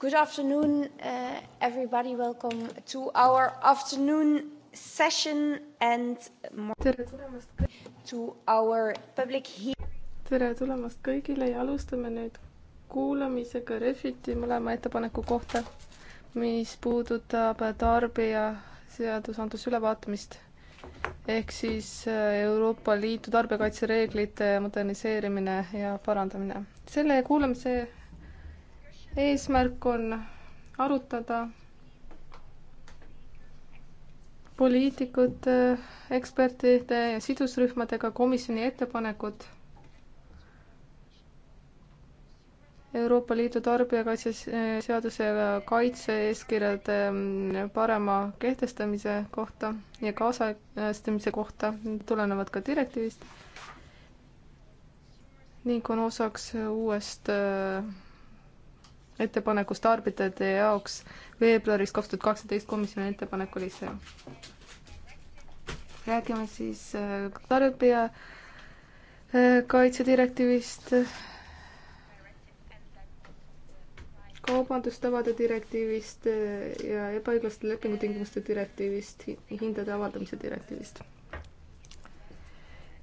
Good afternoon, uh, everybody. Welcome to our afternoon session and tere tulemast to our public hearing. tere tulemast kõigile ja alustame nüüd kuulamisega Refiti mõlema ettepaneku kohta, mis puudutab tarbija seadusandluse ülevaatamist ehk siis äh, Euroopa Liidu tarbijakaitsereeglite moderniseerimine ja parandamine. selle kuulamise eesmärk on arutada poliitikute, ekspertide ja sidusrühmadega komisjoni ettepanekud Euroopa Liidu tarbijakaitseseaduse kaitse-eeskirjade mm, parema kehtestamise kohta ja kaasajastamise kohta tulenevad ka direktiivist ning on osaks uuest äh, ettepanekust tarbijate jaoks veebruaris kaks tuhat kaheksateist komisjoni ettepanek oli see. räägime siis äh, tarbija äh, kaitsedirektiivist, kaubandustavade direktiivist äh, ja ebaõiglaste lepingutingimuste direktiivist, hindade avaldamise direktiivist.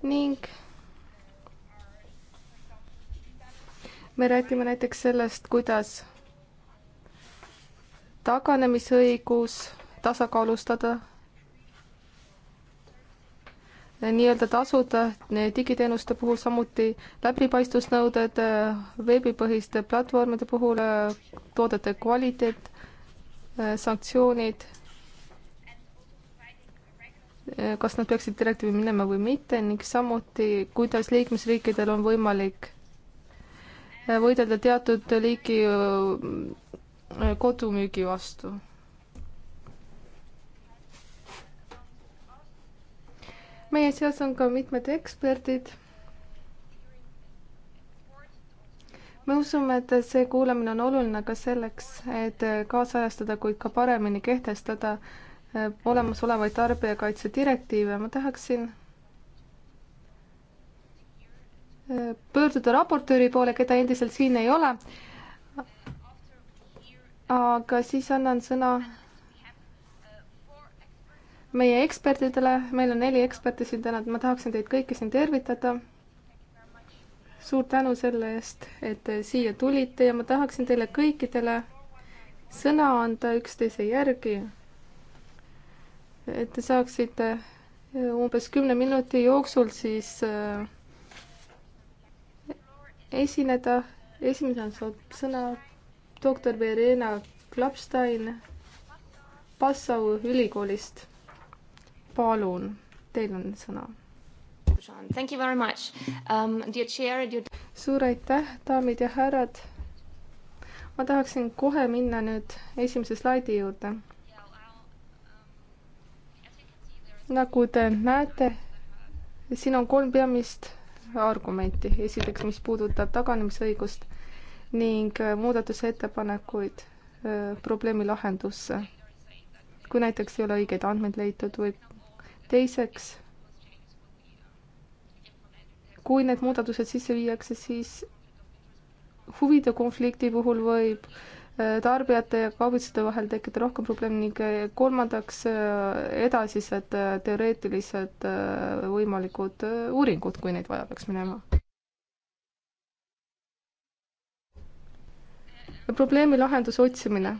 ning me räägime näiteks sellest, kuidas taganemisõigus tasakaalustada nii-öelda tasud digiteenuste puhul, samuti läbipaistvusnõuded veebipõhiste platvormide puhul, toodete kvaliteet, sanktsioonid, kas nad peaksid direktiivi minema või mitte ning samuti, kuidas liikmesriikidel on võimalik võidelda teatud liiki kodumüügi vastu. meie seas on ka mitmed eksperdid. me usume, et see kuulamine on oluline ka selleks, et kaasajastada, kuid ka paremini kehtestada olemasolevaid tarbijakaitse direktiive. ma tahaksin pöörduda raportööri poole, keda endiselt siin ei ole. aga siis annan sõna meie ekspertidele, meil on neli eksperti siin täna, ma tahaksin teid kõiki siin tervitada. suur tänu selle eest, et te siia tulite ja ma tahaksin teile kõikidele sõna anda üksteise järgi. et te saaksite umbes kümne minuti jooksul siis äh, esineda. esimesena saab sõna doktor Verena Klapstein Passau ülikoolist. palun, teil on sõna. Thank you very much um,. Dear chair, dear. suur aitäh, daamid ja härrad. ma tahaksin kohe minna nüüd esimese slaidi juurde. nagu te näete, siin on kolm peamist argumenti. esiteks, mis puudutab taganemisõigust ning äh, muudatusettepanekuid äh, probleemi lahendusse. kui näiteks ei ole õigeid andmeid leitud või teiseks, kui need muudatused sisse viiakse, siis huvide konflikti puhul võib äh, Äh, tarbijate ja kaubitsejate vahel tekitada rohkem probleeme ning äh, kolmandaks äh, edasised teoreetilised võimalikud uuringud, kui neid vaja peaks minema. probleemi lahenduse otsimine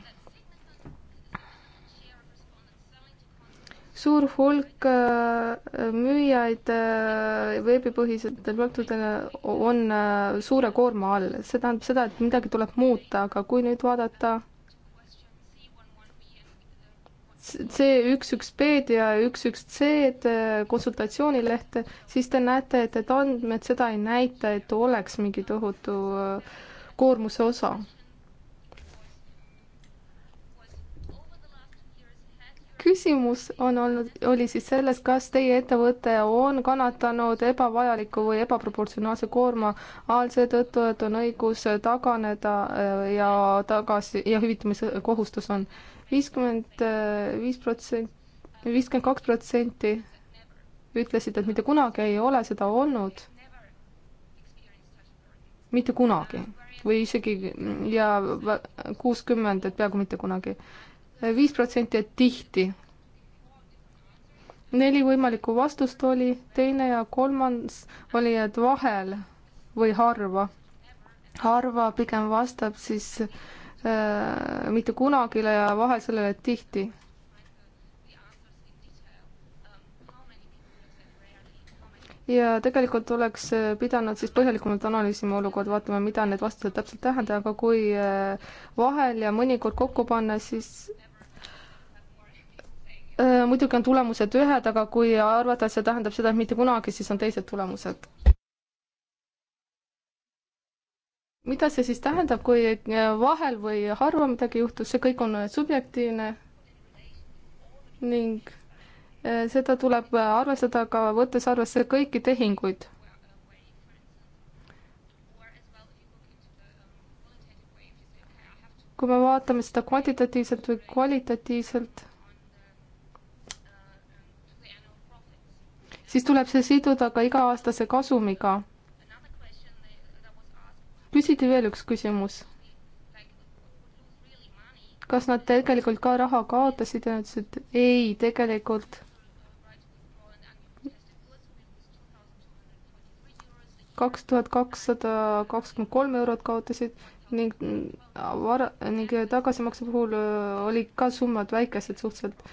suur hulk äh, müüjaid äh, veebipõhisetel platvormidel on äh, suure koorma all, see tähendab seda, et midagi tuleb muuta, aga kui nüüd vaadata C11B-d ja 11C-d konsultatsioonilehte, siis te näete, et, et andmed seda ei näita, et oleks mingi tohutu koormuse osa. küsimus on olnud, oli siis selles, kas teie ettevõte on kannatanud ebavajaliku või ebaproportsionaalse koorma all seetõttu, et on õigus taganeda äh, ja tagasi ja hüvitamise kohustus on viiskümmend äh, viis protsenti, viiskümmend kaks protsenti ütlesid, et mitte kunagi ei ole seda olnud. mitte kunagi või isegi ja kuuskümmend, et peaaegu mitte kunagi viis protsenti, et tihti. neli võimalikku vastust oli, teine ja kolmas oli, et vahel või harva. harva pigem vastab siis äh, mitte kunagile ja vahel sellele tihti. ja tegelikult oleks äh, pidanud siis põhjalikumalt analüüsima olukorda, vaatama, mida need vastused täpselt tähendavad, aga kui äh, vahel ja mõnikord kokku panna, siis muidugi on tulemused ühed, aga kui arvata, et see tähendab seda, et mitte kunagi, siis on teised tulemused. mida see siis tähendab, kui äh, vahel või harva midagi juhtus, see kõik on äh, subjektiivne ning äh, seda tuleb arvestada ka võttes arvesse kõiki tehinguid kui me vaatame seda kvantitatiivselt või kvalitatiivselt, siis tuleb see siduda ka iga-aastase kasumiga. küsiti veel üks küsimus. kas nad tegelikult ka raha kaotasid ja ütlesid ei, tegelikult kaks tuhat kakssada kakskümmend kolm eurot kaotasid ning vara, ning tagasimakse puhul äh, olid ka summad väikesed suhteliselt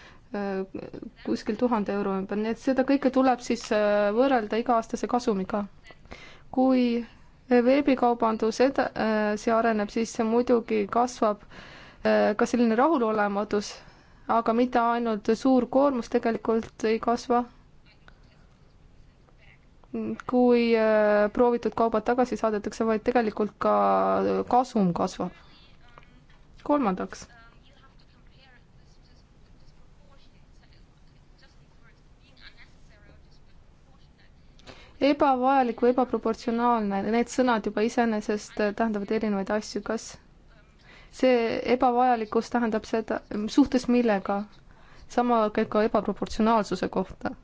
kuskil tuhande euro ümber, nii et seda kõike tuleb siis äh, võrrelda iga-aastase kasumiga. kui veebikaubandus edasi äh, areneb, siis see muidugi kasvab äh, ka selline rahulolematus, aga mitte ainult suur koormus tegelikult ei kasva. kui proovitud kaubad tagasi saadetakse, vaid tegelikult ka kasum kasvab. kolmandaks ebavajalik või ebaproportsionaalne, need sõnad juba iseenesest tähendavad erinevaid asju, kas see ebavajalikkus tähendab seda, suhtes millega? sama käib ka ebaproportsionaalsuse kohta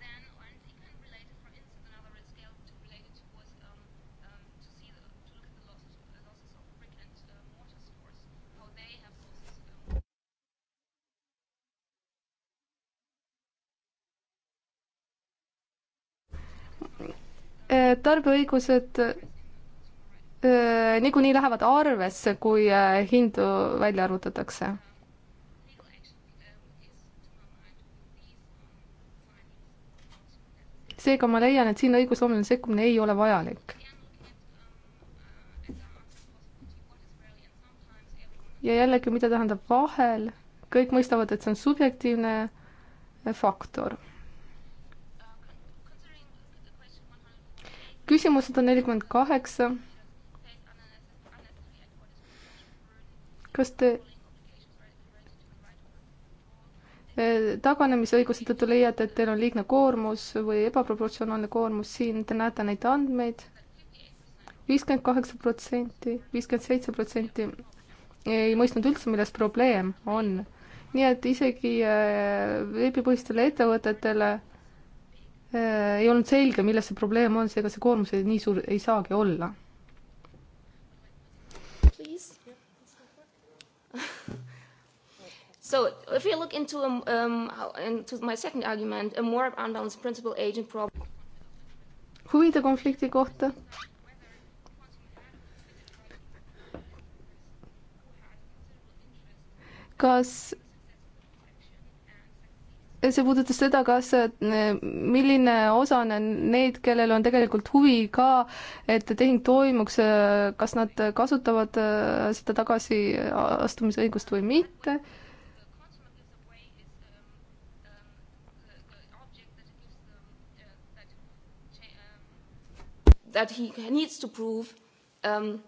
Äh, tarbijaõigused äh, niikuinii lähevad arvesse, kui äh, hindu välja arvutatakse. seega ma leian, et siin õigusloomeline sekkumine ei ole vajalik. ja jällegi, mida tähendab vahel, kõik mõistavad, et see on subjektiivne faktor küsimus sada nelikümmend kaheksa. kas te eh, taganemisõiguse tõttu leiate, et teil on liigne koormus või ebaproportsionaalne koormus, siin te näete neid andmeid. viiskümmend kaheksa protsenti, viiskümmend seitse protsenti ei mõistnud üldse, milles probleem on. nii et isegi eh, veebipõhistele ettevõtetele äh, Äh, ei olnud selge, milles see probleem on, seega see koormus nii suur ei saagi olla. So if you look into um, um, into my second argument, a more unbalanced principal agent problem. huvide konflikti kohta. kas see puudutas seda, kas, eh, milline osa on neid, kellel on tegelikult huvi ka, et tehing toimuks, eh, kas nad kasutavad eh, seda tagasiastumisõigust või mitte. That he needs to prove um,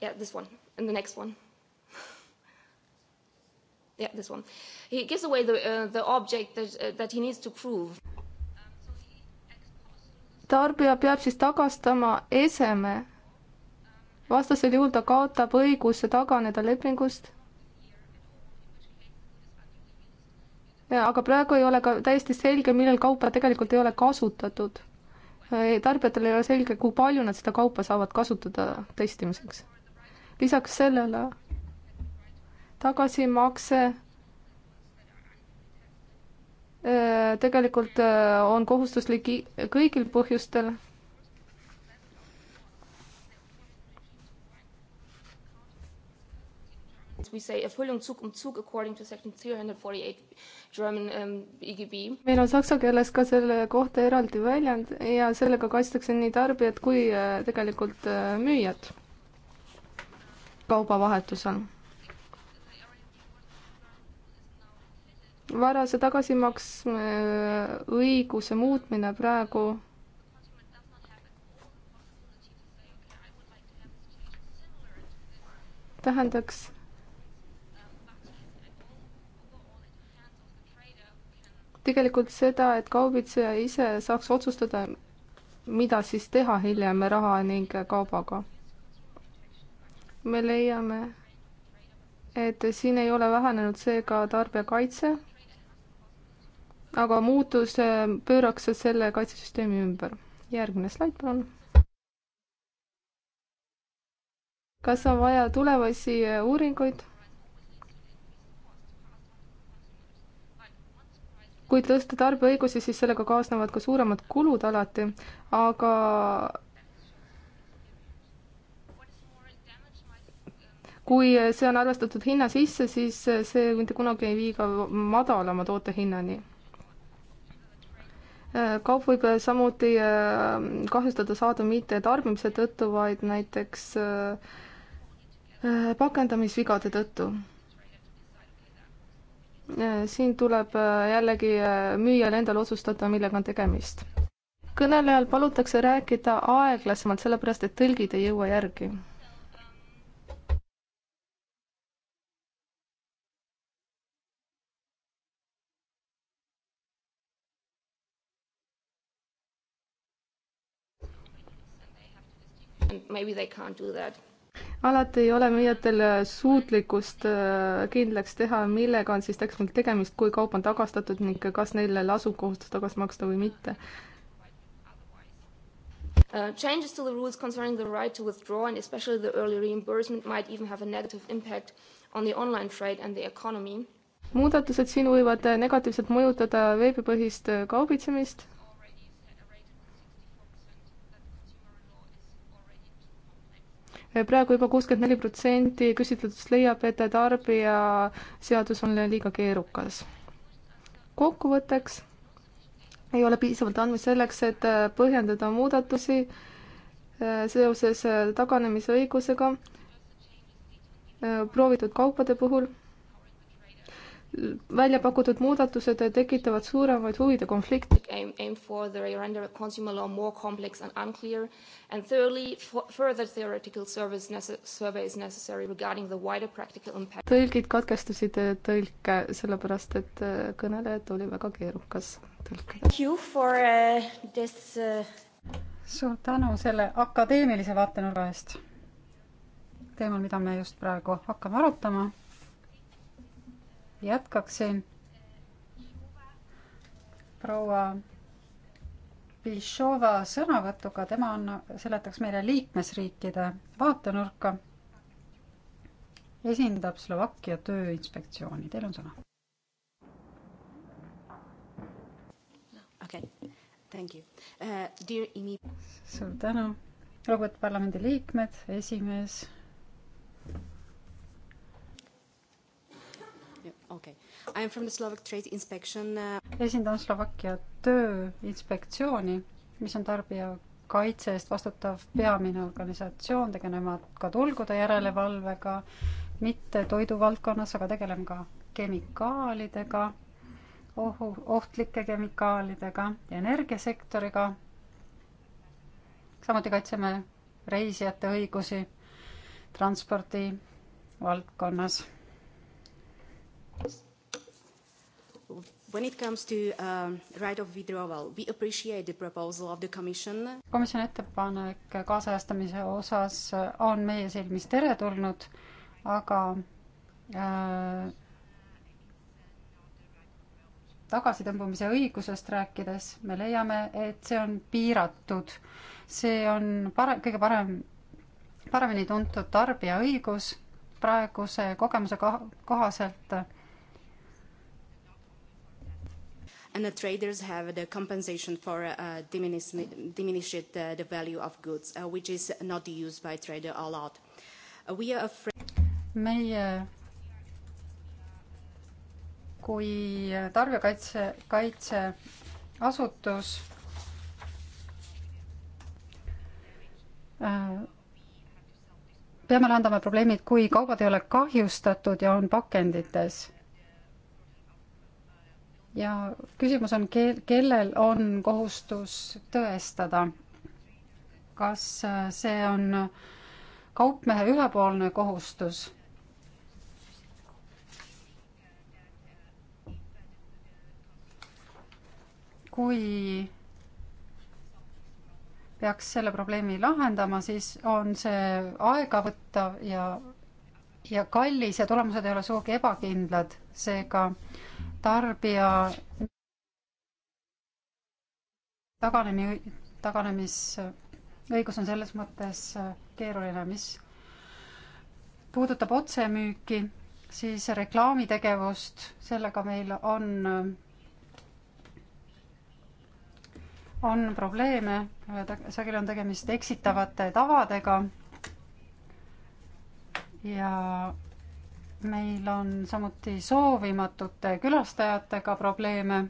yeah, this one and the next one yeah, this one. He gives away the, uh, the object that, uh, that he needs to prove. tarbija peab siis tagastama eseme. vastasel juhul ta kaotab õiguse taganeda lepingust. aga praegu ei ole ka täiesti selge, millal kaupa tegelikult ei ole kasutatud. E, tarbijatel ei ole selge, kui palju nad seda kaupa saavad kasutada testimiseks. lisaks sellele tagasimakse äh, tegelikult äh, on kohustuslik kõigil põhjustel. We say Erfüllung Zug um Zug according to section 348 German um, ähm, EGB. meil on saksa keeles ka selle kohta eraldi väljend ja sellega kaitstakse nii tarbijat kui äh, tegelikult müüjat kaubavahetusel varase tagasimaksmise äh, õiguse muutmine praegu tähendaks tegelikult seda, et kaubitseja ise saaks otsustada, mida siis teha hiljem raha ning kaubaga. me leiame, et siin ei ole vähenenud seega tarbijakaitse aga muutus äh, pööraks selle kaitsesüsteemi ümber. järgmine slaid, palun. kas on vaja tulevasi äh, uuringuid? kui tõsta tarbijaõigusi, siis sellega kaasnevad ka suuremad kulud alati, aga kui äh, see on arvestatud hinna sisse, siis see mitte kunagi ei vii ka madalama toote hinnani kaup võib samuti äh, kahjustada saada mitte tarbimise tõttu, vaid näiteks äh, äh, pakendamisvigade tõttu. siin tuleb jällegi müüjal endal otsustada, millega on tegemist. kõnelejal palutakse rääkida aeglasemalt, sellepärast et tõlgid ei jõua järgi alati ei ole müüjatel äh, suutlikkust äh, kindlaks teha, millega on siis täpsemalt tegemist, kui kaup on tagastatud ning kas neile lasub kohustus tagasi maksta või mitte Uh, changes to the rules concerning the right to withdraw and especially the early reimbursement might even have a negative impact on the online trade and the economy. muudatused siin võivad äh, negatiivselt mõjutada veebipõhist kaubitsemist praegu juba kuuskümmend neli protsenti küsitletust leiab, et tarbijaseadus on liiga keerukas. kokkuvõtteks ei ole piisavalt andmeid selleks, et põhjendada muudatusi äh, seoses taganemisõigusega äh, proovitud kaupade puhul välja pakutud muudatused tekitavad suuremaid huvide konflikte. Aim, aim for the render of consumer law more complex and unclear and thirdly further theoretical service survey is necessary regarding the wider practical impact. tõlgid katkestasid äh, tõlke sellepärast, et äh, kõnelejat oli väga keerukas tõlkida. Thank you for uh, this uh... suur tänu selle akadeemilise vaatenurga eest teemal, mida me just praegu hakkame arutama jätkaksin. proua Pišova sõnavõtuga, tema on, seletaks meile liikmesriikide vaatenurka, esindab Slovakkia Tööinspektsiooni, teil on sõna. okei okay., thank you uh,. Dear Imi. suur tänu, lugupeetud parlamendi liikmed, esimees okay. I am from the Slovak Trade Inspection. Uh, esindan Slovakkia Tööinspektsiooni, mis on tarbijakaitse eest vastutav peamine organisatsioon, tegeleme ka tulgude järelevalvega, mitte toiduvaldkonnas, aga tegeleme ka kemikaalidega, ohu, ohtlike kemikaalidega ja energiasektoriga. samuti kaitseme reisijate õigusi transpordi valdkonnas When it comes to um, right of withdrawal, we appreciate the proposal of the commission. komisjoni ettepanek kaasajastamise osas äh, on meie silmis teretulnud, aga äh, tagasitõmbumise õigusest rääkides me leiame, et see on piiratud. see on parem, kõige parem, paremini tuntud tarbija õigus praeguse kogemuse kohaselt and the traders have the compensation for uh, diminish, diminished uh, the value of goods, uh, which is not used by trader a lot. Uh, we are afraid meie kui tarbijakaitse, kaitseasutus äh, peame lahendama probleemid, kui kaubad ei ole kahjustatud ja on pakendites ja küsimus on, kel-, kellel on kohustus tõestada, kas äh, see on kaupmehe ühepoolne kohustus kui peaks selle probleemi lahendama, siis on see aega võtta ja ja kallis ja tulemused ei ole sugugi ebakindlad, seega tarbija taganemi, taganemisõigus on selles mõttes äh, keeruline, mis puudutab otsemüüki, siis reklaamitegevust, sellega meil on, äh, on probleeme, äh, sageli on tegemist eksitavate tavadega ja meil on samuti soovimatute külastajatega probleeme.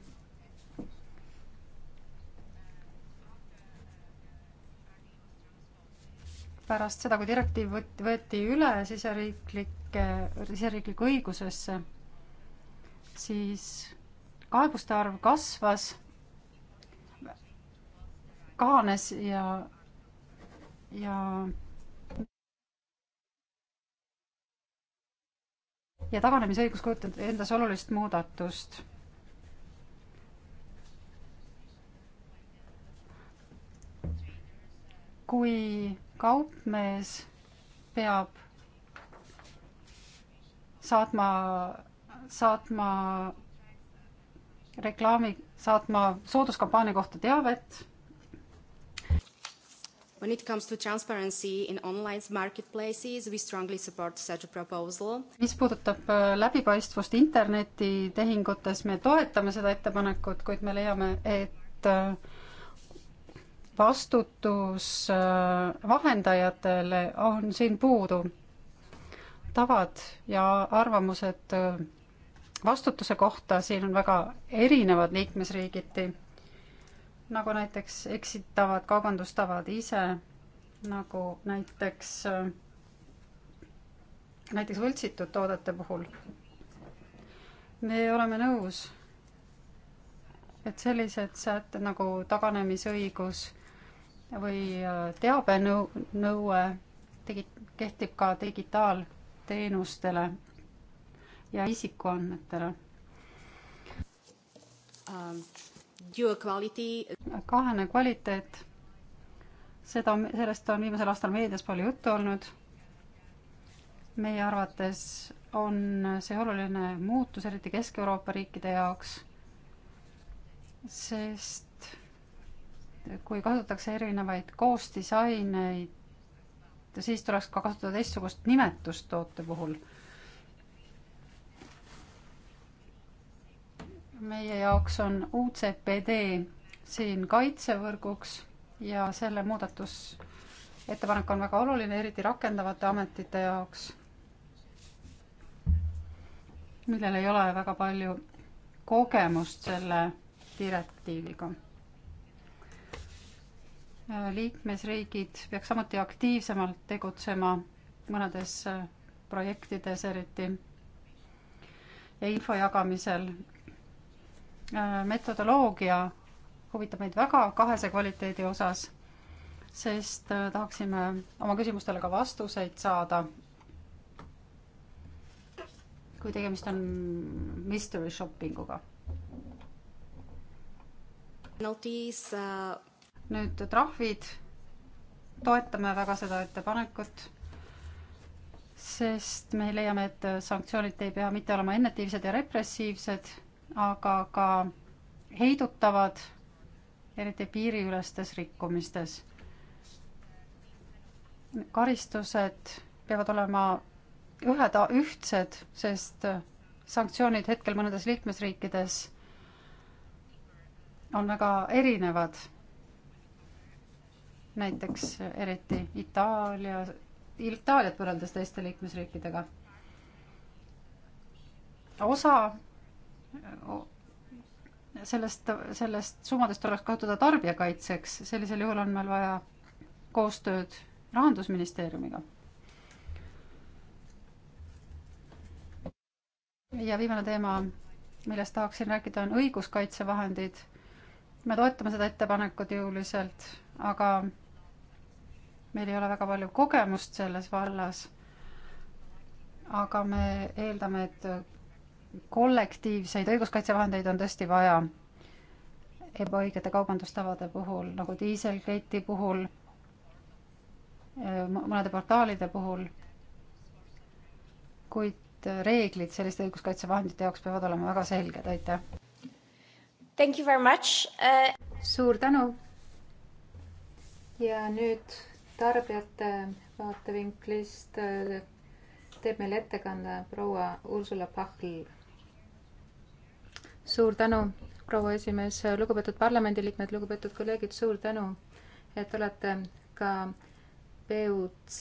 pärast seda, kui direktiiv võeti üle siseriiklike, siseriiklikku õigusesse, siis kaebuste arv kasvas, kahanes ja, ja ja taganemisõigus kujutab endas olulist muudatust. kui kaupmees peab saatma, saatma reklaami, saatma sooduskampaania kohta teavet When it comes to transparency in online marketplaces, we strongly support such a proposal. mis puudutab äh, läbipaistvust internetitehingutes, me toetame seda ettepanekut, kuid me leiame, et äh, vastutus äh, vahendajatele on siin puudu. tavad ja arvamused vastutuse kohta siin on väga erinevad liikmesriigiti nagu näiteks eksitavad kaubandustavad ise, nagu näiteks, näiteks võltsitud toodete puhul. me oleme nõus, et sellised sätted nagu taganemisõigus või äh, teabenõu, nõue tegi, kehtib ka digitaalteenustele ja isikuandmetele um kahene kvaliteet, seda, sellest on viimasel aastal meedias palju juttu olnud. meie arvates on see oluline muutus, eriti Kesk-Euroopa riikide jaoks, sest kui kasutatakse erinevaid koostisaineid, siis tuleks ka kasutada teistsugust nimetust toote puhul meie jaoks on UCPD siin kaitsevõrguks ja selle muudatusettepanek on väga oluline, eriti rakendavate ametite jaoks, millel ei ole väga palju kogemust selle direktiiviga. liikmesriigid peaks samuti aktiivsemalt tegutsema mõnedes projektides eriti ja info jagamisel Äh, metodoloogia huvitab meid väga kahese kvaliteedi osas, sest äh, tahaksime oma küsimustele ka vastuseid saada. kui tegemist on mystery shopping uga. Äh, nüüd trahvid, toetame väga seda ettepanekut, sest me leiame, et sanktsioonid ei pea mitte olema ennetiivsed ja repressiivsed aga ka heidutavad, eriti piiriülestes rikkumistes. karistused peavad olema ühed, ühtsed, sest sanktsioonid hetkel mõnedes liikmesriikides on väga erinevad. näiteks eriti Itaalia, Itaaliat võrreldes teiste liikmesriikidega. osa sellest, sellest summadest tuleks kasutada tarbijakaitseks, sellisel juhul on meil vaja koostööd Rahandusministeeriumiga. ja viimane teema, millest tahaksin rääkida, on õiguskaitsevahendid. me toetame seda ettepanekut jõuliselt, aga meil ei ole väga palju kogemust selles vallas. aga me eeldame, et kollektiivseid õiguskaitsevahendeid on tõesti vaja ebaõigete kaubandustavade puhul, nagu diiselgate'i puhul, mõnede portaalide puhul, kuid reeglid selliste õiguskaitsevahendite jaoks peavad olema väga selged, aitäh! Thank you very much uh...! suur tänu! ja nüüd tarbijate vaatevinklist äh, teeb meile ettekande proua Ursula Pahl suur tänu, proua esimees, lugupeetud parlamendiliikmed, lugupeetud kolleegid, suur tänu, et olete ka BUC,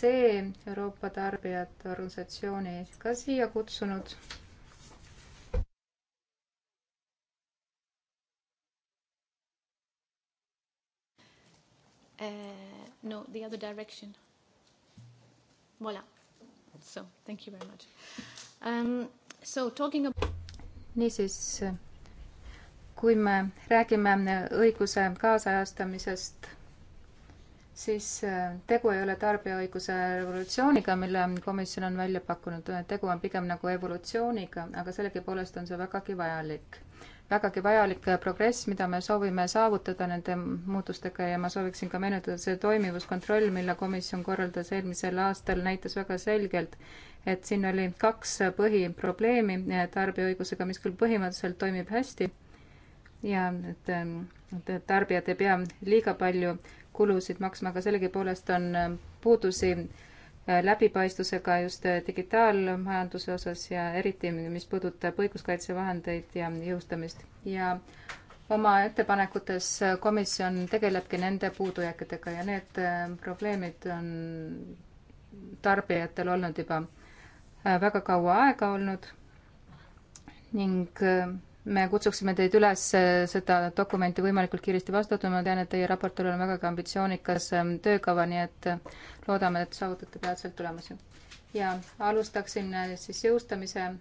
Euroopa Tarbijate Organisatsiooni, ka siia kutsunud Uh, no, the other direction. Voila. So, thank you very much. Um, so, talking about... Niisiis kui me räägime õiguse kaasajastamisest, siis äh, tegu ei ole tarbijaõiguse revolutsiooniga, mille komisjon on välja pakkunud, tegu on pigem nagu evolutsiooniga, aga sellegipoolest on see vägagi vajalik. vägagi vajalik progress, mida me soovime saavutada nende muutustega ja ma sooviksin ka meenutada, see toimivuskontroll, mille komisjon korraldas eelmisel aastal, näitas väga selgelt, et siin oli kaks põhiprobleemi äh, tarbijaõigusega, mis küll põhimõtteliselt toimib hästi ja et, ähm, et tarbijad ei pea liiga palju kulusid maksma, aga sellegipoolest on ähm, puudusi äh, läbipaistvusega just äh, digitaalmajanduse osas ja eriti, mis puudutab õiguskaitsevahendeid ja jõustamist. ja oma ettepanekutes äh, komisjon tegelebki nende puudujääkidega ja need probleemid on tarbijatel olnud juba väga kaua aega olnud ning me kutsuksime teid üles äh, seda dokumenti võimalikult kiiresti vastu võtma, ma tean, et teie raportil on vägagi ambitsioonikas ähm, töökava, nii et äh, loodame, et saavutate peatselt tulemusi. ja alustaksin äh, siis jõustamise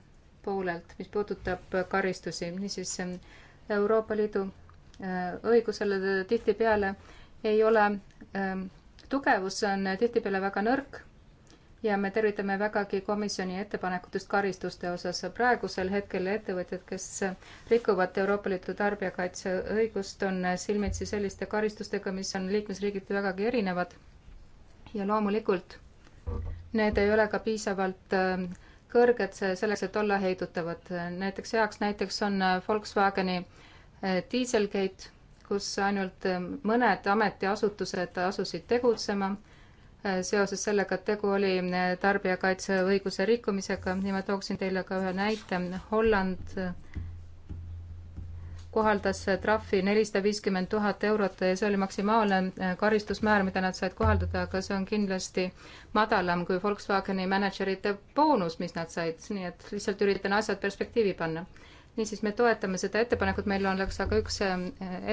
poolelt, mis puudutab karistusi, niisiis ähm, Euroopa Liidu õigusele tihtipeale ei ole ähm, tugevus, see on tihtipeale väga nõrk ja me tervitame vägagi komisjoni ettepanekutest karistuste osas. praegusel hetkel ettevõtjad, kes rikuvad Euroopa Liidu tarbijakaitseõigust, on silmitsi selliste karistustega, mis on liikmesriigiti vägagi erinevad. ja loomulikult need ei ole ka piisavalt äh, kõrged selleks, et olla heidutavad. näiteks heaks näiteks on Volkswageni äh, Dieselgate, kus ainult äh, mõned ametiasutused asusid tegutsema Äh, seoses sellega, et tegu oli äh, tarbijakaitseõiguse rikkumisega ja ma tooksin teile ka ühe näite. Holland äh, kohaldas trahvi nelisada viiskümmend tuhat eurot ja see oli maksimaalne karistusmäär, mida nad said kohaldada, aga see on kindlasti madalam kui Volkswageni mänedžerite boonus, mis nad said, nii et lihtsalt üritan asjad perspektiivi panna niisiis, me toetame seda ettepanekut, meil on üks, aga üks äh,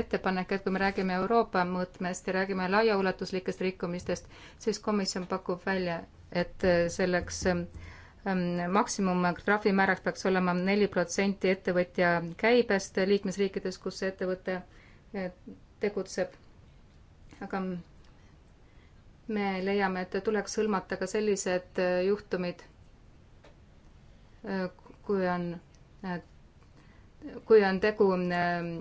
ettepanek, et kui me räägime Euroopa mõõtmest ja räägime laiaulatuslikest rikkumistest, siis komisjon pakub välja, et äh, selleks ähm, ähm, maksimum trahvimääraks peaks olema neli protsenti ettevõtja käibest liikmesriikides, kus see ettevõte äh, tegutseb. aga me leiame, et tuleks hõlmata ka sellised juhtumid, kui on kui on tegu ähm,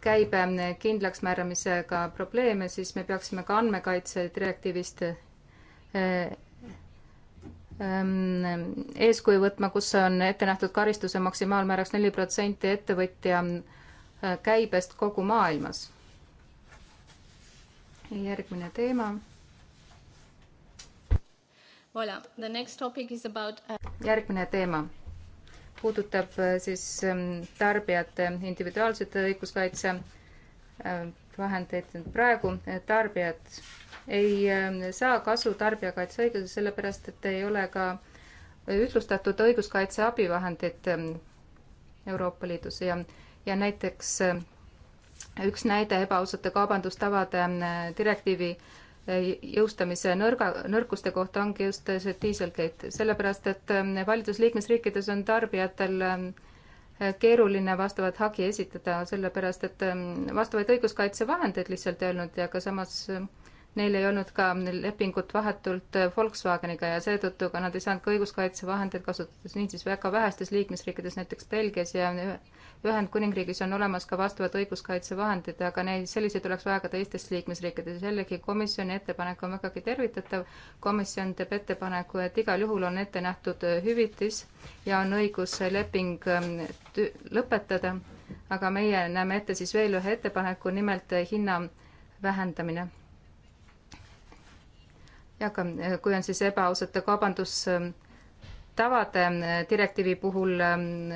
käibe ähm, kindlaksmääramisega probleeme, siis me peaksime ka andmekaitse direktiivist äh, ähm, eeskuju võtma, kus on ette nähtud karistuse maksimaalmääraks neli protsenti ettevõtja äh, käibest kogu maailmas. järgmine teema. Voilà, the next topic is about äh, järgmine teema puudutab äh, siis ähm, tarbijate individuaalset õiguskaitse äh, vahendeid, praegu äh, tarbijad ei ähm, saa kasu tarbijakaitseõigusest, sellepärast et ei ole ka ühtlustatud õiguskaitse abivahendid ähm, Euroopa Liidus ja, ja näiteks üks näide ebaausate kaubandustavade direktiivi äh, jõustamise nõrga, nõrkuste kohta ongi just see diiselgate, sellepärast et paljudes ähm, liikmesriikides on tarbijatel ähm, keeruline vastavat hagi esitada, sellepärast et ähm, vastavaid õiguskaitsevahendeid lihtsalt ei olnud ja ka samas neil ei olnud ka lepingut vahetult äh, Volkswageniga ja seetõttu ka nad ei saanud ka õiguskaitsevahendeid kasutada, niisiis väga vähestes liikmesriikides, näiteks Belgias ja Ühendkuningriigis on olemas ka vastavad õiguskaitsevahendid, aga neid, selliseid oleks vaja ka teistes liikmesriikides. jällegi komisjoni ettepanek on vägagi tervitatav. komisjon teeb ettepaneku, et igal juhul on ette nähtud hüvitis ja on õigus leping ähm, lõpetada, aga meie näeme ette siis veel ühe ettepaneku, nimelt hinna vähendamine jah, äh, aga kui on siis ebaausate kaubandustavade äh, direktiivi puhul ähm,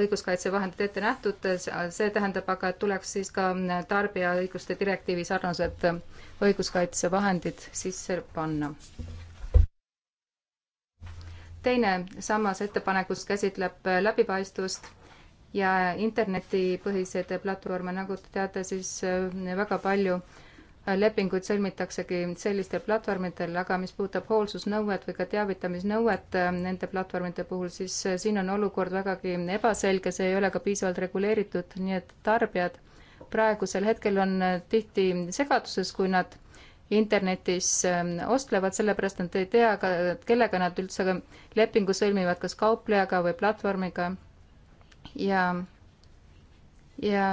õiguskaitsevahendid ette nähtud, see tähendab aga, et tuleks siis ka tarbijaõiguste direktiivi sarnased õiguskaitsevahendid sisse panna. teine sammas ettepanekust käsitleb läbipaistvust ja internetipõhiseid platvorme, nagu te teate, siis väga palju äh, lepinguid sõlmitaksegi sellistel platvormidel, aga mis puudutab hoolsusnõuet või ka teavitamisnõuet äh, nende platvormide puhul, siis äh, siin on olukord vägagi ebaselge, see ei ole ka piisavalt reguleeritud, nii et tarbijad praegusel hetkel on äh, tihti segaduses, kui nad internetis ähm, ostlevad, sellepärast nad ei tea ka, kellega nad üldse lepingu sõlmivad, kas kauplejaga või platvormiga. ja, ja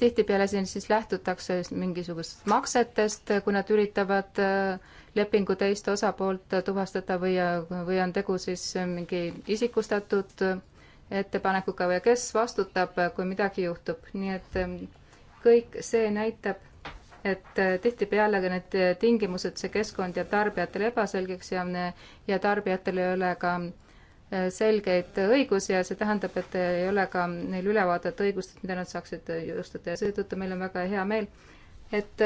tihtipeale siin siis lähtutakse mingisugustest maksetest, kui nad üritavad äh, lepingu teist osapoolt tuvastada või, äh, või on tegu siis äh, mingi isikustatud ettepanekuga või kes vastutab, kui midagi juhtub, nii et ähm, kõik see näitab, et tihtipeale ka need tingimused, see keskkond jääb tarbijatele ebaselgeks ja, ja tarbijatel ei ole ka äh, selgeid õigusi ja see tähendab, et ei ole ka neil ülevaadet õigustest, mida nad saaksid jõustada ja seetõttu meil on väga hea meel, et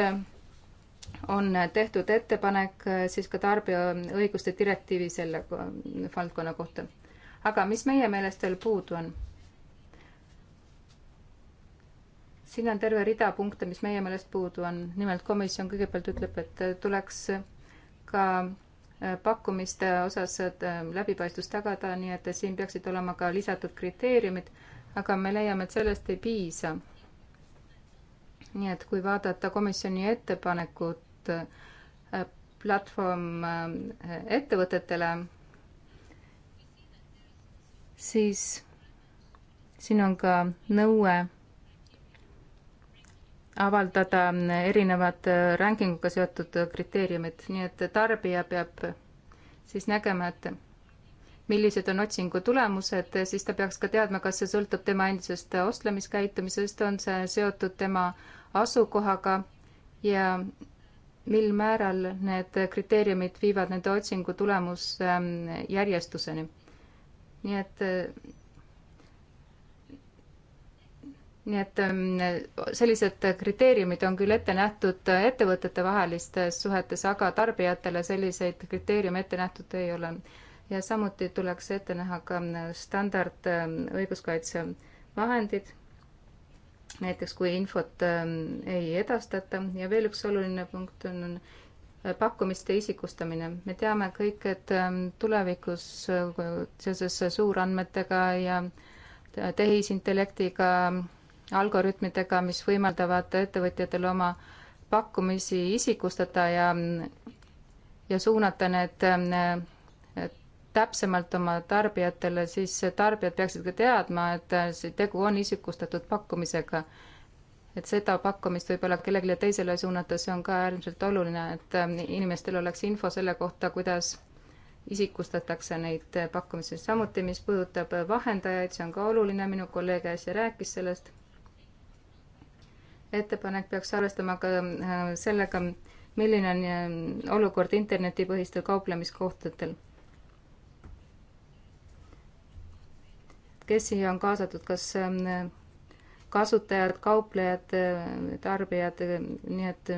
on tehtud ettepanek siis ka tarbijaõiguste direktiivi selle valdkonna kohta. aga mis meie meelest veel puudu on? siin on terve rida punkte, mis meie meelest puudu on. nimelt komisjon kõigepealt ütleb, et tuleks ka pakkumiste osas äh, läbipaistvust tagada, nii et siin peaksid olema ka lisatud kriteeriumid, aga me leiame, et sellest ei piisa. nii et kui vaadata komisjoni ettepanekut äh, platvorm äh, ettevõtetele, siis siin on ka nõue avaldada mm, erinevad äh, rankinguga seotud kriteeriumid, nii et tarbija peab siis nägema, et millised on otsingu tulemused, siis ta peaks ka teadma, kas see sõltub tema endisest ostlemiskäitumisest, on see seotud tema asukohaga ja mil määral need kriteeriumid viivad nende otsingu tulemuse ähm, järjestuseni. nii et äh, nii et ähm, sellised kriteeriumid on küll ette nähtud ettevõtetevahelistes suhetes, aga tarbijatele selliseid kriteeriume ette nähtud ei ole. ja samuti tuleks ette näha ka ähm, standard ähm, õiguskaitsevahendid, näiteks kui infot ei edastata ja veel üks oluline punkt on äh, pakkumiste isikustamine. me teame kõik, et tulevikus äh, seoses suurandmetega ja äh, tehisintellektiga algoritmidega, mis võimaldavad ettevõtjatel oma pakkumisi isikustada ja, ja suunata need täpsemalt oma tarbijatele, siis tarbijad peaksid ka teadma, et see tegu on isikustatud pakkumisega. et seda pakkumist võib-olla kellelegi teisele suunata, see on ka äärmiselt oluline, et inimestel oleks info selle kohta, kuidas isikustatakse neid pakkumisi. samuti, mis puudutab vahendajaid, see on ka oluline, minu kolleeg äsja rääkis sellest ettepanek peaks arvestama ka äh, sellega, milline on äh, olukord internetipõhistel kauplemiskohtadel. kes siia on kaasatud, kas äh, kasutajad, kauplejad, tarbijad, nii et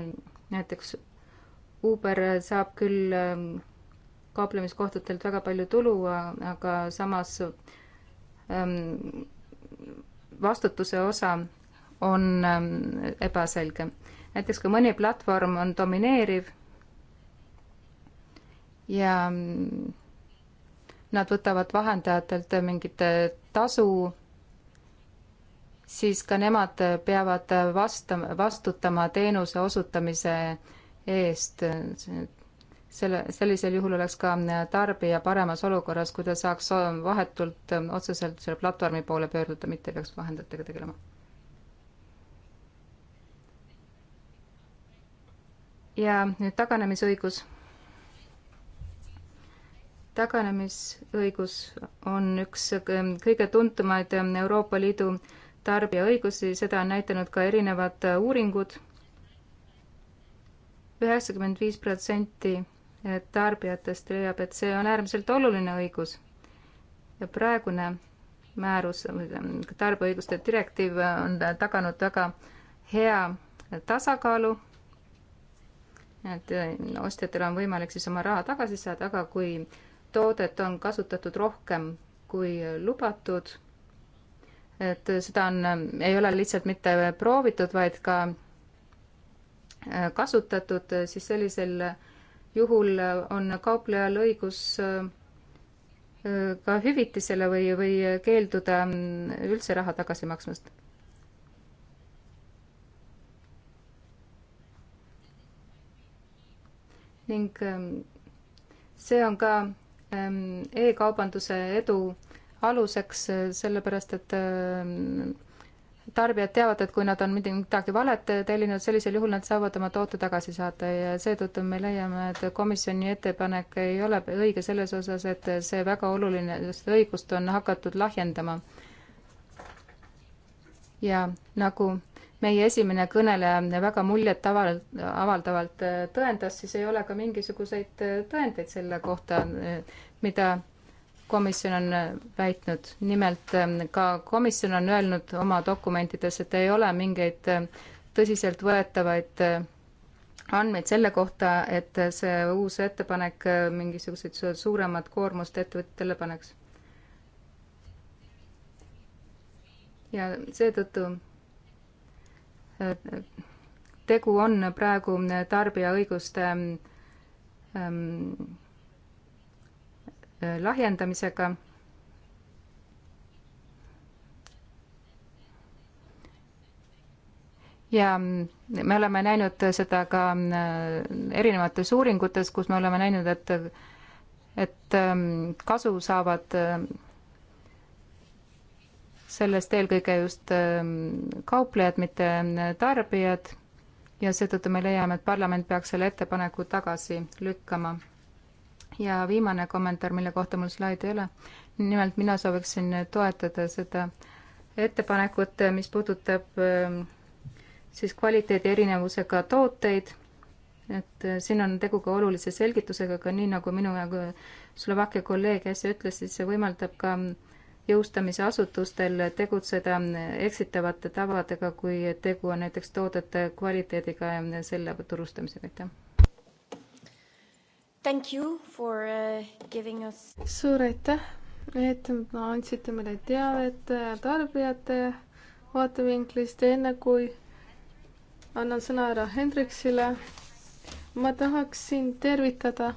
näiteks Uber saab küll kauplemiskohtadelt väga palju tulu, aga samas ähm, vastutuse osa on ähm, ebaselge. näiteks kui mõni platvorm on domineeriv ja mm, nad võtavad vahendajatelt mingit äh, tasu, siis ka nemad peavad vastama, vastutama teenuse osutamise eest. selle, sellisel juhul oleks ka mm, tarbija paremas olukorras, kui ta saaks vahetult mm, otseselt selle platvormi poole pöörduda, mitte peaks vahendajatega tegelema ja nüüd taganemisõigus. taganemisõigus on üks kõige tuntumaid Euroopa Liidu tarbijaõigusi, seda on näidanud ka erinevad uuringud. üheksakümmend viis protsenti tarbijatest leiab, et see on äärmiselt oluline õigus. ja praegune määrus, tarbijaõiguste direktiiv on taganud väga hea tasakaalu et äh, ostjatel on võimalik siis oma raha tagasi saada, aga kui toodet on kasutatud rohkem kui lubatud, et seda on, äh, ei ole lihtsalt mitte proovitud, vaid ka äh, kasutatud, siis sellisel juhul on kauplejal õigus ka hüvitisele või, või keelduda mm, üldse raha tagasi maksmast ning ähm, see on ka ähm, e-kaubanduse edu aluseks, äh, sellepärast et ähm, tarbijad teavad, et kui nad on midagi valet tellinud, sellisel juhul nad saavad oma toote tagasi saata ja seetõttu me leiame, et komisjoni ettepanek ei ole õige selles osas, et see väga oluline, seda õigust on hakatud lahjendama. ja nagu meie esimene kõneleja väga muljet avaldavalt äh, tõendas, siis ei ole ka mingisuguseid äh, tõendeid selle kohta, äh, mida komisjon on väitnud. nimelt ähm, ka komisjon on öelnud oma dokumentides, et ei ole mingeid tõsiseltvõetavaid andmeid selle kohta, et see uus ettepanek mingisuguseid suuremat koormust ettevõtjatele paneks. ja seetõttu tegu on praegu tarbija õiguste ähm, äh, lahjendamisega. ja me oleme näinud seda ka äh, erinevates uuringutes, kus me oleme näinud, et, et ähm, kasu saavad äh, sellest eelkõige just ähm, kauplejad, mitte ähm, tarbijad ja seetõttu me leiame, et parlament peaks selle ettepaneku tagasi lükkama. ja viimane kommentaar, mille kohta mul slaide ei ole, nimelt mina sooviksin toetada seda ettepanekut, äh, mis puudutab ähm, siis kvaliteedi erinevusega tooteid, et äh, siin on tegu ka olulise selgitusega, aga nii nagu minu äh, Slovakkia kolleeg äsja ütles, siis see võimaldab ka jõustamise asutustel tegutseda eksitavate tavadega, kui tegu on näiteks toodete kvaliteediga ja selle turustamisega, aitäh. Thank you for uh, giving us. suur aitäh, et andsite meile teavet tarbijate vaatevinklist, enne kui annan sõna ära Hendriksile. ma tahaksin tervitada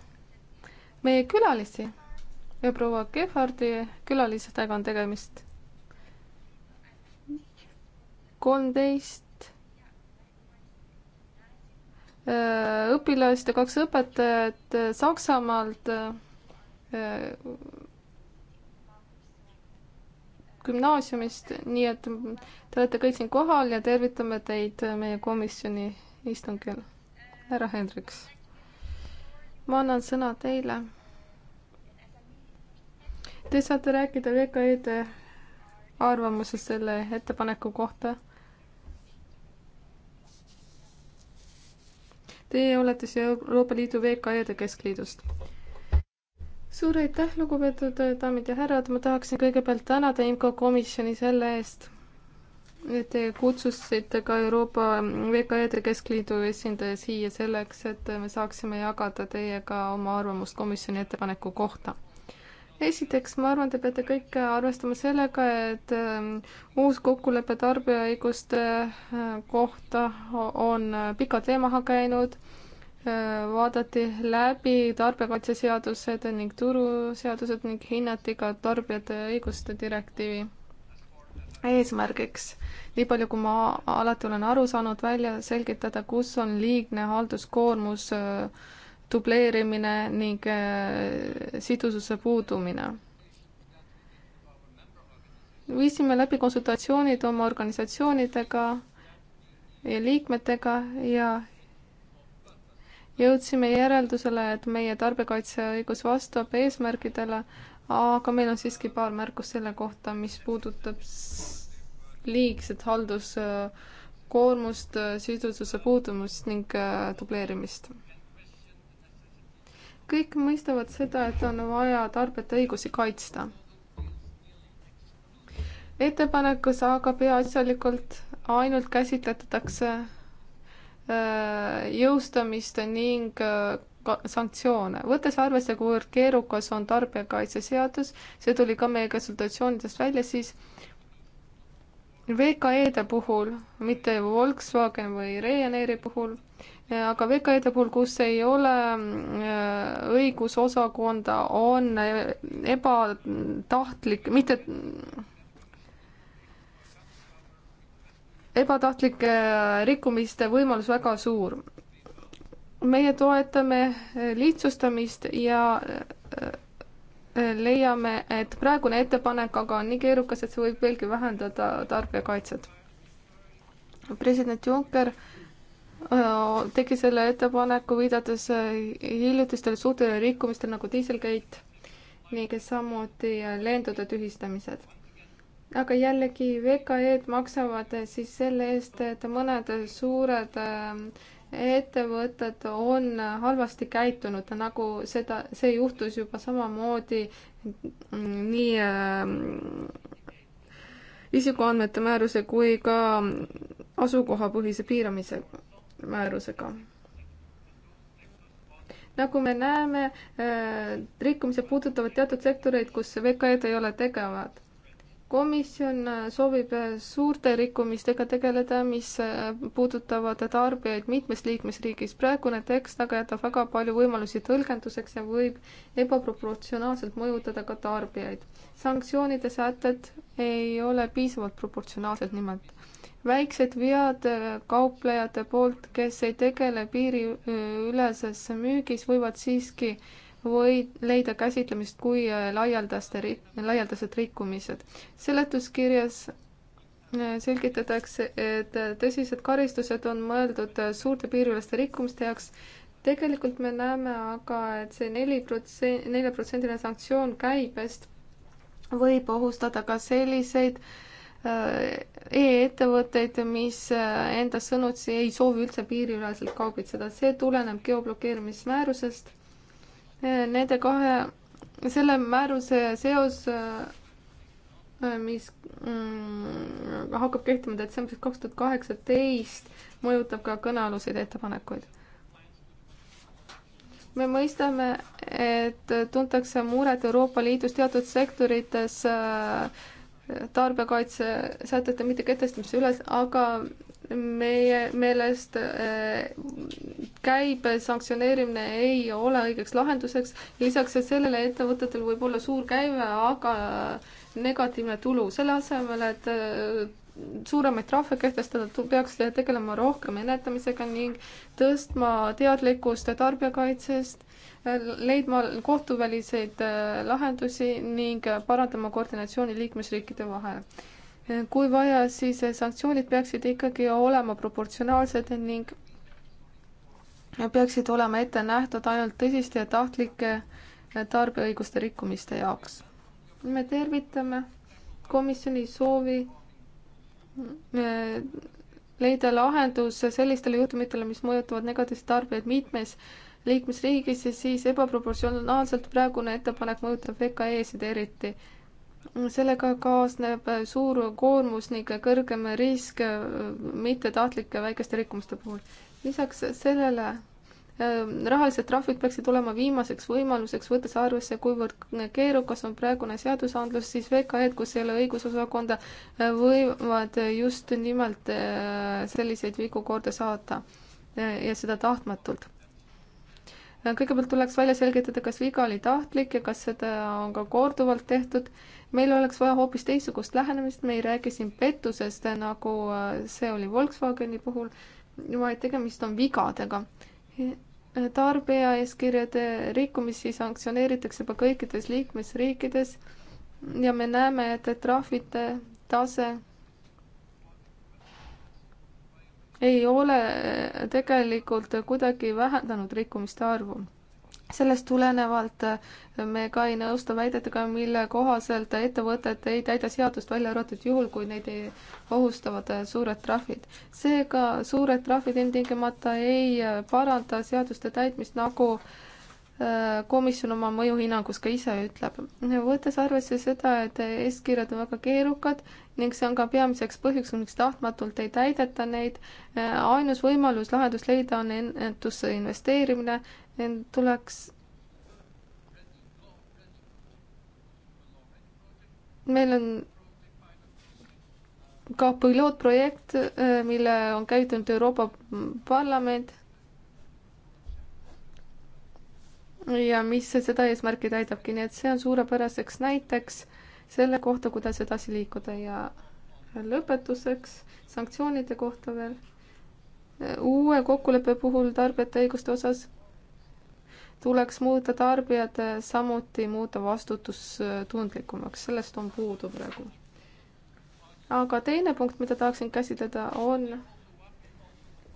meie külalisi proua Kehvardi külalistega on tegemist. kolmteist äh, õpilast ja kaks õpetajat äh, Saksamaalt äh, gümnaasiumist, nii et te olete kõik siin kohal ja tervitame teid meie komisjoni istungil. härra Hendriks, ma annan sõna teile Te saate rääkida VKE-de arvamusest selle ettepaneku kohta. Teie olete siis Euroopa Liidu VKE-de keskliidust. suur aitäh, lugupeetud daamid ja härrad, ma tahaksin kõigepealt tänada IMCO komisjoni selle eest, et te kutsusite ka Euroopa VKE-de keskliidu esindaja siia selleks, et me saaksime jagada teiega oma arvamust komisjoni ettepaneku kohta esiteks, ma arvan, te peate kõik arvestama sellega, et ähm, uus kokkulepe tarbijaõiguste äh, kohta on äh, pika teemaga käinud, äh, vaadati läbi tarbijakaitseseadused ning turuseadused ning hinnati ka tarbijate õiguste direktiivi eesmärgiks, nii palju kui ma alati olen aru saanud, välja selgitada, kus on liigne halduskoormus äh, dubleerimine ning äh, sidususe puudumine. viisime läbi konsultatsioonid oma organisatsioonidega ja liikmetega ja jõudsime järeldusele, et meie tarbijakaitseõigus vastab eesmärgidele, aga meil on siiski paar märkust selle kohta, mis puudutab liigset halduskoormust, sidususe puudumist ning äh, dubleerimist kõik mõistavad seda, et on vaja tarbijate õigusi kaitsta. ettepanekus aga peaasjalikult ainult käsitletakse äh, jõustamist ning äh, sanktsioone. võttes arvesse, kuivõrd keerukas on tarbijakaitseseadus, see tuli ka meie konsultatsioonidest välja, siis VKE-de puhul, mitte Volkswagen või Ryanairi puhul, aga VKE-de puhul, kus ei ole mm, õigusosakonda, on ebatahtlik, mitte ebatahtlike rikkumiste võimalus väga suur. meie toetame lihtsustamist ja e, leiame, et praegune ettepanek aga on nii keerukas, et see võib veelgi vähendada tarbijakaitset. president Juncker äh, Äh, tegi selle ettepaneku, viidates äh, hiljutistele suurtele rikkumistele nagu Dieselgate ning samuti äh, lendude tühistamised. aga jällegi VKE-d maksavad siis selle eest, et mõned suured ettevõtted on halvasti käitunud, nagu seda, see juhtus juba samamoodi mm, nii äh, isikuandmete määruse kui ka mm, asukohapõhise piiramisega määrusega. nagu me näeme, äh, rikkumised puudutavad teatud sektoreid, kus VKE-d ei ole tegevad komisjon äh, soovib äh, suurte rikkumistega tegeleda, mis puudutavad tarbijaid mitmes liikmesriigis. praegune tekst aga jätab väga palju võimalusi tõlgenduseks ja võib ebaproportsionaalselt mõjutada ka tarbijaid. sanktsioonide sätted ei ole piisavalt proportsionaalsed nimelt väiksed vead äh, kauplejate poolt, kes ei tegele piiriüleses müügis, võivad siiski või leida käsitlemist kui äh, laialdaste, laialdased rikkumised. seletuskirjas äh, selgitatakse, et tõsised karistused on mõeldud suurte piiriüleste rikkumiste jaoks. tegelikult me näeme aga, et see neli protsenti, neljaprotsendiline sanktsioon käibest võib ohustada ka selliseid äh, Äh, e-ettevõtteid, mis äh, enda sõnutsi ei soovi üldse piiriüleselt kaubitseda, see tuleneb geoblokeerimismäärusest. Äh, nende kahe, selle määruse seos, mis mm, hakkab kehtima detsembris kaks tuhat kaheksateist, mõjutab ka kõnealuseid ettepanekuid me mõistame, et tuntakse muret Euroopa Liidus teatud sektorites äh, tarbijakaitsesätete mitteketestamise üles, aga meie meelest äh, käibe sanktsioneerimine ei ole õigeks lahenduseks. lisaks sellele ettevõtetel võib olla suur käive, aga negatiivne tulu. selle asemel, et äh, suuremaid trahve kehtestada, peaks tegelema rohkem ennetamisega ning tõstma teadlikkust tarbijakaitsest leidma kohtuväliseid äh, lahendusi ning äh, parandama koordinatsiooni liikmesriikide vahel. kui vaja, siis äh, sanktsioonid peaksid ikkagi olema proportsionaalsed ning peaksid olema ette nähtud ainult tõsiste ja tahtlike tarbijaõiguste rikkumiste jaoks. me tervitame komisjoni soovi leida lahendus sellistele juhtumitele, mis mõjutavad negatiivseid tarbijaid mitmes liikmesriigis, siis ebaproportsionaalselt praegune ettepanek mõjutab VKE-sid eriti. sellega kaasneb suur koormus ning kõrgem risk mittetahtlike väikeste rikkumiste puhul. lisaks sellele äh, rahalised trahvid peaksid olema viimaseks võimaluseks, võttes arvesse, kuivõrd keerukas on praegune seadusandlus, siis VKE-d, kus ei ole õigusosakonda, äh, võivad just nimelt äh, selliseid vigu korda saata ja seda tahtmatult kõigepealt tuleks välja selgitada, kas viga oli tahtlik ja kas seda on ka korduvalt tehtud. meil oleks vaja hoopis teistsugust lähenemist, me ei räägi siin pettusest, nagu äh, see oli Volkswageni puhul, vaid tegemist on vigadega. tarbija-eeskirjade rikkumisi sanktsioneeritakse juba kõikides liikmesriikides ja me näeme, et trahvide tase ei ole äh, tegelikult kuidagi vähendanud rikkumiste arvu. sellest tulenevalt äh, me ka ei nõustu väidetega, mille kohaselt ettevõtted ei täida seadust, välja arvatud juhul, kui neid ei ohustavad äh, suured trahvid. seega suured trahvid ilmtingimata ei paranda seaduste täitmist, nagu äh, Äh, komisjon oma mõjuhinnangus ka ise ütleb. võttes arvesse seda, et eeskirjad on väga keerukad ning see on ka peamiseks põhjuseks, miks tahtmatult ei täideta neid, äh, ainus võimalus lahendust leida on ennetusse investeerimine, tuleks meil on ka pilootprojekt, äh, mille on käivitanud Euroopa Parlament ja mis seda eesmärki täidabki, nii et see on suurepäraseks näiteks selle kohta, kuidas edasi liikuda ja lõpetuseks sanktsioonide kohta veel. uue kokkuleppe puhul tarbijate õiguste osas tuleks muuta tarbijad samuti muuta vastutustundlikumaks, sellest on puudu praegu. aga teine punkt, mida tahaksin käsitleda, on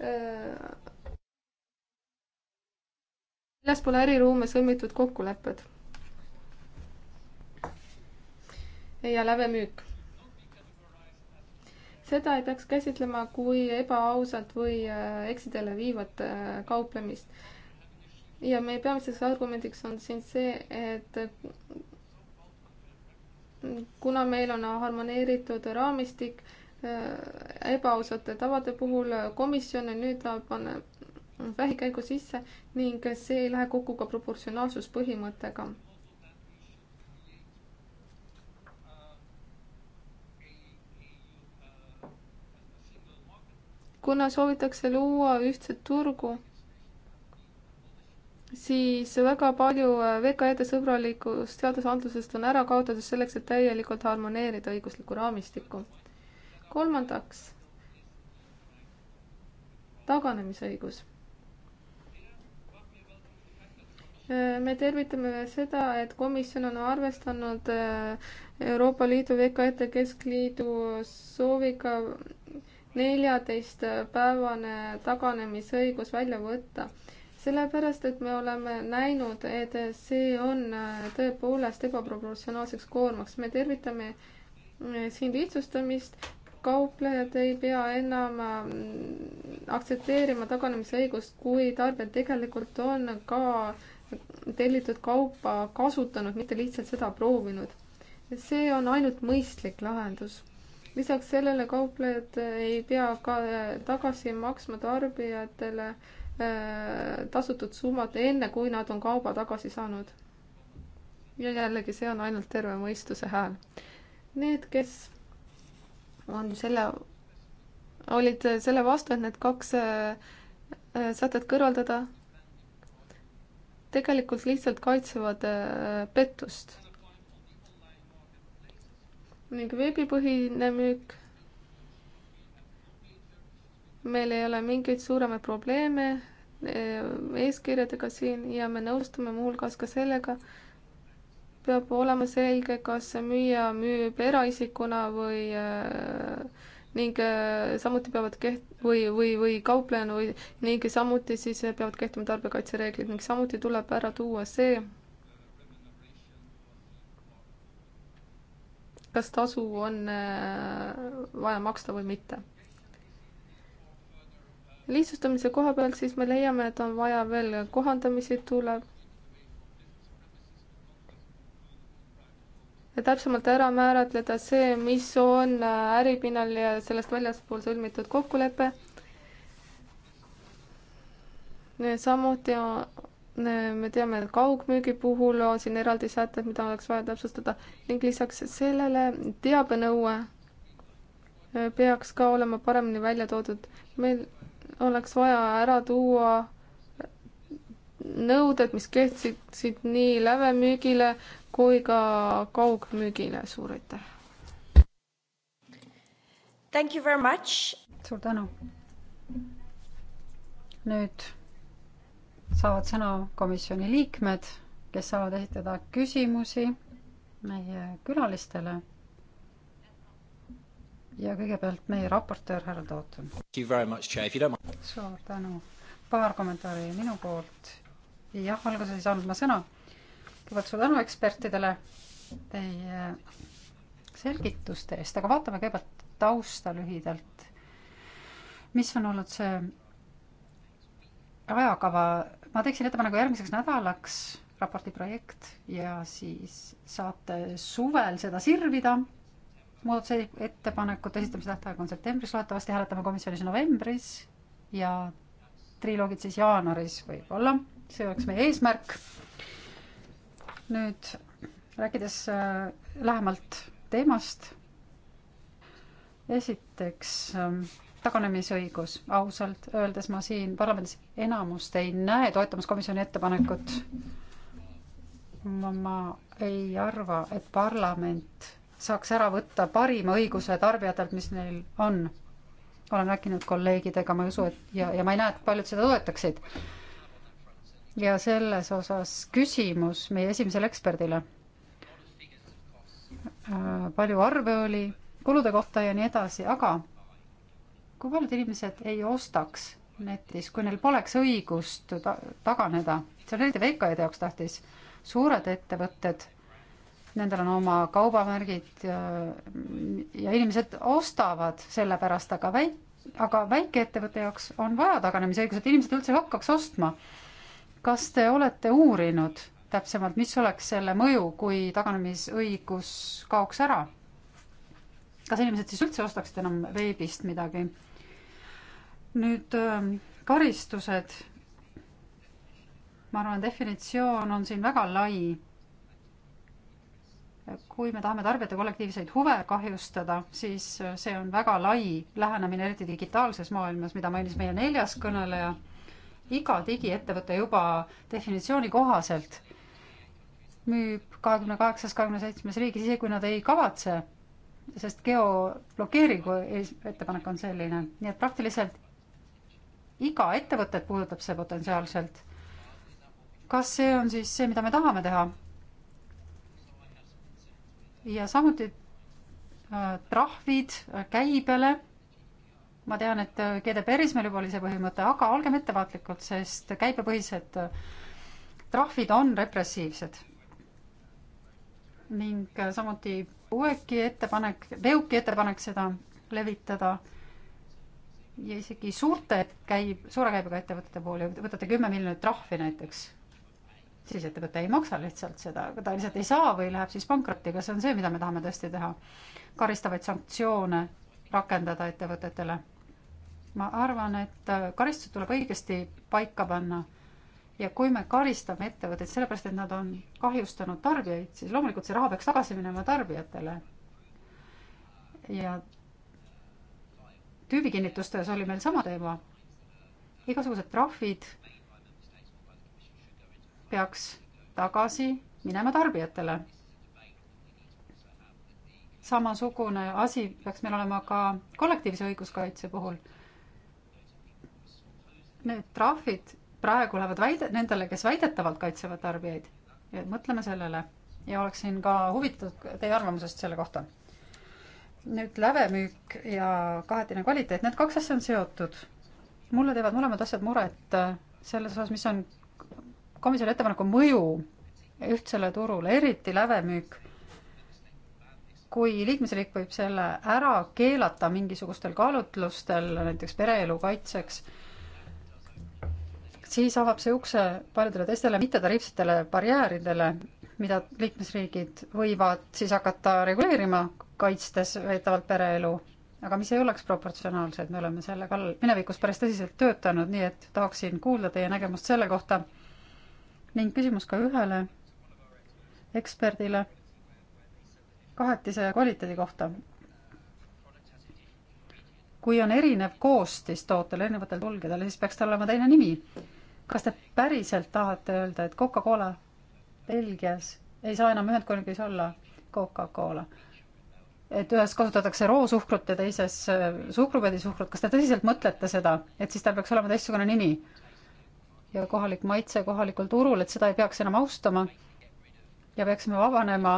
äh, väljaspool äriruume sõlmitud kokkulepped. ja lävemüük. seda ei peaks käsitlema kui ebaausat või äh, eksidele viivat äh, kauplemist. ja meie peamiseks argumendiks on siin see, et kuna meil on harmoneeritud raamistik, äh, ebaausate tavade puhul komisjon nüüd paneb vähikäigu sisse ning see ei lähe kokku ka proportsionaalsuspõhimõttega. kuna soovitakse luua ühtset turgu, siis väga palju VKE-de sõbralikust seadusandlusest on ära kaotatud selleks, et täielikult harmoneerida õiguslikku raamistikku. kolmandaks, taganemisõigus Äh, me tervitame seda, et komisjon on arvestanud äh, Euroopa Liidu VKT Keskliidu sooviga neljateist päevane taganemisõigus välja võtta. sellepärast, et me oleme näinud, et see on äh, tõepoolest ebaproportsionaalseks koormaks. me tervitame siin lihtsustamist, kauplejad ei pea enam aktsepteerima taganemisõigust, kui tarbijal tegelikult on ka äh, tellitud kaupa kasutanud, mitte lihtsalt seda proovinud. see on ainult mõistlik lahendus. lisaks sellele kauplejad ei pea ka äh, tagasi maksma tarbijatele äh, tasutud summad, enne kui nad on kauba tagasi saanud. ja jällegi, see on ainult terve mõistuse hääl. Need, kes on selle, olid selle vastu, et need kaks äh, sätet kõrvaldada, tegelikult lihtsalt kaitsevad äh, pettust. ning veebipõhine müük. meil ei ole mingeid suuremaid probleeme äh, eeskirjadega siin ja me nõustume muuhulgas ka sellega, peab olema selge, kas müüja müüb eraisikuna või äh, ning äh, samuti peavad keht- või, või, või kauplejana või ning samuti siis äh, peavad kehtima tarbijakaitsereeglid ning samuti tuleb ära tuua see, kas tasu on äh, vaja maksta või mitte. lihtsustamise koha pealt siis me leiame, et on vaja veel kohandamisi, tuleb täpsemalt ära määratleda see, mis on äh, äripinnal ja sellest väljaspool sõlmitud kokkulepe. samuti äh, me teame, et kaugmüügi puhul on siin eraldi sätted, mida oleks vaja täpsustada ning lisaks sellele teabenõue äh, peaks ka olema paremini välja toodud. meil oleks vaja ära tuua nõuded, mis kehtsid nii lävemüügile, kui ka kaugmüügile, suur aitäh! Thank you very much! suur tänu! nüüd saavad sõna komisjoni liikmed, kes saavad esitada küsimusi meie külalistele. ja kõigepealt meie raportöör härra Tooton. suur tänu, paar kommentaari minu poolt. jah, alguses ei saanud ma sõna, kõigepealt suur tänu ekspertidele teie selgituste eest, aga vaatame kõigepealt tausta lühidalt. mis on olnud see ajakava, ma teeksin ettepaneku järgmiseks nädalaks raporti projekt ja siis saate suvel seda sirvida. muudatusettepanekute esitamise tähtaeg on septembris, loodetavasti hääletame komisjonis novembris ja triloogid siis jaanuaris võib-olla, see oleks meie eesmärk nüüd rääkides äh, lähemalt teemast. esiteks ähm, taganemisõigus, ausalt öeldes ma siin parlamendis enamust ei näe toetamiskomisjoni ettepanekut. ma ei arva, et parlament saaks ära võtta parima õiguse tarbijatelt, mis neil on. olen rääkinud kolleegidega, ma ei usu, et ja, ja ma ei näe, et paljud seda toetaksid ja selles osas küsimus meie esimesele eksperdile. Äh, palju arve oli kulude kohta ja nii edasi, aga kui paljud inimesed ei ostaks netis, kui neil poleks õigust ta taganeda, see on eriti VKE-de jaoks tähtis, suured ettevõtted, nendel on oma kaubamärgid ja, äh, ja inimesed ostavad selle pärast, aga väi-, aga väikeettevõtte jaoks on vaja taganemisõigus, et inimesed üldse hakkaks ostma kas te olete uurinud täpsemalt, mis oleks selle mõju, kui taganemisõigus kaoks ära? kas inimesed siis üldse ostaksid enam veebist midagi? nüüd ähm, karistused. ma arvan, definitsioon on siin väga lai. kui me tahame tarbijate kollektiivseid huve kahjustada, siis äh, see on väga lai lähenemine, eriti digitaalses maailmas, mida mainis meie neljas kõneleja iga digiettevõte juba definitsiooni kohaselt müüb kahekümne kaheksas, kahekümne seitsmes riigis, isegi kui nad ei kavatse, sest geoblokeeringu ettepanek on selline, nii et praktiliselt iga ettevõtet puudutab see potentsiaalselt. kas see on siis see, mida me tahame teha? ja samuti äh, trahvid äh, käibele ma tean, et äh, GDPR-is meil juba oli see põhimõte, aga olgem ettevaatlikud, sest käibepõhised äh, trahvid on repressiivsed. ning äh, samuti Ueki ettepanek, Veuki ettepanek seda levitada ja isegi suurte käib, suure käibega ettevõtete puhul ju võtate kümme miljonit trahvi näiteks, siis ettevõte ei maksa lihtsalt seda, aga ta lihtsalt ei saa või läheb siis pankrotti, kas see on see, mida me tahame tõesti teha? karistavaid sanktsioone rakendada ettevõtetele ma arvan, et äh, karistused tuleb õigesti paika panna. ja kui me karistame ettevõtteid sellepärast, et nad on kahjustanud tarbijaid, siis loomulikult see raha peaks tagasi minema tarbijatele. ja tüübikinnitustes oli meil sama teema. igasugused trahvid peaks tagasi minema tarbijatele. samasugune asi peaks meil olema ka kollektiivse õiguskaitse puhul need trahvid praegu lähevad väide, nendele, kes väidetavalt kaitsevad tarbijaid. mõtleme sellele ja oleksin ka huvitatud teie arvamusest selle kohta. nüüd lävemüük ja kahetine kvaliteet, need kaks asja on seotud. mulle teevad mõlemad asjad muret äh, selles osas, mis on komisjoni ettepaneku mõju ühtsele turule, eriti lävemüük. kui liikmesriik võib selle ära keelata mingisugustel kaalutlustel, näiteks pereelu kaitseks siis avab see ukse paljudele teistele mittetariifsetele barjääridele, mida liikmesriigid võivad siis hakata reguleerima, kaitstes veetavalt pereelu. aga mis ei oleks proportsionaalsed, me oleme selle kallal minevikus päris tõsiselt töötanud, nii et tahaksin kuulda teie nägemust selle kohta. ning küsimus ka ühele eksperdile kahetise kvaliteedi kohta. kui on erinev koostis tootel erinevatel tulgedel, siis peaks tal olema teine nimi kas te päriselt tahate öelda, et Coca-Cola Belgias ei saa enam Ühendkuningriigis olla Coca-Cola? et ühes kasutatakse roosuhkrut ja teises äh, suhkrupeedisuhkrut, kas te tõsiselt mõtlete seda, et siis tal peaks olema teistsugune nimi? ja kohalik maitse kohalikul turul, et seda ei peaks enam austama ja peaksime vabanema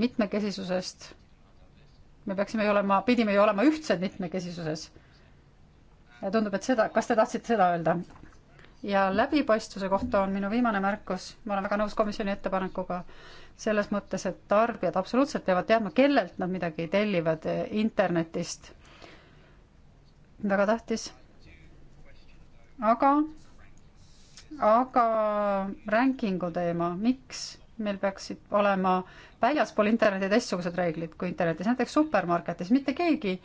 mitmekesisusest. me peaksime ju olema, pidime ju olema ühtsed mitmekesisuses. ja tundub, et seda, kas te tahtsite seda öelda? ja läbipaistvuse kohta on minu viimane märkus, ma olen väga nõus komisjoni ettepanekuga, selles mõttes, et tarbijad absoluutselt peavad teadma, kellelt nad midagi tellivad internetist. väga tähtis. aga, aga ranking'u teema, miks meil peaksid olema väljaspool interneti teistsugused reeglid kui internetis, näiteks supermarketis, mitte keegi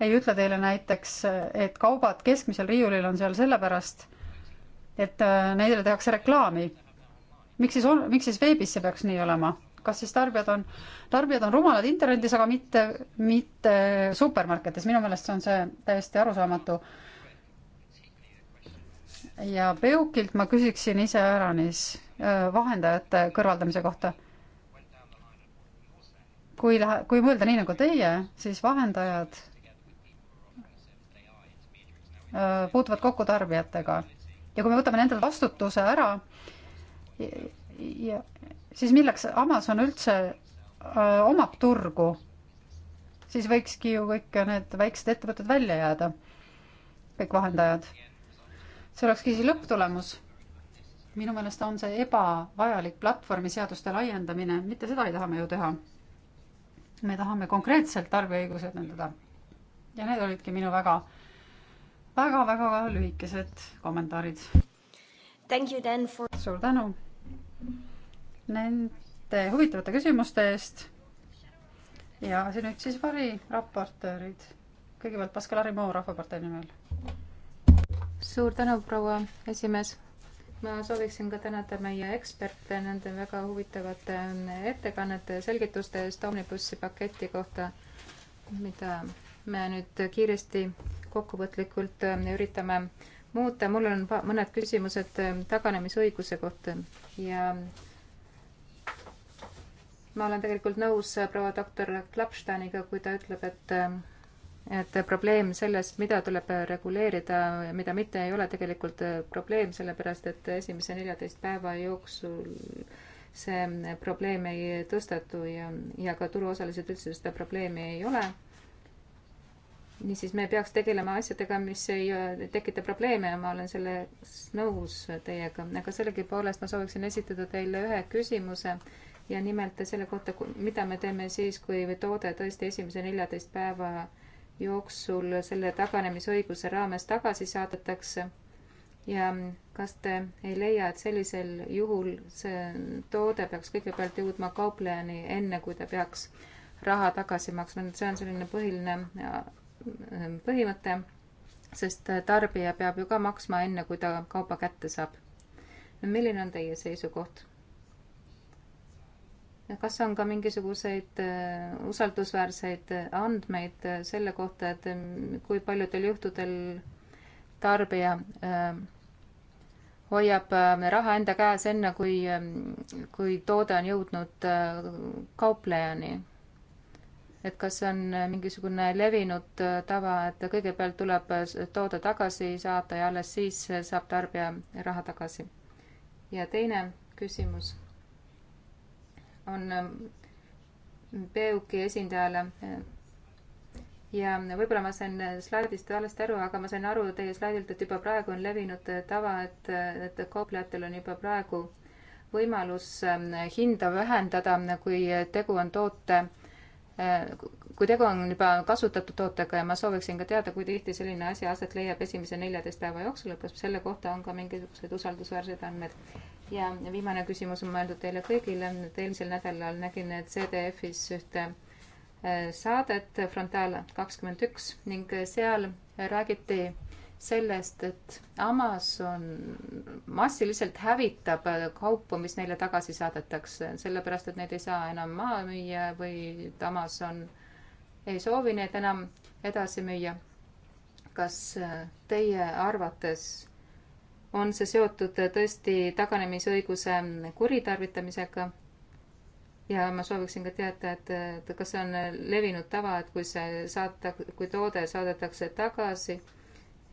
ei ütle teile näiteks, et kaubad keskmisel riiulil on seal sellepärast, et äh, neile tehakse reklaami. miks siis on, miks siis veebis see peaks nii olema? kas siis tarbijad on, tarbijad on rumalad internetis, aga mitte, mitte supermarketis, minu meelest on see täiesti arusaamatu. ja Peukilt ma küsiksin iseäranis äh, vahendajate kõrvaldamise kohta. kui lähe-, kui mõelda nii nagu teie, siis vahendajad äh, puutuvad kokku tarbijatega ja kui me võtame nendele vastutuse ära, ja siis milleks Amazon üldse öö, äh, omab turgu, siis võikski ju kõik need väiksed ettevõtted välja jääda, kõik vahendajad. see olekski siis lõpptulemus. minu meelest on see ebavajalik platvormi seaduste laiendamine, mitte seda ei taha me ju teha. me tahame konkreetselt tarbijaõigused nendada. ja need olidki minu väga väga-väga lühikesed kommentaarid. For... suur tänu nende huvitavate küsimuste eest. ja see nüüd siis variraportöörid. kõigepealt Pascal Arimoo Rahvapartei nimel. suur tänu, proua esimees. ma sooviksin ka tänada meie eksperte nende väga huvitavate ettekannete ja selgituste eest Omnibussi paketi kohta, mida me nüüd kiiresti kokkuvõtlikult äh, üritame muuta. mul on mõned küsimused äh, taganemisõiguse kohta ja ma olen tegelikult nõus äh, proua doktor Klapštaniga, kui ta ütleb, et et probleem selles, mida tuleb reguleerida, mida mitte, ei ole tegelikult probleem, sellepärast et esimese neljateist päeva jooksul see probleem ei tõstatu ja, ja ka turuosalised üldse seda probleemi ei ole niisiis, me peaks tegelema asjadega, mis ei äh, tekita probleeme ja ma olen selles nõus teiega, aga sellegipoolest ma sooviksin esitada teile ühe küsimuse ja nimelt selle kohta, mida me teeme siis, kui toode tõesti esimese neljateist päeva jooksul selle taganemisõiguse raames tagasi saadetakse. ja kas te ei leia, et sellisel juhul see toode peaks kõigepealt jõudma kauplejani, enne kui ta peaks raha tagasi maksma, et see on selline põhiline äh, Ähm, põhimõte, sest äh, tarbija peab ju ka maksma enne, kui ta kauba kätte saab. milline on teie seisukoht? kas on ka mingisuguseid äh, usaldusväärseid äh, andmeid selle kohta, et mm, kui paljudel juhtudel tarbija ähm, hoiab ähm, raha enda käes enne, kui, kui toode on jõudnud kauplejani? et kas on mingisugune levinud tava, et kõigepealt tuleb toode tagasi saata ja alles siis saab tarbija raha tagasi. ja teine küsimus on ähm, Peuki esindajale. ja võib-olla ma sain slaidist valesti aru, aga ma sain aru teie slaidilt, et juba praegu on levinud tava, et, et kauplejatel on juba praegu võimalus ähm, hinda vähendada, kui tegu on toote Äh, kui tegu on juba kasutatud tootega ja ma sooviksin ka teada, kui tihti selline asi aset leiab esimese neljateist päeva jooksul, et kas selle kohta on ka mingisuguseid usaldusväärseid andmeid. ja viimane küsimus on mõeldud teile kõigile, et eelmisel nädalal nägin CDF-is ühte äh, saadet Frontaal kakskümmend üks ning seal räägiti sellest, et Amazon massiliselt hävitab kaupu, mis neile tagasi saadetakse, sellepärast et neid ei saa enam maha müüa või Amazon ei soovi neid enam edasi müüa. kas äh, teie arvates on see seotud tõesti taganemisõiguse kuritarvitamisega? ja ma sooviksin ka teada, et, et kas see on levinud tava, et kui see saata, kui toode saadetakse tagasi,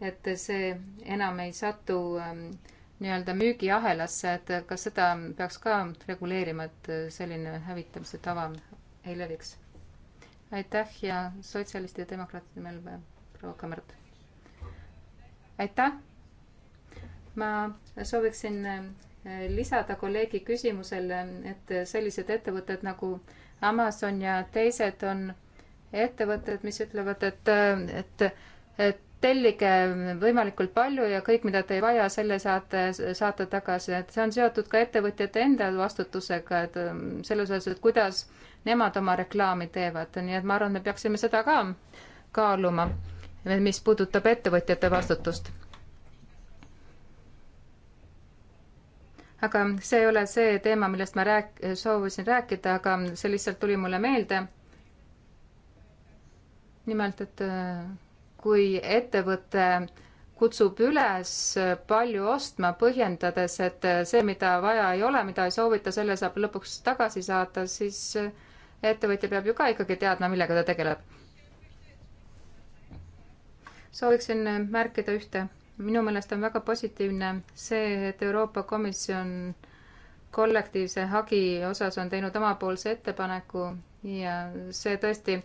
et see enam ei satu ähm, nii-öelda müügiahelasse, et kas seda peaks ka reguleerima, et äh, selline hävitamise tava ei leviks? aitäh ja sotsialistide ja demokraatide nimel proua Kammert. aitäh! ma sooviksin äh, lisada kolleegi küsimusele, et sellised ettevõtted nagu Amazon ja teised on ettevõtted, mis ütlevad, et, äh, et, et tellige võimalikult palju ja kõik, mida te ei vaja, selle saate, saate tagasi, et see on seotud ka ettevõtjate enda vastutusega, et ähm, selles osas, et kuidas nemad oma reklaami teevad, nii et ma arvan, me peaksime seda ka kaaluma, mis puudutab ettevõtjate vastutust. aga see ei ole see teema, millest ma rääk-, soovisin rääkida, aga see lihtsalt tuli mulle meelde. nimelt, et äh, kui ettevõte kutsub üles palju ostma, põhjendades, et see, mida vaja ei ole, mida ei soovita, selle saab lõpuks tagasi saata, siis ettevõtja peab ju ka ikkagi teadma, millega ta tegeleb. sooviksin märkida ühte. minu meelest on väga positiivne see, et Euroopa Komisjon kollektiivse hagi osas on teinud omapoolse ettepaneku ja see tõesti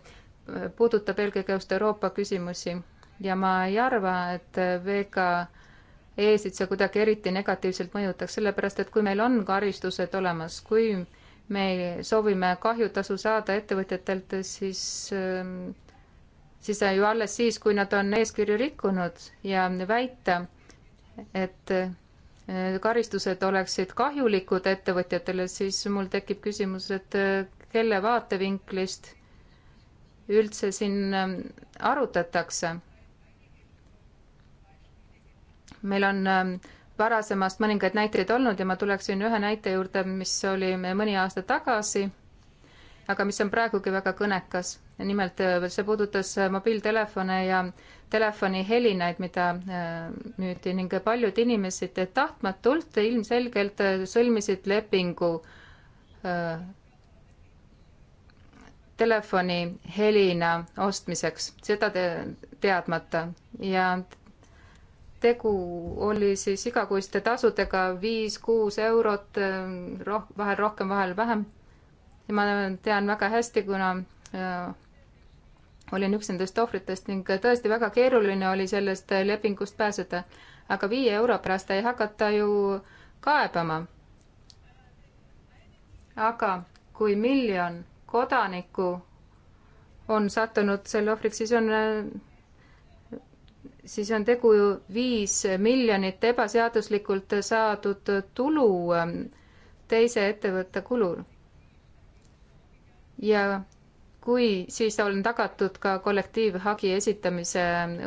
puudutab eelkõige just Euroopa küsimusi ja ma ei arva, et VKE-sid see kuidagi eriti negatiivselt mõjutaks, sellepärast et kui meil on karistused olemas, kui me soovime kahjutasu saada ettevõtjatelt, siis ähm, siis ju alles siis, kui nad on eeskirju rikkunud ja väita, et äh, karistused oleksid kahjulikud ettevõtjatele, siis mul tekib küsimus, et äh, kelle vaatevinklist üldse siin ähm, arutatakse. meil on ähm, varasemast mõningaid näiteid olnud ja ma tuleksin ühe näite juurde, mis oli mõni aasta tagasi, aga mis on praegugi väga kõnekas. nimelt äh, see puudutas äh, mobiiltelefone ja telefoni helinaid, mida äh, müüdi ning paljud inimesed tahtmatult ilmselgelt sõlmisid lepingu telefoni helina ostmiseks, seda te teadmata ja tegu oli siis igakuiste tasudega viis-kuus eurot, roh-, vahel rohkem, vahel vähem. ja ma tean väga hästi, kuna äh, olin üks nendest ohvritest ning tõesti väga keeruline oli sellest lepingust pääseda. aga viie euro pärast ei hakata ju kaebama. aga kui miljon kodanikku on sattunud selle ohvriks, siis on, siis on tegu ju viis miljonit ebaseaduslikult saadud tulu teise ettevõtte kulul. ja kui, siis on tagatud ka kollektiivhagi esitamise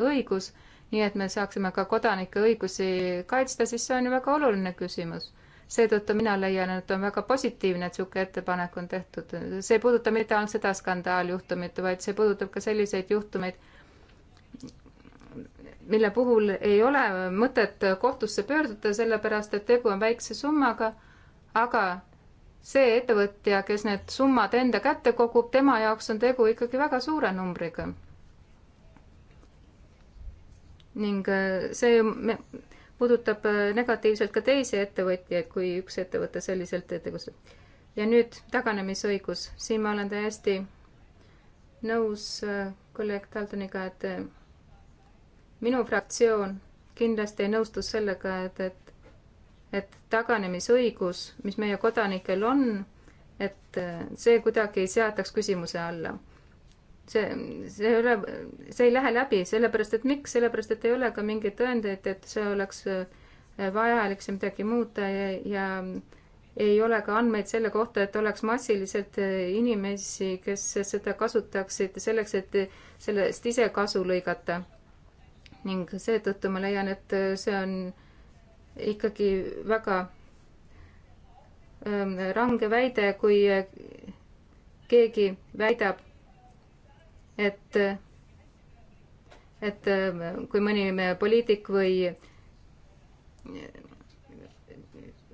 õigus, nii et me saaksime ka kodanike õigusi kaitsta, siis see on ju väga oluline küsimus seetõttu mina leian, et on väga positiivne, et niisugune ettepanek on tehtud. see ei puuduta mitte ainult seda skandaaljuhtumit, vaid see puudutab ka selliseid juhtumeid, mille puhul ei ole mõtet kohtusse pöörduda, sellepärast et tegu on väikse summaga, aga see ettevõtja, kes need summad enda kätte kogub, tema jaoks on tegu ikkagi väga suure numbriga. ning äh, see me puudutab äh, negatiivselt ka teisi ettevõtjaid, kui üks ettevõte selliselt tegutseb. ja nüüd taganemisõigus, siin ma olen täiesti nõus äh, kolleeg Taldoniga, et äh, minu fraktsioon kindlasti ei nõustu sellega, et, et, et taganemisõigus, mis meie kodanikel on, et see kuidagi seataks küsimuse alla see, see ei ole, see ei lähe läbi, sellepärast et miks, sellepärast et ei ole ka mingeid tõendeid, et see oleks äh, vajalik siin midagi muuta ja, ja ei ole ka andmeid selle kohta, et oleks massiliselt äh, inimesi, kes seda kasutaksid selleks, et sellest ise kasu lõigata. ning seetõttu ma leian, et äh, see on ikkagi väga ähm, range väide, kui keegi väidab, et, et äh, kui mõni äh, poliitik või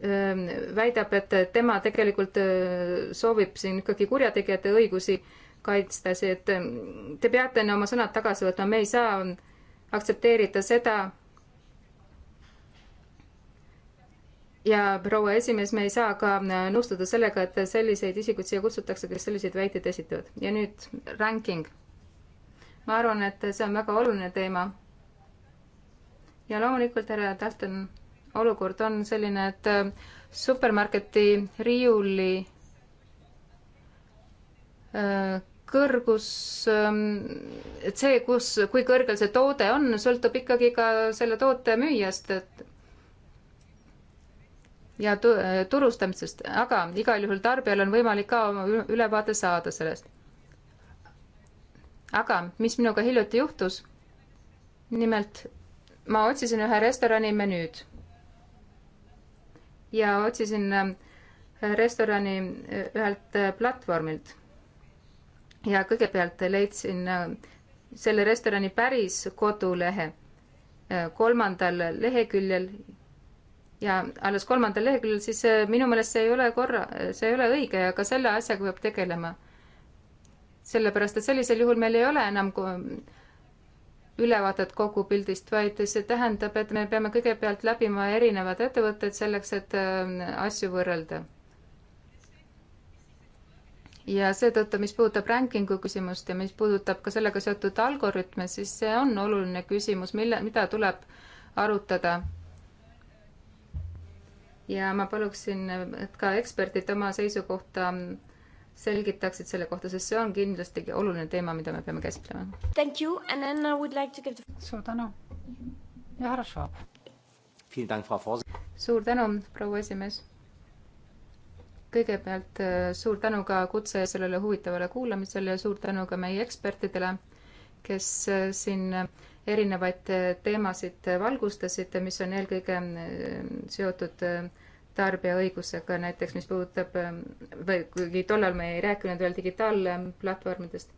äh, väidab, et tema tegelikult soovib siin ikkagi kurjategijate õigusi kaitsta, see, et te peate enne oma sõnad tagasi võtma, me ei saa aktsepteerida seda. ja proua esimees, me ei saa ka nõustuda sellega, et selliseid isikuid siia kutsutakse, kes selliseid väiteid esitavad ja nüüd ranking ma arvan, et see on väga oluline teema. ja loomulikult, härra Tartan, olukord on selline, et äh, supermarketi riiuli äh, kõrgus, ähm, et see, kus, kui kõrgel see toode on, sõltub ikkagi ka selle toote müüjast, et ja tu-, äh, turustamisest, aga igal juhul tarbijal on võimalik ka ülevaade saada sellest aga mis minuga hiljuti juhtus? nimelt ma otsisin ühe restorani menüüd ja otsisin äh, restorani äh, ühelt äh, platvormilt. ja kõigepealt leidsin selle restorani päris kodulehe kolmandal leheküljel ja alles kolmandal leheküljel, siis minu meelest see ei ole korra, see ei ole õige ja ka selle asjaga peab tegelema sellepärast et sellisel juhul meil ei ole enam ülevaadet kogu pildist, vaid see tähendab, et me peame kõigepealt läbima erinevad ettevõtted selleks, et äh, asju võrrelda. ja seetõttu, mis puudutab ranking'u küsimust ja mis puudutab ka sellega seotud algoritme, siis see on oluline küsimus, mille, mida tuleb arutada. ja ma paluksin, äh, et ka eksperdid oma seisukohta selgitaksid selle kohta, sest see on kindlasti oluline teema, mida me peame käsitlema. Thank you and then I would like to give the... suur tänu ja härra Schwab. suur tänu, proua esimees. kõigepealt äh, suur tänu ka kutse sellele huvitavale kuulamisele ja suur tänu ka meie ekspertidele, kes äh, siin äh, erinevaid teemasid valgustasid, mis on eelkõige seotud tarbija õigusega, näiteks mis puudutab, ähm, või kuigi tollal me ei rääkinud veel digitaalplatvormidest.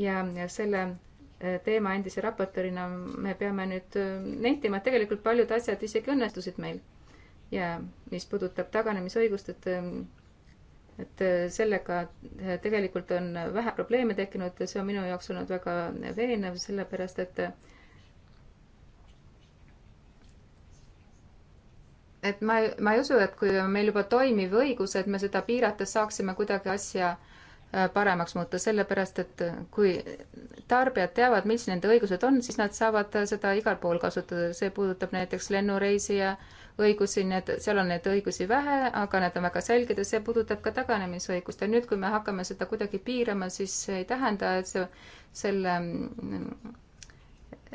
ja, ja selle äh, teema endise raportorina me peame nüüd ähm, nentima, et tegelikult paljud asjad isegi õnnestusid meil. ja mis puudutab taganemisõigust, et ähm, et äh, sellega äh, tegelikult on vähe probleeme tekkinud, see on minu jaoks olnud väga veenev, sellepärast et äh, et ma, ma ei usu, et kui meil juba toimiv õigus, et me seda piirates saaksime kuidagi asja äh, paremaks muuta, sellepärast et kui tarbijad teavad, mis nende õigused on, siis nad saavad äh, seda igal pool kasutada, see puudutab näiteks lennureisija õigusi, need, seal on neid õigusi vähe, aga need on väga selged ja see puudutab ka taganemisõigust ja nüüd, kui me hakkame seda kuidagi piirama, siis see ei tähenda, et see, selle, mm,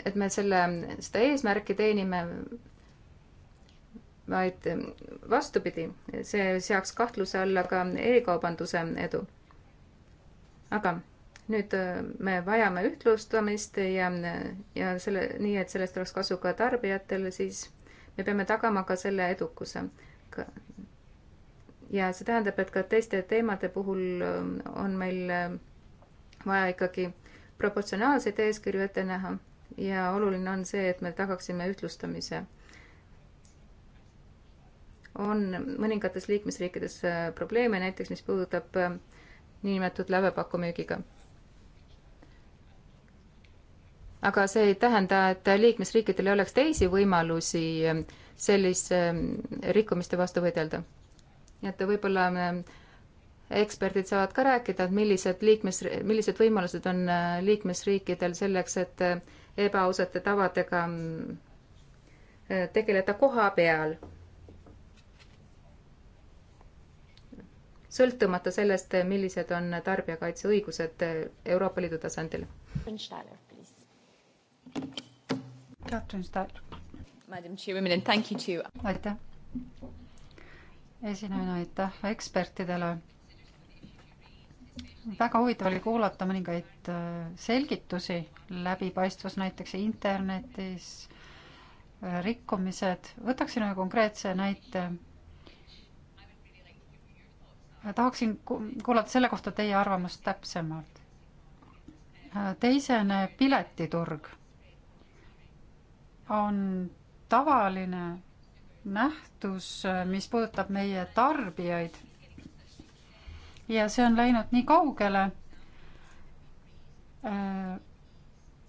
et me selle, seda eesmärki teenime vaid vastupidi, see seaks kahtluse alla ka e-kaubanduse edu. aga nüüd äh, me vajame ühtlustamist ja, ja selle, nii et sellest oleks kasu ka tarbijatele, siis me peame tagama ka selle edukuse. ja see tähendab, et ka teiste teemade puhul äh, on meil äh, vaja ikkagi proportsionaalseid eeskirju ette näha ja oluline on see, et me tagaksime ühtlustamise on mõningates liikmesriikides äh, probleeme, näiteks mis puudutab äh, niinimetatud lävepakku müügiga. aga see ei tähenda, et liikmesriikidel ei oleks teisi võimalusi äh, sellise rikkumiste vastu võidelda. nii et võib-olla eksperdid saavad ka rääkida, et millised liikmes, millised võimalused on liikmesriikidel selleks, et ebaausate tavadega mm, tegeleda koha peal sõltumata sellest, millised on tarbijakaitseõigused Euroopa Liidu tasandil. Katrin Stahler. aitäh. esinejana aitäh ekspertidele. väga huvitav oli kuulata mõningaid äh, selgitusi, läbipaistvus näiteks internetis, äh, rikkumised. võtaksin ühe konkreetse näite tahaksin kuulata selle kohta teie arvamust täpsemalt. teisene piletiturg on tavaline nähtus, mis puudutab meie tarbijaid. ja see on läinud nii kaugele. Äh,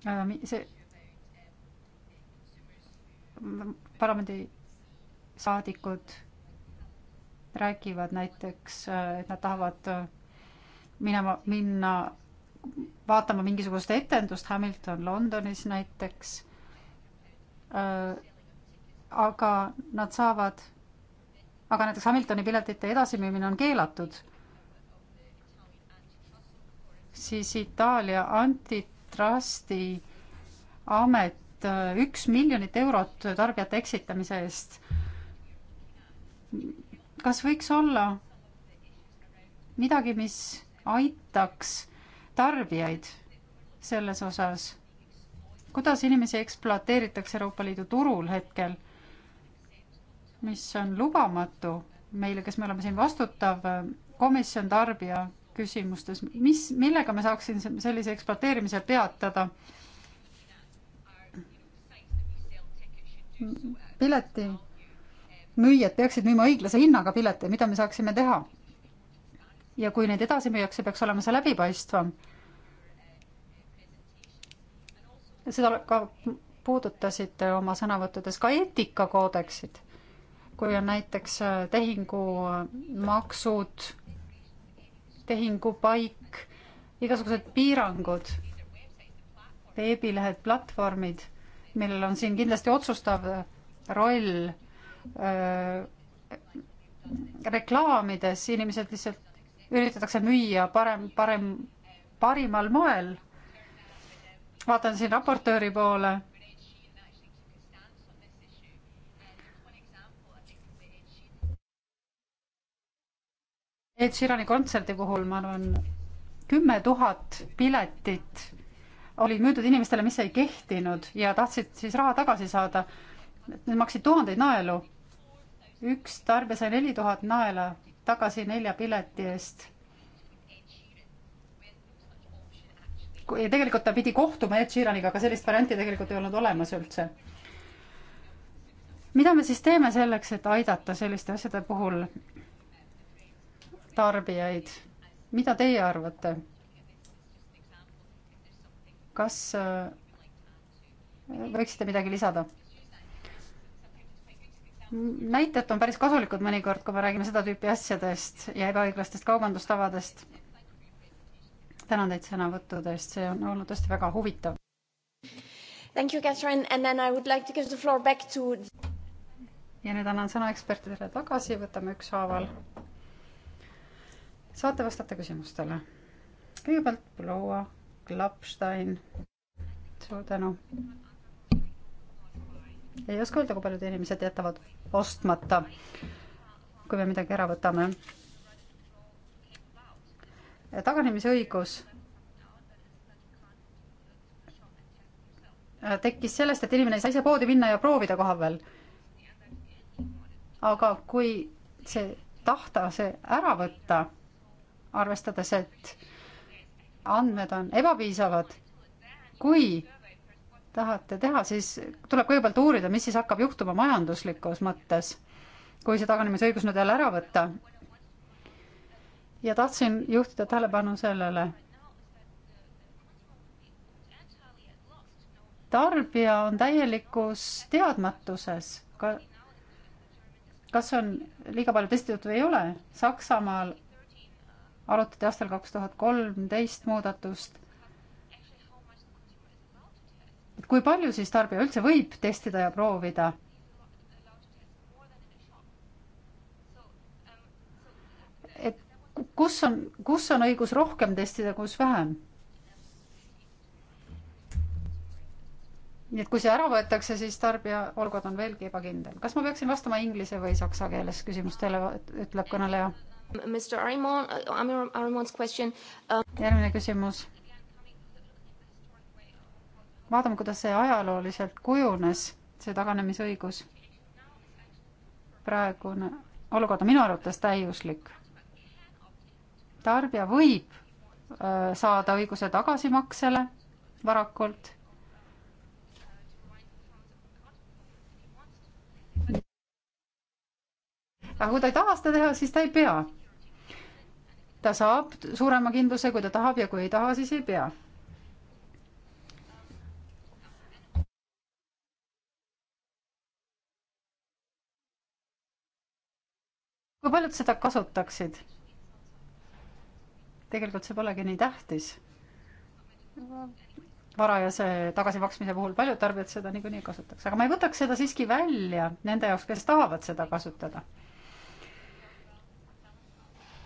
äh, see parlamendisaadikud räägivad näiteks, et nad tahavad äh, minema, minna vaatama mingisugust etendust Hamilton Londonis näiteks. Äh, aga nad saavad, aga näiteks Hamiltoni piletite edasimüümine on keelatud. siis Itaalia antitrusti amet äh, üks miljonit eurot tarbijate eksitamise eest kas võiks olla midagi, mis aitaks tarbijaid selles osas? kuidas inimesi ekspluateeritakse Euroopa Liidu turul hetkel, mis on lubamatu meile, kes me oleme siin vastutav äh, komisjon tarbija küsimustes, mis, millega ma saaksin sellise ekspluateerimise peatada? pileti müüjad peaksid müüma õiglase hinnaga pileteid, mida me saaksime teha. ja kui neid edasi müüakse, peaks olema see läbipaistvam. seda ka puudutasite oma sõnavõttudes ka eetikakoodeksid, kui on näiteks äh, tehingumaksud, äh, tehingupaik, igasugused piirangud, veebilehed, platvormid, millel on siin kindlasti otsustav äh, roll Äh, reklaamides inimesed lihtsalt üritatakse müüa parem, parem, parimal moel. vaatan siin raportööri poole. Ed Sheerani kontserdi puhul ma arvan, kümme tuhat piletit olid müüdud inimestele, mis ei kehtinud ja tahtsid siis raha tagasi saada. Nad maksid tuhandeid naelu üks tarbija sai neli tuhat naela tagasi nelja pileti eest. ja tegelikult ta pidi kohtuma Ed Sheeraniga, aga sellist varianti tegelikult ei olnud olemas üldse. mida me siis teeme selleks, et aidata selliste asjade puhul tarbijaid? mida teie arvate? kas äh, võiksite midagi lisada? näitajad on päris kasulikud mõnikord, kui me räägime seda tüüpi asjadest ja ebaõiglastest kaubandustavadest. tänan teid sõnavõttude eest, see on olnud tõesti väga huvitav. Thank you, Catherine, and then I would like to give the floor back to ja nüüd annan sõna ekspertidele tagasi, võtame ükshaaval. saate vastata küsimustele. kõigepealt proua Klapstein, suur tänu. ei oska öelda, kui paljud inimesed jätavad ostmata, kui me midagi ära võtame. taganemisõigus tekkis sellest, et inimene ei saa ise poodi minna ja proovida koha peal. aga kui see tahta see ära võtta, arvestades, et andmed on ebapiisavad, kui tahate teha, siis tuleb kõigepealt uurida, mis siis hakkab juhtuma majanduslikus mõttes, kui see taganemisõigus nüüd jälle ära võtta. ja tahtsin juhtida tähelepanu sellele. tarbija on täielikus teadmatuses, ka kas on liiga palju testitud või ei ole. Saksamaal arutati aastal kaks tuhat kolmteist muudatust kui palju siis tarbija üldse võib testida ja proovida? et kus on, kus on õigus rohkem testida, kus vähem? nii et kui see ära võetakse, siis tarbija olukord on veelgi ebakindel. kas ma peaksin vastama inglise või saksa keeles küsimustele, ütleb kõneleja. Mr uh, Arimon, Arimon's question uh.... järgmine küsimus vaatame, kuidas see ajalooliselt kujunes, see taganemisõigus. praegune olukord on minu arvates täiuslik. tarbija võib saada õiguse tagasimaksele varakult aga kui ta ei taha seda teha, siis ta ei pea. ta saab suurema kindluse, kui ta tahab ja kui ei taha, siis ei pea kui paljud seda kasutaksid? tegelikult see polegi nii tähtis. varajase tagasimaksmise puhul paljud tarbijad seda niikuinii kasutaks, aga ma ei võtaks seda siiski välja nende jaoks, kes tahavad seda kasutada.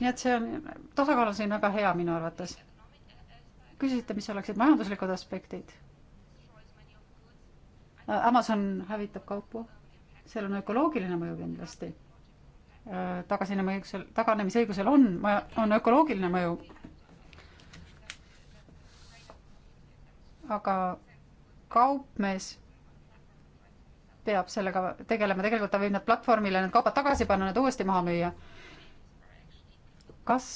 nii et see on, tasakaal on siin väga hea minu arvates. küsisite, mis oleksid majanduslikud aspektid? Amazon hävitab kaupu, seal on ökoloogiline mõju kindlasti tagasinemisõigusel, taganemisõigusel on, on ökoloogiline mõju. aga kaupmees peab sellega tegelema, tegelikult ta võib need platvormile need kaubad tagasi panna, need uuesti maha müüa. kas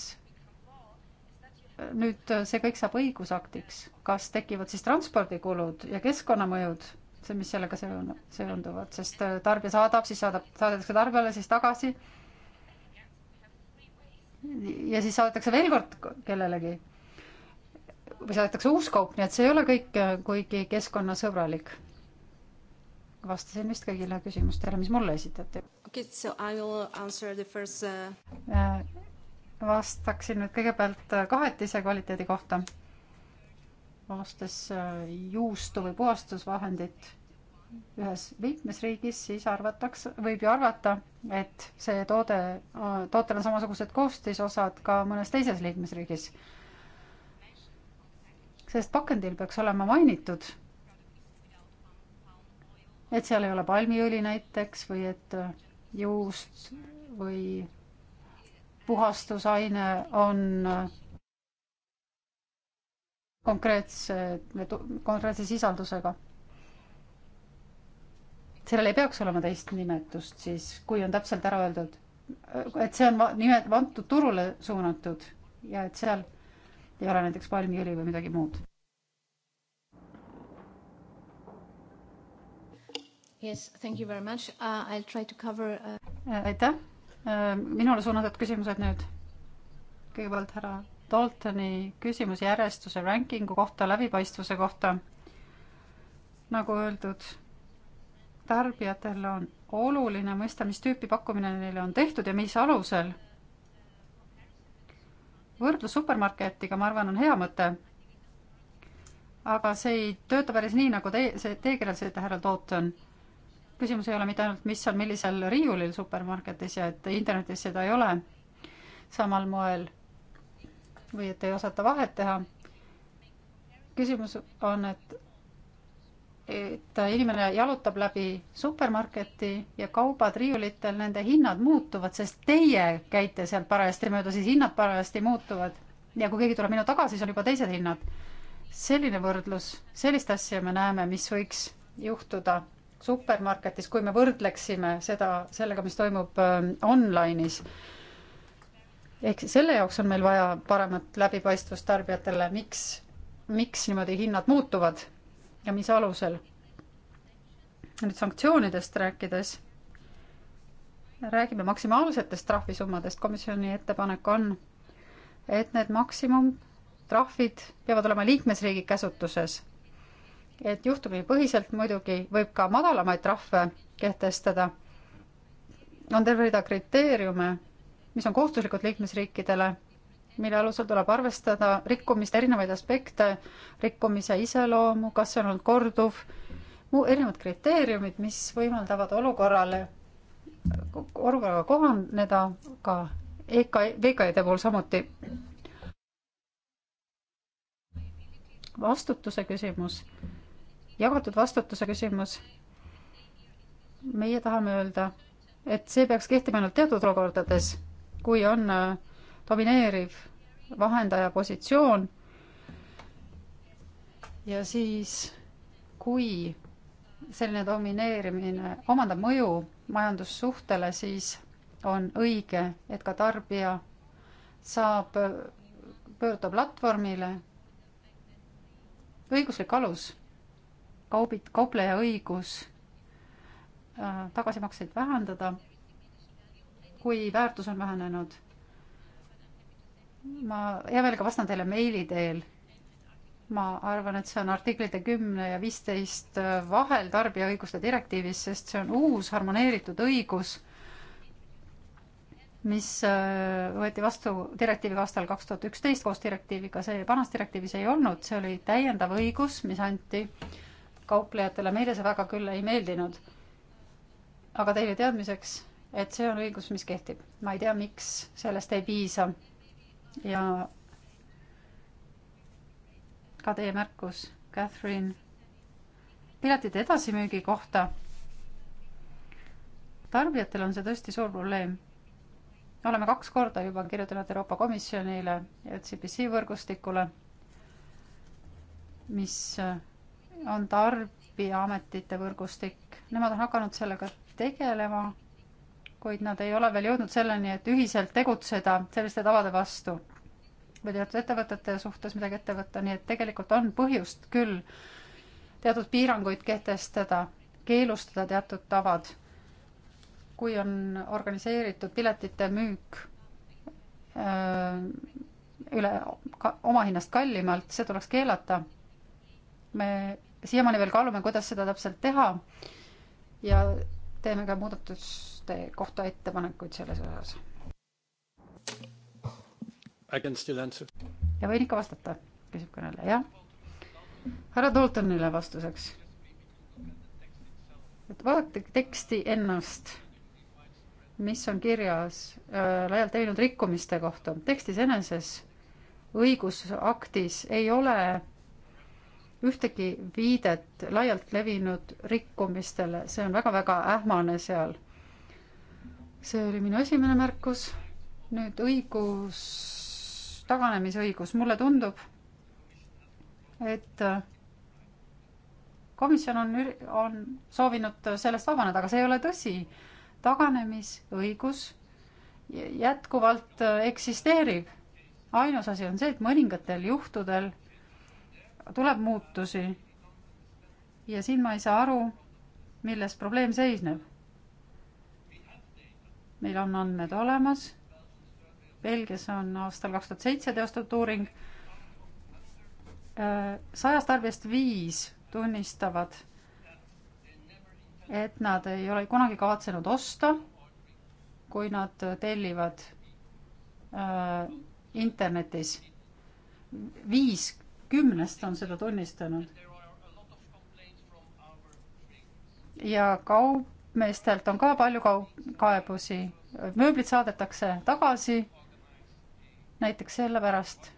nüüd see kõik saab õigusaktiks, kas tekivad siis transpordikulud ja keskkonnamõjud see, mis sellega seonduvad, sest äh, tarbija saadab, siis saadab, saadetakse tarbijale, siis tagasi. ja siis saadetakse veel kord kellelegi või saadetakse uus kaup, nii et see ei ole kõik äh, kuigi keskkonnasõbralik. vastasin vist kõigile küsimustele, mis mulle esitati okay,. So I will answer the first uh.... vastaksin nüüd kõigepealt kahetise kvaliteedi kohta ostes äh, juustu või puhastusvahendit ühes liikmesriigis, siis arvatakse, võib ju arvata, et see toode, tootel on samasugused koostisosad ka mõnes teises liikmesriigis. sest pakendil peaks olema mainitud, et seal ei ole palmiõli näiteks või et äh, juust või puhastusaine on äh, konkreetse, konkreetse sisaldusega. sellel ei peaks olema teist nimetust siis, kui on täpselt ära öeldud, et see on nime, antud turule suunatud ja et seal ei ole näiteks palmiõli või midagi muud. Yes, thank you very much uh,. I'll try to cover uh.... aitäh uh,. minule suunatud küsimused nüüd. kõigepealt härra Daltoni küsimuse järjestuse rankingu kohta, läbipaistvuse kohta. nagu öeldud, tarbijatel on oluline mõista, mis tüüpi pakkumine neile on tehtud ja mis alusel. võrdlus supermarketiga, ma arvan, on hea mõte. aga see ei tööta päris nii, nagu teie, see, teie kirjeldasite, härra Dalton küsimus ei ole mitte ainult, mis on millisel riiulil supermarketis ja et internetis seda ei ole samal moel või et ei osata vahet teha. küsimus on, et, et inimene jalutab läbi supermarketi ja kaubad riiulitel, nende hinnad muutuvad, sest teie käite sealt parajasti mööda, siis hinnad parajasti muutuvad. ja kui keegi tuleb minu taga, siis on juba teised hinnad. selline võrdlus, sellist asja me näeme, mis võiks juhtuda supermarketis, kui me võrdleksime seda sellega, mis toimub äh, online'is ehk selle jaoks on meil vaja paremat läbipaistvust tarbijatele, miks, miks niimoodi hinnad muutuvad ja mis alusel. nüüd sanktsioonidest rääkides, räägime maksimaalsetest trahvisummadest, komisjoni ettepanek on, et need maksimumtrahvid peavad olema liikmesriigi käsutuses. et juhtumipõhiselt muidugi võib ka madalamaid trahve kehtestada, on terve rida kriteeriume mis on kohustuslikud liikmesriikidele, mille alusel tuleb arvestada rikkumiste erinevaid aspekte, rikkumise iseloomu, kas see on olnud korduv, muu, erinevad kriteeriumid, mis võimaldavad olukorrale, olukorraga kohaneda ka EK, VKE-de puhul samuti. vastutuse küsimus, jagatud vastutuse küsimus. meie tahame öelda, et see peaks kehtima ainult teatud olukordades kui on äh, domineeriv vahendaja positsioon ja siis, kui selline domineerimine omandab mõju majandussuhtele, siis on õige, et ka tarbija saab äh, pöörduda platvormile. õiguslik alus, kaubit-, kaupleja õigus äh, tagasimakseid vähendada kui väärtus on vähenenud. ma hea meelega vastan teile meili teel. ma arvan, et see on artiklite kümme ja viisteist vahel tarbijaõiguste direktiivis, sest see on uus harmoneeritud õigus, mis äh, võeti vastu direktiiviga aastal kaks tuhat üksteist koos direktiiviga, see vanas direktiivis ei olnud, see oli täiendav õigus, mis anti kauplejatele, meile see väga küll ei meeldinud. aga teile teadmiseks et see on õigus, mis kehtib. ma ei tea, miks sellest ei piisa. ja ka teie märkus, Catherine, piletite edasimüügi kohta. tarbijatel on see tõesti suur probleem. oleme kaks korda juba kirjutanud Euroopa Komisjonile ja CBC võrgustikule, mis äh, on tarbijaametite võrgustik. Nemad on hakanud sellega tegelema kuid nad ei ole veel jõudnud selleni, et ühiselt tegutseda selliste tavade vastu või teatud ettevõtete suhtes midagi ette võtta, nii et tegelikult on põhjust küll teatud piiranguid kehtestada, keelustada teatud tavad. kui on organiseeritud piletite müük öö, äh, üle ka, omahinnast kallimalt, see tuleks keelata. me siiamaani veel kaalume, kuidas seda täpselt teha ja teeme ka muudatus muudatuste kohta ettepanekuid selles osas? ja võin ikka vastata, küsib kõneleja, jah. härra Daltonile vastuseks. et vaadake teksti ennast, mis on kirjas äh, laialt levinud rikkumiste kohta. tekstis eneses õigusaktis ei ole ühtegi viidet laialt levinud rikkumistele, see on väga-väga ähmane seal see oli minu esimene märkus. nüüd õigus, taganemisõigus, mulle tundub, et äh, komisjon on, on soovinud sellest vabaneda, aga see ei ole tõsi. taganemisõigus jätkuvalt äh, eksisteerib. ainus asi on see, et mõningatel juhtudel tuleb muutusi. ja siin ma ei saa aru, milles probleem seisneb meil on andmed olemas. Belgias on aastal kaks tuhat seitse teostatud uuring. Äh, sajast tarbijast viis tunnistavad, et nad ei ole kunagi kavatsenud osta, kui nad tellivad äh, internetis. viis kümnest on seda tunnistanud. ja kaup meestelt on ka palju kaebusi, mööblid saadetakse tagasi näiteks sellepärast,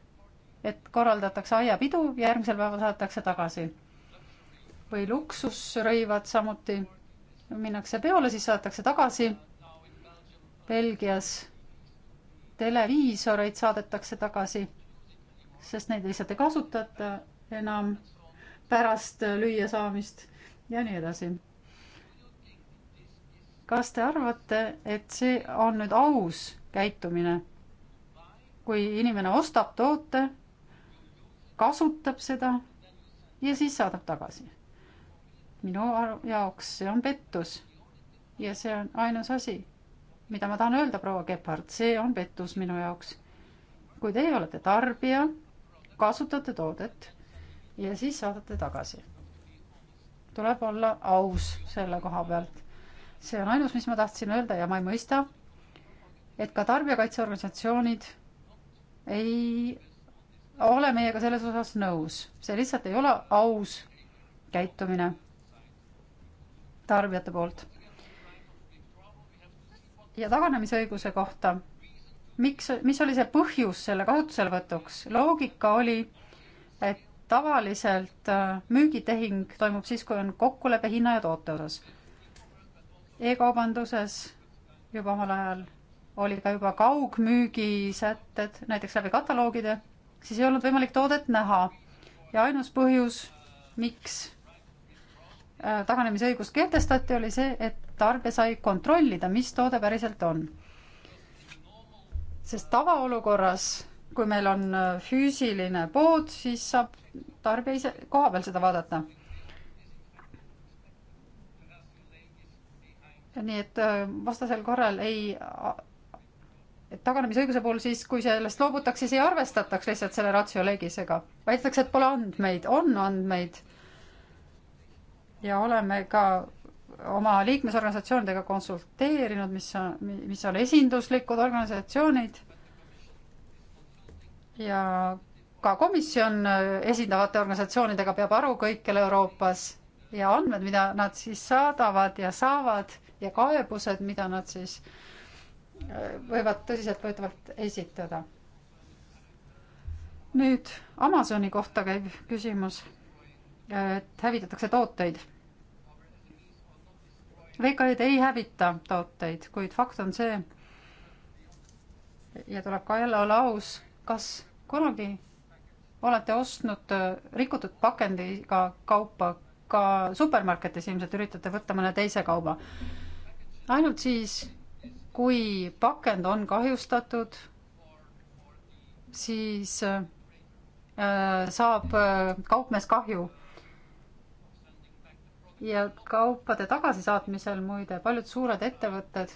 et korraldatakse aiapidu ja järgmisel päeval saadetakse tagasi. või luksusrõivad samuti, minnakse peole, siis saadetakse tagasi. Belgias televiisoreid saadetakse tagasi, sest neid lihtsalt ei kasutata enam pärast lüüasaamist ja nii edasi kas te arvate, et see on nüüd aus käitumine? kui inimene ostab toote, kasutab seda ja siis saadab tagasi. minu jaoks see on pettus ja see on ainus asi, mida ma tahan öelda, proua Gebhard, see on pettus minu jaoks. kui teie olete tarbija, kasutate toodet ja siis saadate tagasi. tuleb olla aus selle koha pealt see on ainus, mis ma tahtsin öelda ja ma ei mõista, et ka tarbijakaitseorganisatsioonid ei ole meiega selles osas nõus, see lihtsalt ei ole aus käitumine tarbijate poolt. ja taganemisõiguse kohta, miks, mis oli see põhjus selle kasutuselevõtuks? loogika oli, et tavaliselt äh, müügitehing toimub siis, kui on kokkulepe hinna ja toote osas e-kaubanduses juba omal ajal oli ka juba kaugmüügisätted, näiteks läbi kataloogide, siis ei olnud võimalik toodet näha. ja ainus põhjus, miks äh, taganemisõigus kehtestati, oli see, et tarbija sai kontrollida, mis toode päriselt on. sest tavaolukorras, kui meil on äh, füüsiline pood, siis saab tarbija ise koha peal seda vaadata nii et äh, vastasel korral ei, taganemisõiguse puhul siis, kui sellest loobutaks, siis ei arvestataks lihtsalt selle ratio legisega. väidetakse, et pole andmeid, on andmeid. ja oleme ka oma liikmesorganisatsioonidega konsulteerinud, mis on, mis on esinduslikud organisatsioonid ja ka komisjon äh, esindavate organisatsioonidega peab aru kõikjal Euroopas ja andmed, mida nad siis saadavad ja saavad, ja kaebused, mida nad siis äh, võivad tõsiseltvõetavalt esitada. nüüd Amazoni kohta käib küsimus, äh, et hävitatakse tooteid. VKE-d ei hävita tooteid, kuid fakt on see ja tuleb ka jälle olla aus, kas kunagi olete ostnud äh, rikutud pakendiga kaupa ka supermarketis ilmselt üritate võtta mõne teise kauba ainult siis, kui pakend on kahjustatud, siis äh, saab äh, kaupmees kahju. ja kaupade tagasisaatmisel muide paljud suured ettevõtted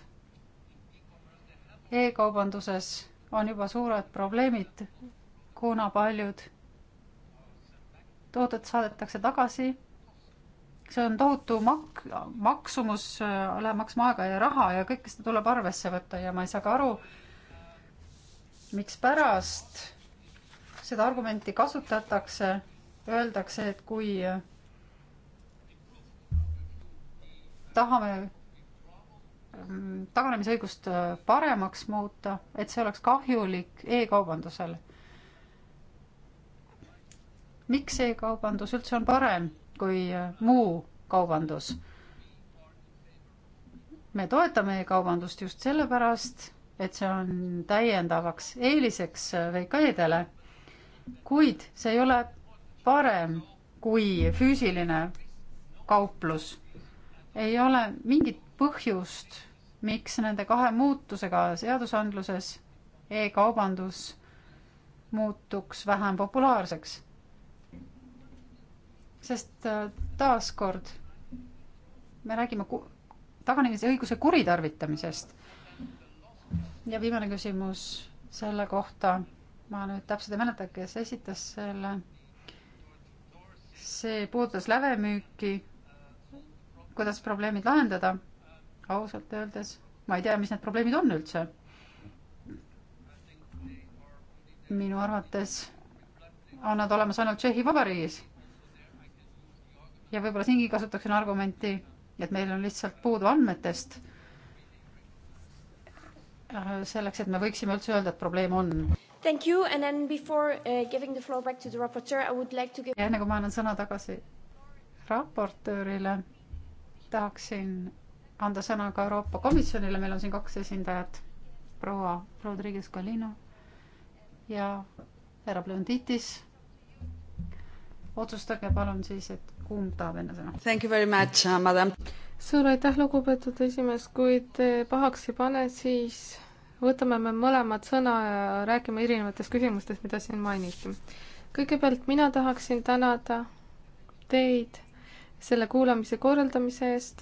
e-kaubanduses on juba suured probleemid, kuna paljud tooted saadetakse tagasi see on tohutu mak-, maksumus, läheb maksma aega ja raha ja kõike seda tuleb arvesse võtta ja ma ei saa ka aru, mikspärast seda argumenti kasutatakse, öeldakse, et kui tahame mm, taganemisõigust äh, paremaks muuta, et see oleks kahjulik e-kaubandusele. miks e-kaubandus üldse on parem? kui muu kaubandus. me toetame e-kaubandust just sellepärast, et see on täiendavaks eeliseks VKE-dele, kuid see ei ole parem kui füüsiline kauplus. ei ole mingit põhjust, miks nende kahe muutusega seadusandluses e-kaubandus muutuks vähem populaarseks sest äh, taaskord me räägime taganemise õiguse kuritarvitamisest. ja viimane küsimus selle kohta, ma nüüd täpselt ei mäleta, kes esitas selle. see puudutas lävemüüki, kuidas probleemid lahendada. ausalt öeldes ma ei tea, mis need probleemid on üldse. minu arvates on nad olemas ainult Tšehhi Vabariigis ja võib-olla siingi kasutaksin argumenti, et meil on lihtsalt puudu andmetest äh, selleks, et me võiksime üldse öelda, et probleem on. Thank you and then before uh, giving the floor back to the raporteur, I would like to give. ja enne kui ma annan sõna tagasi raportöörile, tahaksin anda sõna ka Euroopa Komisjonile, meil on siin kaks esindajat, proua Rodriguez Galino ja härra Blonditis. otsustage palun siis, et kumb tahab enne sõna? Thank you very much, uh, madam. suur aitäh, lugupeetud esimees, kui te pahaks ei pane, siis võtame me mõlemad sõna ja räägime erinevatest küsimustest, mida siin mainiti. kõigepealt mina tahaksin tänada teid selle kuulamise korraldamise eest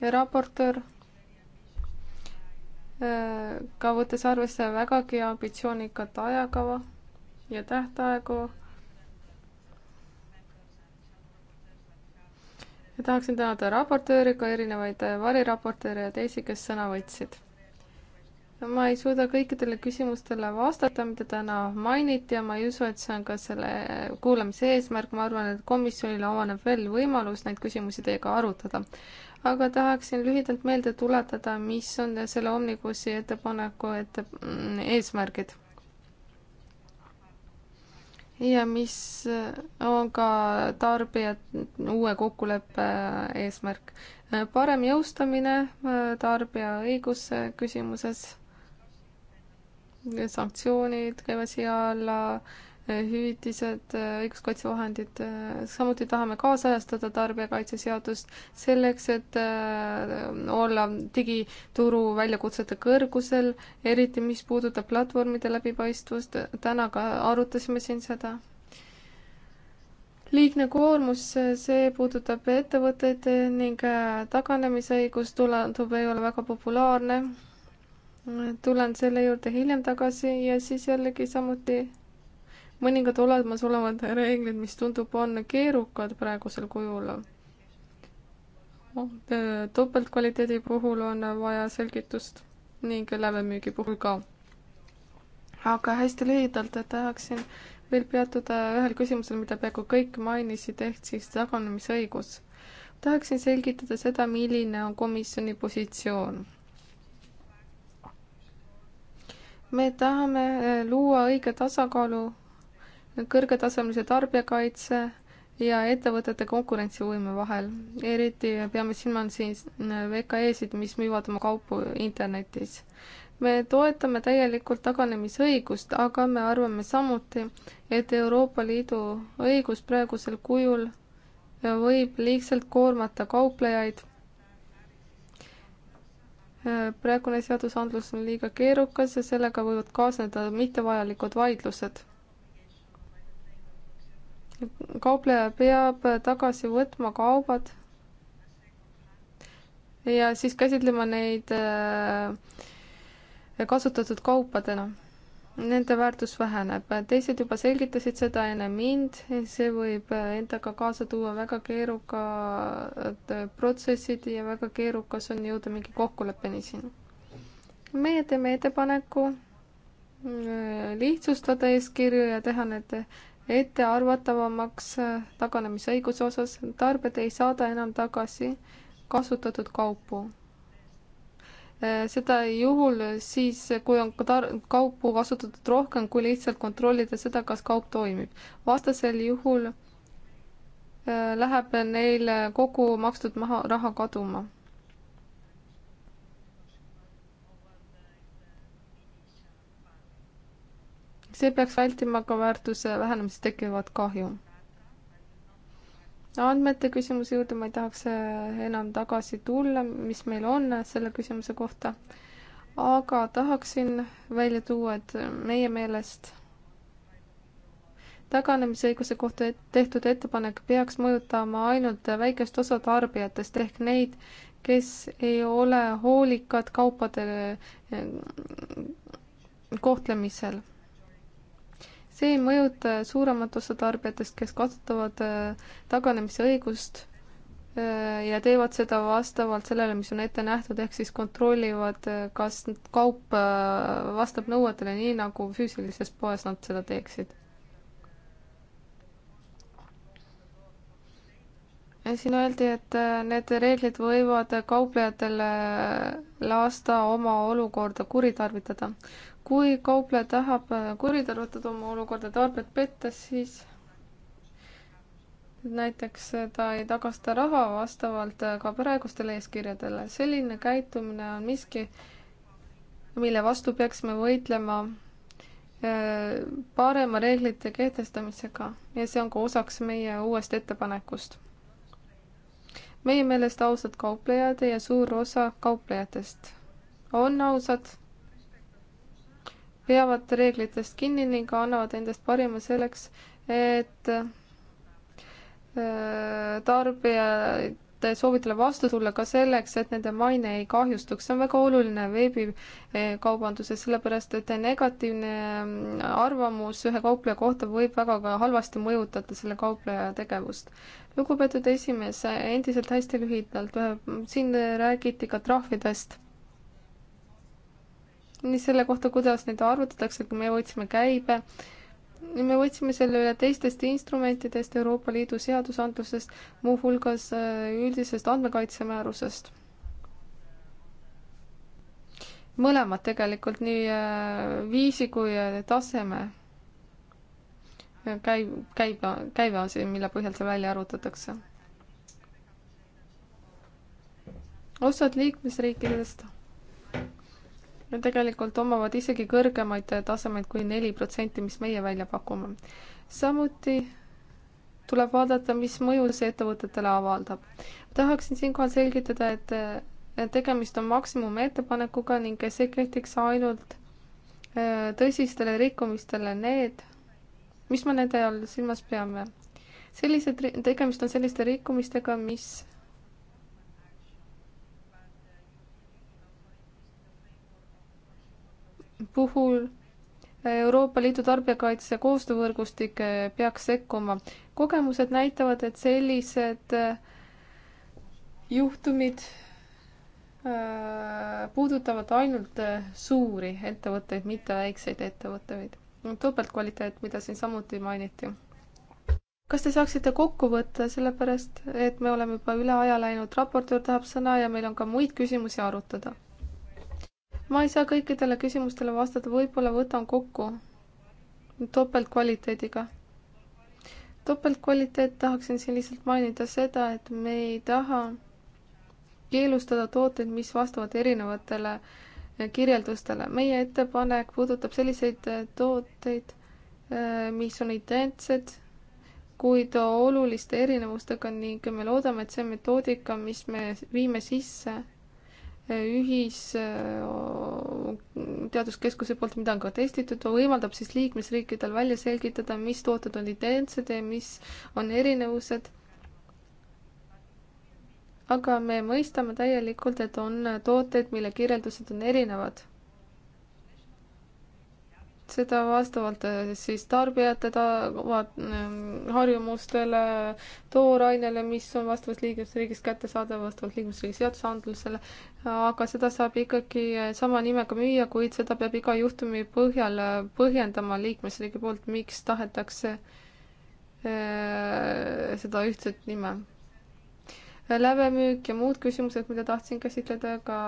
ja raportöör äh, ka võttes arvesse vägagi ambitsioonikat ajakava ja tähtaegu ja tahaksin tänada raportööri, ka erinevaid äh, variraportööre ja teisi, kes sõna võtsid. ma ei suuda kõikidele küsimustele vastata, mida täna mainiti ja ma ei usu, et see on ka selle äh, kuulamise eesmärk, ma arvan, et komisjonile avaneb veel võimalus neid küsimusi teiega arutada. aga tahaksin lühidalt meelde tuletada, mis on selle Omnibussi ettepaneku ette, mm, eesmärgid ja mis äh, on ka tarbija uue kokkuleppe äh, eesmärk. Äh, parem jõustamine tarbija õiguse küsimuses, sanktsioonid käivad siia alla, hüvitised, õiguskaitsevahendid, samuti tahame kaasajastada tarbijakaitseseadust selleks, et äh, olla digituru väljakutsete kõrgusel, eriti mis puudutab platvormide läbipaistvust, täna ka arutasime siin seda. liigne koormus, see puudutab ettevõtteid ning äh, taganemisõigus tulandub, ei ole väga populaarne. tulen selle juurde hiljem tagasi ja siis jällegi samuti mõningad olemasolevad reeglid, mis tundub, on keerukad praegusel kujul. topeltkvaliteedi puhul on vaja selgitust ning lävemüügi puhul ka. aga hästi lühidalt tahaksin veel peatuda ühel küsimusel, mida peaaegu kõik mainisid, ehk siis taganemisõigus. tahaksin selgitada seda, milline on komisjoni positsioon me tahame eh, luua õige tasakaalu kõrgetasemelise tarbijakaitse ja ettevõtete konkurentsivõime vahel. eriti peame silmas siis VKE-sid, mis müüvad oma kaupu internetis. me toetame täielikult taganemisõigust, aga me arvame samuti, et Euroopa Liidu õigus praegusel kujul võib liigselt koormata kauplejaid. praegune seadusandlus on liiga keerukas ja sellega võivad kaasneda mittevajalikud vaidlused kaupleja peab tagasi võtma kaubad ja siis käsitlema neid äh, kasutatud kaupadena. Nende väärtus väheneb, teised juba selgitasid seda enne mind, see võib endaga kaasa tuua väga keerukad protsessid ja väga keerukas on jõuda mingi kokkuleppeni siin. meie teeme ettepaneku äh, lihtsustada eeskirju ja teha need ettearvatavamaks äh, taganemisõiguse osas, tarbijad ei saada enam tagasi kasutatud kaupu. Äh, seda juhul siis, kui on tar-, kaupu kasutatud rohkem, kui lihtsalt kontrollida seda, kas kaup toimib. vastasel juhul äh, läheb neil kogu makstud maha, raha kaduma see peaks vältima ka väärtuse vähenemist tekkivat kahju. andmete küsimuse juurde ma ei tahaks äh, enam tagasi tulla, mis meil on äh, selle küsimuse kohta, aga tahaksin välja tuua, et äh, meie meelest taganemisõiguse kohta tehtud ettepanek peaks mõjutama ainult väikest osa tarbijatest ehk neid, kes ei ole hoolikad kaupade kohtlemisel see ei mõjuta suuremat osa tarbijatest, kes kasutavad äh, taganemise õigust äh, ja teevad seda vastavalt sellele, mis on ette nähtud, ehk siis kontrollivad, äh, kas kaup vastab nõuetele nii, nagu füüsilises poes nad seda teeksid. siin öeldi, et need reeglid võivad kauplejatele lasta oma olukorda kuritarvitada kui kaupleja tahab äh, kuritarvitada oma olukorda, tarbijat petta, siis näiteks äh, ta ei tagasta raha vastavalt äh, ka praegustele eeskirjadele. selline käitumine on miski, mille vastu peaksime võitlema parema reeglite kehtestamisega ja see on ka osaks meie uuest ettepanekust. meie meelest ausad kauplejad ja suur osa kauplejatest on ausad peavad reeglitest kinni ning annavad endast parima selleks, et äh, tarbijate soovidele vastu tulla ka selleks, et nende maine ei kahjustuks. see on väga oluline veebikaubanduses, sellepärast et negatiivne äh, arvamus ühe kaupleja kohta võib väga ka halvasti mõjutada selle kaupleja tegevust. lugupeetud esimees, endiselt hästi lühidalt, äh, siin räägiti ka trahvidest nii selle kohta, kuidas neid arvutatakse, kui me võtsime käibe, me võtsime selle üle teistest instrumentidest Euroopa Liidu seadusandlusest, muuhulgas äh, üldisest andmekaitsemäärusest. mõlemad tegelikult, nii äh, viisi kui äh, taseme käib, käibe, käibe asi, mille põhjal see välja arvutatakse. osad liikmesriikidest tegelikult omavad isegi kõrgemaid tasemeid kui neli protsenti, mis meie välja pakume. samuti tuleb vaadata, mis mõju see ettevõtetele avaldab. tahaksin siinkohal selgitada, et tegemist on maksimumettepanekuga ning see kehtiks ainult äh, tõsistele rikkumistele need, mis me nende all silmas peame. sellised, tegemist on selliste rikkumistega, mis puhul äh, Euroopa Liidu tarbijakaitse koostöövõrgustik äh, peaks sekkuma. kogemused näitavad, et sellised äh, juhtumid puudutavad ainult suuri ettevõtteid, mitte väikseid ettevõtteid. topeltkvaliteet, mida siin samuti mainiti. kas te saaksite kokku võtta, sellepärast et me oleme juba üle aja läinud, raportöör tahab sõna ja meil on ka muid küsimusi arutada ma ei saa kõikidele küsimustele vastata, võib-olla võtan kokku topeltkvaliteediga. topeltkvaliteet, tahaksin siin lihtsalt mainida seda, et me ei taha keelustada tooteid, mis vastavad erinevatele kirjeldustele. meie ettepanek puudutab selliseid tooteid, äh, mis on identsed, kuid oluliste erinevustega ning me loodame, et see metoodika, mis me viime sisse ühisteaduskeskuse äh, poolt, mida on ka testitud, võimaldab siis liikmesriikidel välja selgitada, mis tooted on identsed ja mis on erinevused. aga me mõistame täielikult, et on tooteid, mille kirjeldused on erinevad seda vastavalt eh, siis tarbijate ta-, ehm, harjumustele, toorainele, mis on vastavalt liikmesriigis kättesaadav, vastavalt liikmesriigi seadusandlusele, aga seda saab ikkagi eh, sama nimega müüa, kuid seda peab iga juhtumi põhjal eh, põhjendama liikmesriigi poolt, miks tahetakse seda ühtset nime. lävemüük ja muud küsimused, mida tahtsin käsitleda, ka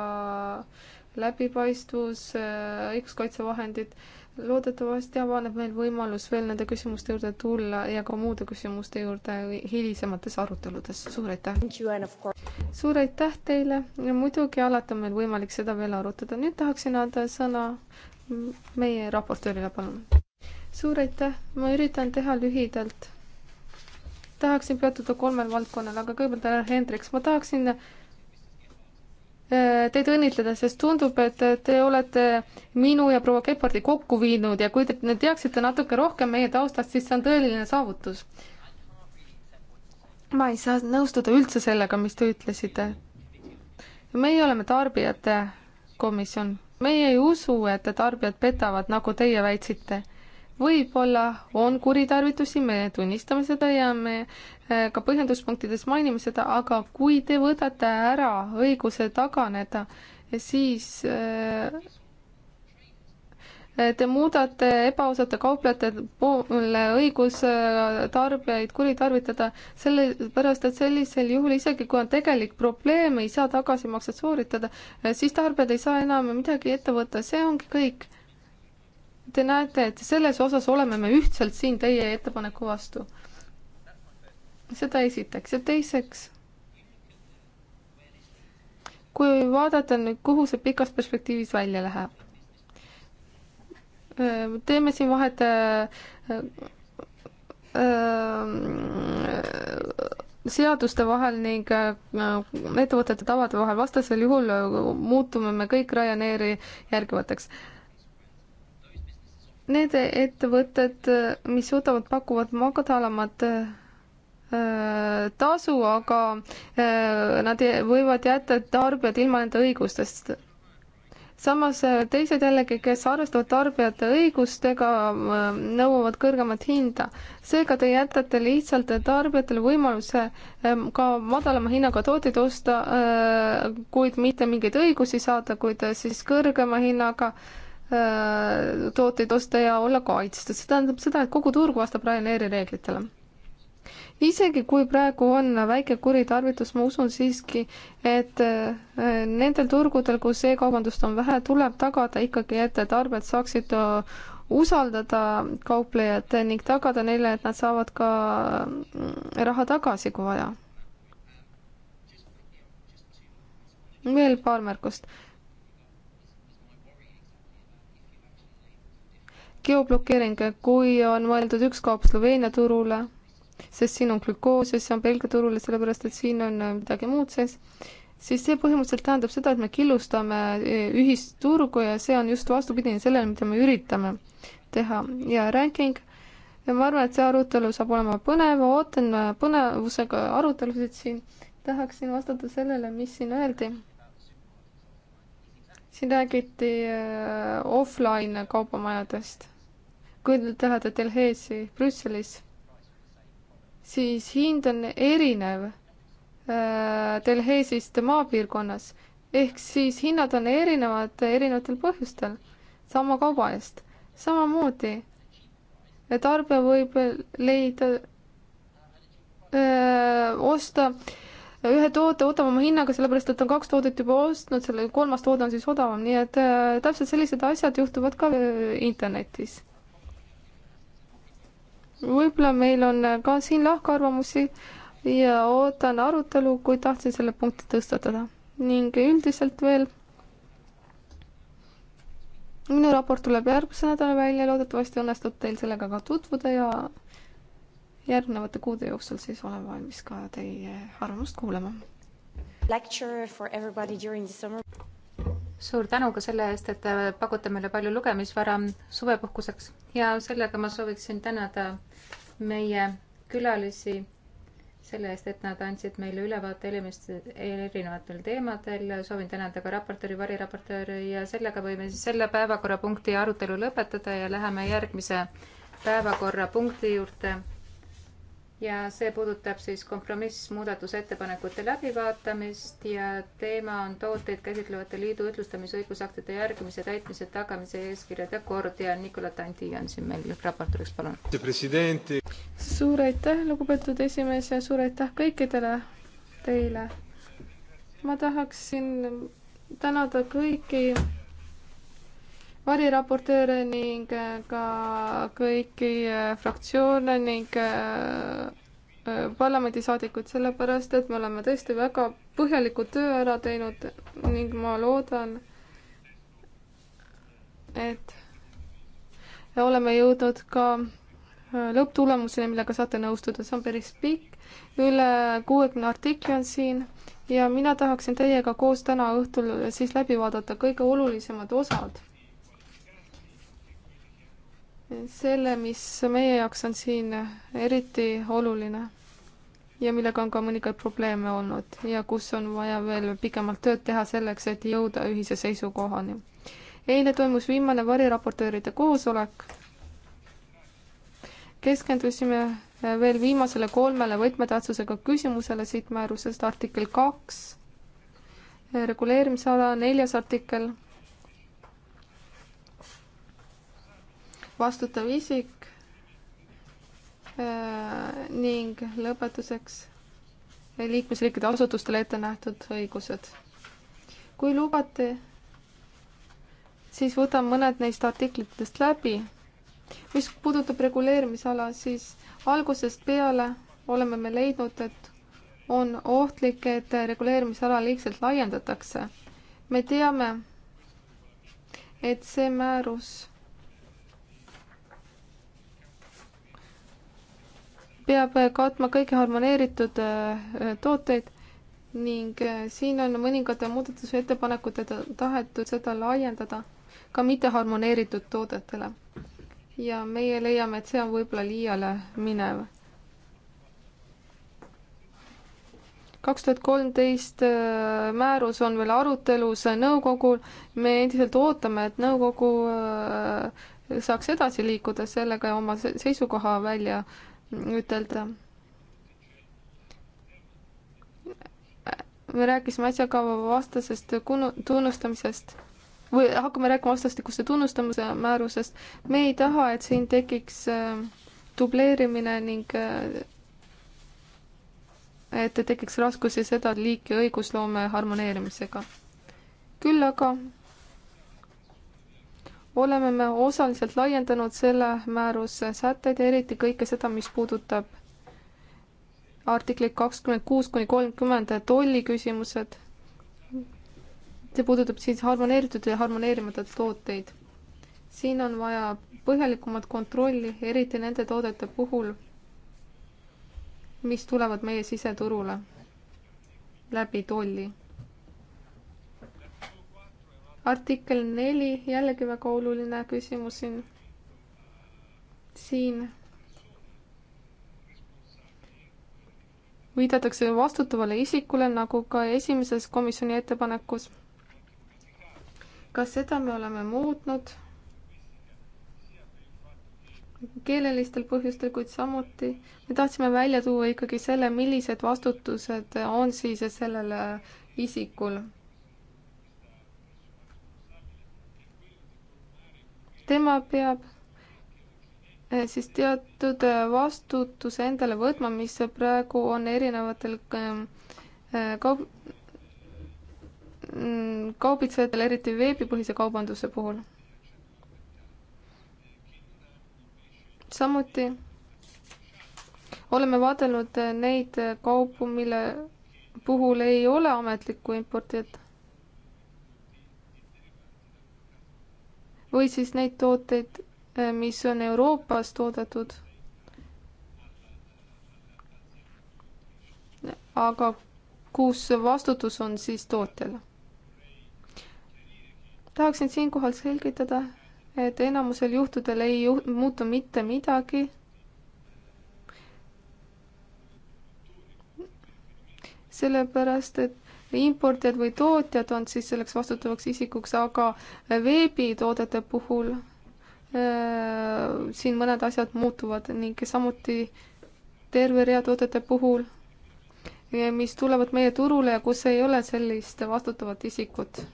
läbipaistvus, õiguskaitsevahendid loodetavasti avaneb meil võimalus veel nende küsimuste juurde tulla ja ka muude küsimuste juurde hilisemates aruteludes. suur aitäh! suur aitäh teile ja muidugi alati on meil võimalik seda veel arutada. nüüd tahaksin anda sõna meie raportöörile, palun. suur aitäh, ma üritan teha lühidalt. tahaksin peatuda kolmel valdkonnal, aga kõigepealt härra Hendriks, ma tahaksin Äh, teid õnnitleda, sest tundub, et te olete minu ja proua Keppardi kokku viinud ja kui te teaksite natuke rohkem meie taustast, siis see on tõeline saavutus. ma ei saa nõustuda üldse sellega, mis te ütlesite. meie oleme tarbijate komisjon, meie ei usu, et tarbijad petavad, nagu teie väitsite võib-olla on kuritarvitusi, me tunnistame seda ja me eh, ka põhjenduspunktides mainime seda, aga kui te võtate ära õiguse taganeda, siis eh, eh, te muudate ebaausate kauplejate poole õiguse tarbijaid kuritarvitada, sellepärast et sellisel juhul isegi kui on tegelik probleem, ei saa tagasimakset sooritada, siis tarbijad ei saa enam midagi ette võtta, see ongi kõik te näete, et selles osas oleme me ühtselt siin teie ettepaneku vastu. seda esiteks ja teiseks, kui vaadata nüüd, kuhu see pikas perspektiivis välja läheb. teeme siin vahet äh, äh, seaduste vahel ning äh, ettevõtete tavade vahel, vastasel juhul muutume me kõik Ryanairi järgivateks Need ettevõtted, mis suudavad, pakuvad madalamat äh, tasu, aga äh, nad võivad jätta tarbijad ilma enda õigustest. samas äh, teised jällegi, kes arvestavad tarbijate õigustega, nõuavad kõrgemat hinda. seega te jätate lihtsalt tarbijatele võimaluse ähm, ka madalama hinnaga tooteid osta, kuid mitte mingeid õigusi saada, kuid siis kõrgema hinnaga äh, Äh, tooteid osta ja olla kaitstud, see tähendab seda, et kogu turg vastab Ryanairi reeglitele. isegi kui praegu on väike kuritarvitus, ma usun siiski, et äh, nendel turgudel, kus e-kaubandust on vähe, tuleb tagada ikkagi, et tarbijad saaksid äh, usaldada kauplejat ning tagada neile, et nad saavad ka raha tagasi, kui vaja. veel paar märkust geoblokeering, kui on mõeldud üks kaup Sloveenia turule, sest siin on glükoos ja see on Belgia turule, sellepärast et siin on äh, midagi muud sees, siis see põhimõtteliselt tähendab seda, et me killustame äh, ühist turgu ja see on just vastupidine sellele, mida me üritame teha ja ranking ja ma arvan, et see arutelu saab olema põnev, ootan äh, põnevusega arutelusid siin. tahaksin vastata sellele, mis siin öeldi. siin räägiti offline kaubamajadest kui te lähete Delhaize'i Brüsselis, siis hind on erinev äh, Delhaisist maapiirkonnas, ehk siis hinnad on erinevad erinevatel põhjustel sama kauba eest. samamoodi tarbija võib leida, äh, osta ühe toote odavama hinnaga, sellepärast et on kaks toodet juba ostnud, selle kolmas toode on siis odavam, nii et öö, äh, täpselt sellised asjad juhtuvad ka öö, internetis võib-olla meil on ka siin lahkarvamusi ja ootan arutelu, kui tahtsin selle punkti tõstatada. ning üldiselt veel, minu raport tuleb järgmise nädala välja, loodetavasti õnnestub teil sellega ka tutvuda ja järgnevate kuude jooksul siis olen valmis ka teie arvamust kuulama. Lecture for everybody during the summer suur tänu ka selle eest, et pakute meile palju lugemisvara suvepuhkuseks ja sellega ma sooviksin tänada meie külalisi selle eest, et nad andsid meile ülevaate erinevatel teemadel. soovin tänada ka raportööri, variraportööri ja sellega võime siis selle päevakorrapunkti arutelu lõpetada ja läheme järgmise päevakorrapunkti juurde ja see puudutab siis kompromissmuudatusettepanekute läbivaatamist ja teema on tooteid käsitlevate liidu ütlustamisõigusaktide järgimise täitmise tagamise eeskirjad ja kord ja Nicolas Tanti on siin meil raportööriks, palun. suur aitäh, lugupeetud esimees ja suur aitäh kõikidele teile. ma tahaksin tänada kõiki variraportööre ning äh, ka kõiki äh, fraktsioone ning äh, parlamendisaadikud, sellepärast et me oleme tõesti väga põhjaliku töö ära teinud ning ma loodan, et oleme jõudnud ka lõpptulemuseni, millega saate nõustuda, see on päris pikk, üle kuuekümne artikli on siin ja mina tahaksin teiega koos täna õhtul siis läbi vaadata kõige olulisemad osad selle, mis meie jaoks on siin eriti oluline ja millega on ka mõningaid probleeme olnud ja kus on vaja veel pikemalt tööd teha selleks, et jõuda ühise seisukohani. eile toimus viimane variraportööride koosolek. keskendusime veel viimasele kolmele võtmetähtsusega küsimusele siit määrusest artikkel kaks, reguleerimisala neljas artikkel vastutav isik äh, ning lõpetuseks liikmesriikide asutustele ette nähtud õigused. kui lubate, siis võtan mõned neist artiklitest läbi. mis puudutab reguleerimisala, siis algusest peale oleme me leidnud, et on ohtlik, et reguleerimisala liigselt laiendatakse. me teame, et see määrus peab katma kõiki harmoneeritud äh, tooteid ning äh, siin on mõningate muudatusettepanekute tahetud seda laiendada ka mitteharmoneeritud toodetele. ja meie leiame, et see on võib-olla liiale minev. kaks tuhat kolmteist äh, määrus on veel arutelus nõukogul, me endiselt ootame, et nõukogu saaks edasi liikuda sellega ja oma seisukoha välja äh, ütelda. me rääkisime asjakava vastasest tunnustamisest või hakkame rääkima vastastikuse tunnustamise määrusest. me ei taha, et siin tekiks äh, dubleerimine ning äh, et tekiks raskusi seda liiki õigusloome harmoneerimisega. küll aga oleme me osaliselt laiendanud selle määruse sätteid ja eriti kõike seda, mis puudutab artiklit kakskümmend kuus kuni kolmkümmend tolli küsimused. see puudutab siis harmoneeritud ja harmoneerimata tooteid. siin on vaja põhjalikumat kontrolli, eriti nende toodete puhul, mis tulevad meie siseturule läbi tolli artikkel neli, jällegi väga oluline küsimus siin. siin viidatakse vastutavale isikule, nagu ka esimeses komisjoni ettepanekus. kas seda me oleme muutnud? keelelistel põhjustel, kuid samuti me tahtsime välja tuua ikkagi selle, millised vastutused on siis sellel isikul. tema peab eh, siis teatud eh, vastutuse endale võtma, mis praegu on erinevatel ehm, eh, kaup-, mm, kaubitsejatel, eriti veebipõhise kaubanduse puhul. samuti oleme vaadelnud neid kaupu, mille puhul ei ole ametlikku importijat või siis neid tooteid, äh, mis on Euroopas toodetud. aga kus vastutus on siis tootjal? tahaksin siinkohal selgitada, et enamusel juhtudel ei ju muutu mitte midagi sellepärast, et importijad või tootjad on siis selleks vastutavaks isikuks, aga veebitoodete puhul äh, siin mõned asjad muutuvad ning samuti terve rea toodete puhul, mis tulevad meie turule ja kus ei ole sellist vastutavat isikut.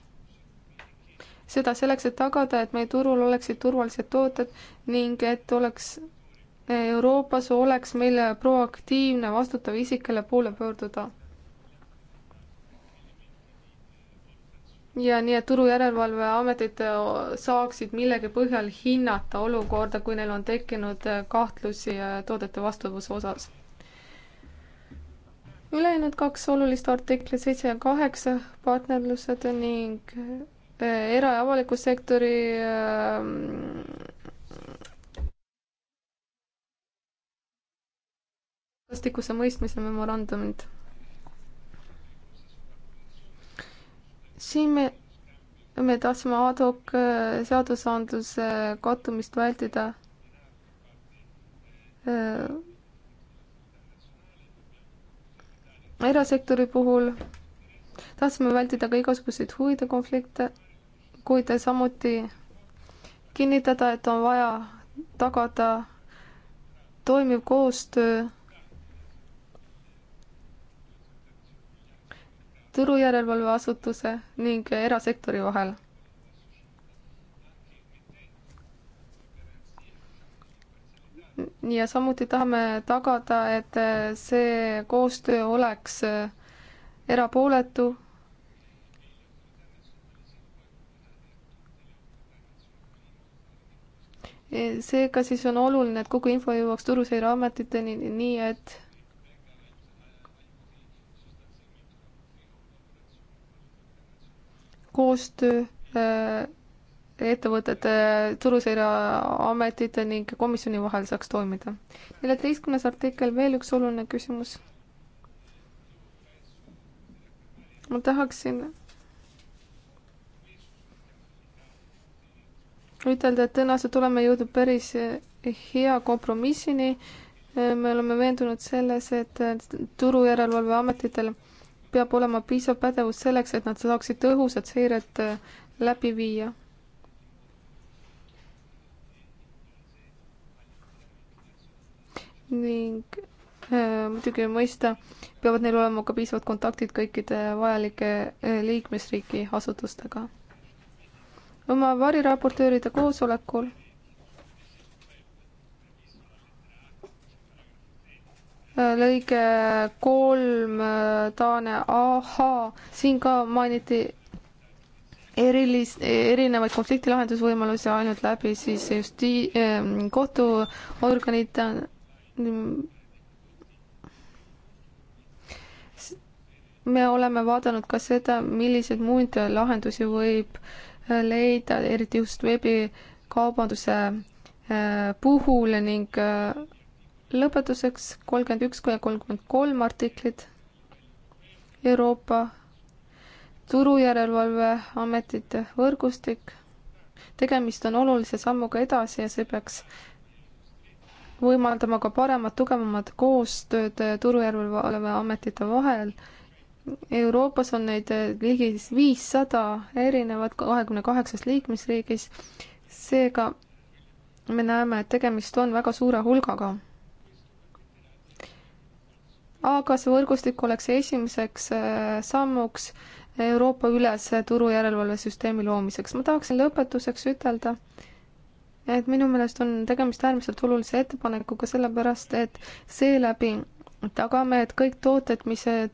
seda selleks, et tagada, et meie turul oleksid turvalised tooted ning et oleks Euroopas oleks meil proaktiivne vastutav isik, kelle poole pöörduda ja nii, et Turujärelevalveametid äh, saaksid millegi põhjal hinnata olukorda, kui neil on tekkinud äh, kahtlusi äh, toodete vastavuse osas. ülejäänud kaks olulist artiklit, seitse ja kaheksa, partnerlused ning era- ja avaliku sektori ähm, vastikuse mõistmise memorandumid siin me, me tahtsime ad hoc äh, seadusandluse äh, kattumist vältida. Äh, erasektori puhul tahtsime vältida ka igasuguseid huvide konflikte, kuid samuti kinnitada, et on vaja tagada toimiv koostöö turujärelevalveasutuse ning erasektori vahel. ja samuti tahame tagada, et see koostöö oleks erapooletu. seega siis on oluline, et kogu info jõuaks Turuseire Ametiteni, nii et koostöö äh, ettevõtete, äh, turuseireametite ning komisjoni vahel saaks toimida. neljateistkümnes artikkel, veel üks oluline küsimus. ma tahaksin ütelda, et tõenäoliselt oleme jõudnud päris hea kompromissini. Äh, me oleme veendunud selles, et turujärelevalveametitel peab olema piisav pädevus selleks, et nad saaksid tõhusat seiret äh, läbi viia. ning äh, muidugi mõista, peavad neil olema ka piisavad kontaktid kõikide vajalike äh, liikmesriigi asutustega. oma variraportööride koosolekul lõige kolm, Taane, ahaa, siin ka mainiti erilis-, erinevaid konfliktilahendusvõimalusi ainult läbi siis justi-, ehm, kohtuorganite me oleme vaadanud ka seda, milliseid muid lahendusi võib leida, eriti just veebikaubanduse ehm, puhul ning lõpetuseks kolmkümmend üks kuni kolmkümmend kolm artiklit Euroopa Turujärelevalveametite võrgustik. tegemist on olulise sammuga edasi ja see peaks võimaldama ka paremat, tugevamat koostööd Turujärelevalveametite vahel. Euroopas on neid ligi viissada erinevat kahekümne kaheksas liikmesriigis. seega me näeme, et tegemist on väga suure hulgaga aga see võrgustik oleks esimeseks äh, sammuks Euroopa ülese turujärelevalvesüsteemi loomiseks. ma tahaksin lõpetuseks ütelda, et minu meelest on tegemist äärmiselt olulise ettepanekuga, sellepärast et seeläbi tagame, et kõik tooted, mis e-,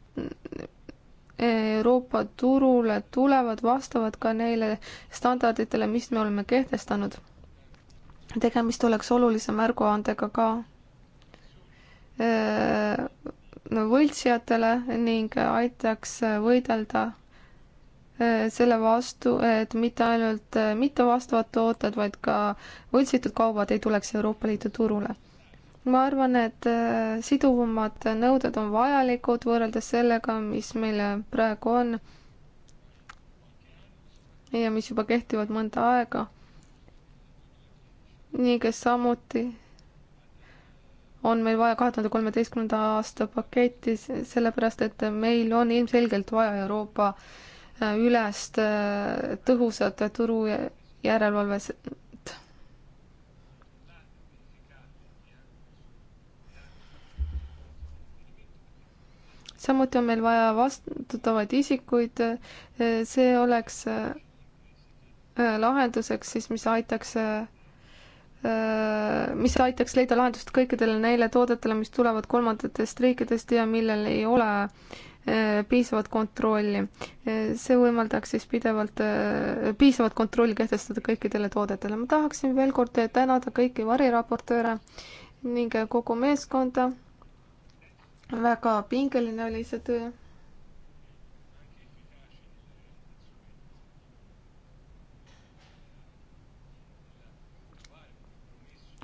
Euroopa turule tulevad, vastavad ka neile standarditele, mis me oleme kehtestanud. tegemist oleks olulise märguandega ka äh, võltsijatele ning aitaks võidelda äh, selle vastu, et mitte ainult äh, mittevastavad tooted, vaid ka võltsitud kaubad ei tuleks Euroopa Liidu turule. ma arvan, et äh, siduvamad nõuded on vajalikud võrreldes sellega, mis meil praegu on ja mis juba kehtivad mõnda aega ning samuti on meil vaja kahe tuhande kolmeteistkümnenda aasta paketti, sellepärast et meil on ilmselgelt vaja Euroopa äh, ülest äh, tõhusat turu järelevalves samuti on meil vaja vastutavaid isikuid, äh, see oleks lahenduseks siis, mis aitaks mis aitaks leida lahendust kõikidele neile toodetele, mis tulevad kolmandatest riikidest ja millel ei ole äh, piisavat kontrolli. Äh, see võimaldaks siis pidevalt, äh, piisavat kontrolli kehtestada kõikidele toodetele. ma tahaksin veel kord tänada kõiki variraportööre ning kogu meeskonda. väga pingeline oli see töö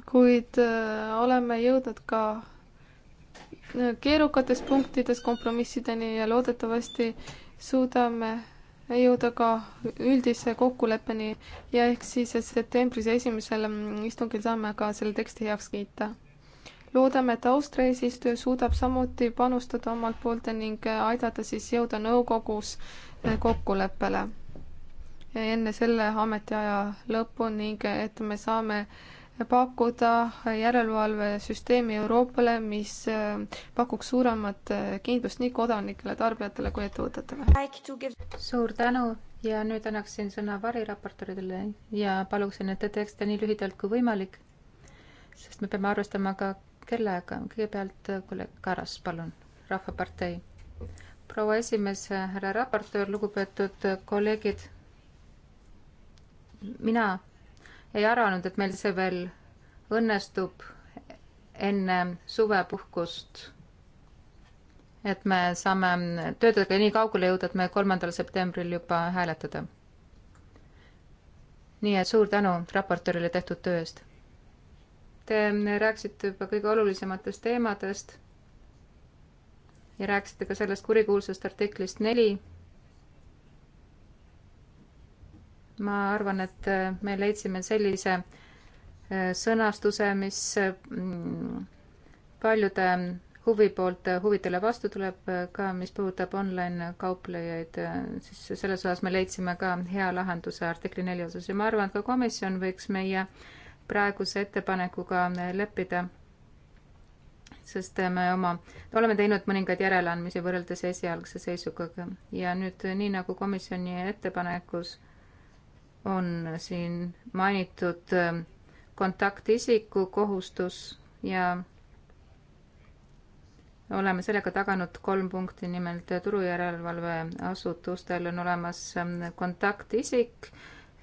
kuid äh, oleme jõudnud ka äh, keerukates punktides kompromissideni ja loodetavasti suudame jõuda ka üldise kokkuleppeni ja ehk siis septembris esimesel mm, istungil saame ka selle teksti heaks kiita. loodame, et Austria eesistuja suudab samuti panustada omalt poolt ning aidata siis jõuda nõukogus äh, kokkuleppele enne selle ametiaja lõppu ning et me saame äh, pakkuda järelevalvesüsteemi Euroopale, mis äh, pakuks suuremat äh, kindlust nii kodanikele, tarbijatele kui ettevõtetele. suur tänu ja nüüd annaksin sõna variraportoridele ja paluksin, et te teeksite nii lühidalt kui võimalik, sest me peame arvestama ka kellega. kõigepealt äh, kolleeg Karas, palun, Rahvapartei. proua esimees, härra raportöör, lugupeetud kolleegid, mina ei arvanud, et meil see veel õnnestub enne suvepuhkust. et me saame töödega nii kaugele jõuda, et me kolmandal septembril juba hääletada. nii et suur tänu raportöörile tehtud töö eest. Te rääkisite juba kõige olulisematest teemadest ja rääkisite ka sellest kurikuulsast artiklist neli ma arvan, et äh, me leidsime sellise äh, sõnastuse, mis mm, paljude huvi poolt äh, huvidele vastu tuleb ka, mis puudutab online kauplejaid, siis selles osas me leidsime ka hea lahenduse artikli neli osas ja ma arvan, et ka komisjon võiks meie praeguse ettepanekuga leppida. sest me oma, oleme teinud mõningaid järeleandmisi võrreldes esialgse seisuga ja nüüd nii nagu komisjoni ettepanekus on siin mainitud ähm, kontaktisiku kohustus ja oleme sellega taganud kolm punkti, nimelt turujärelevalveasutustel on olemas ähm, kontaktisik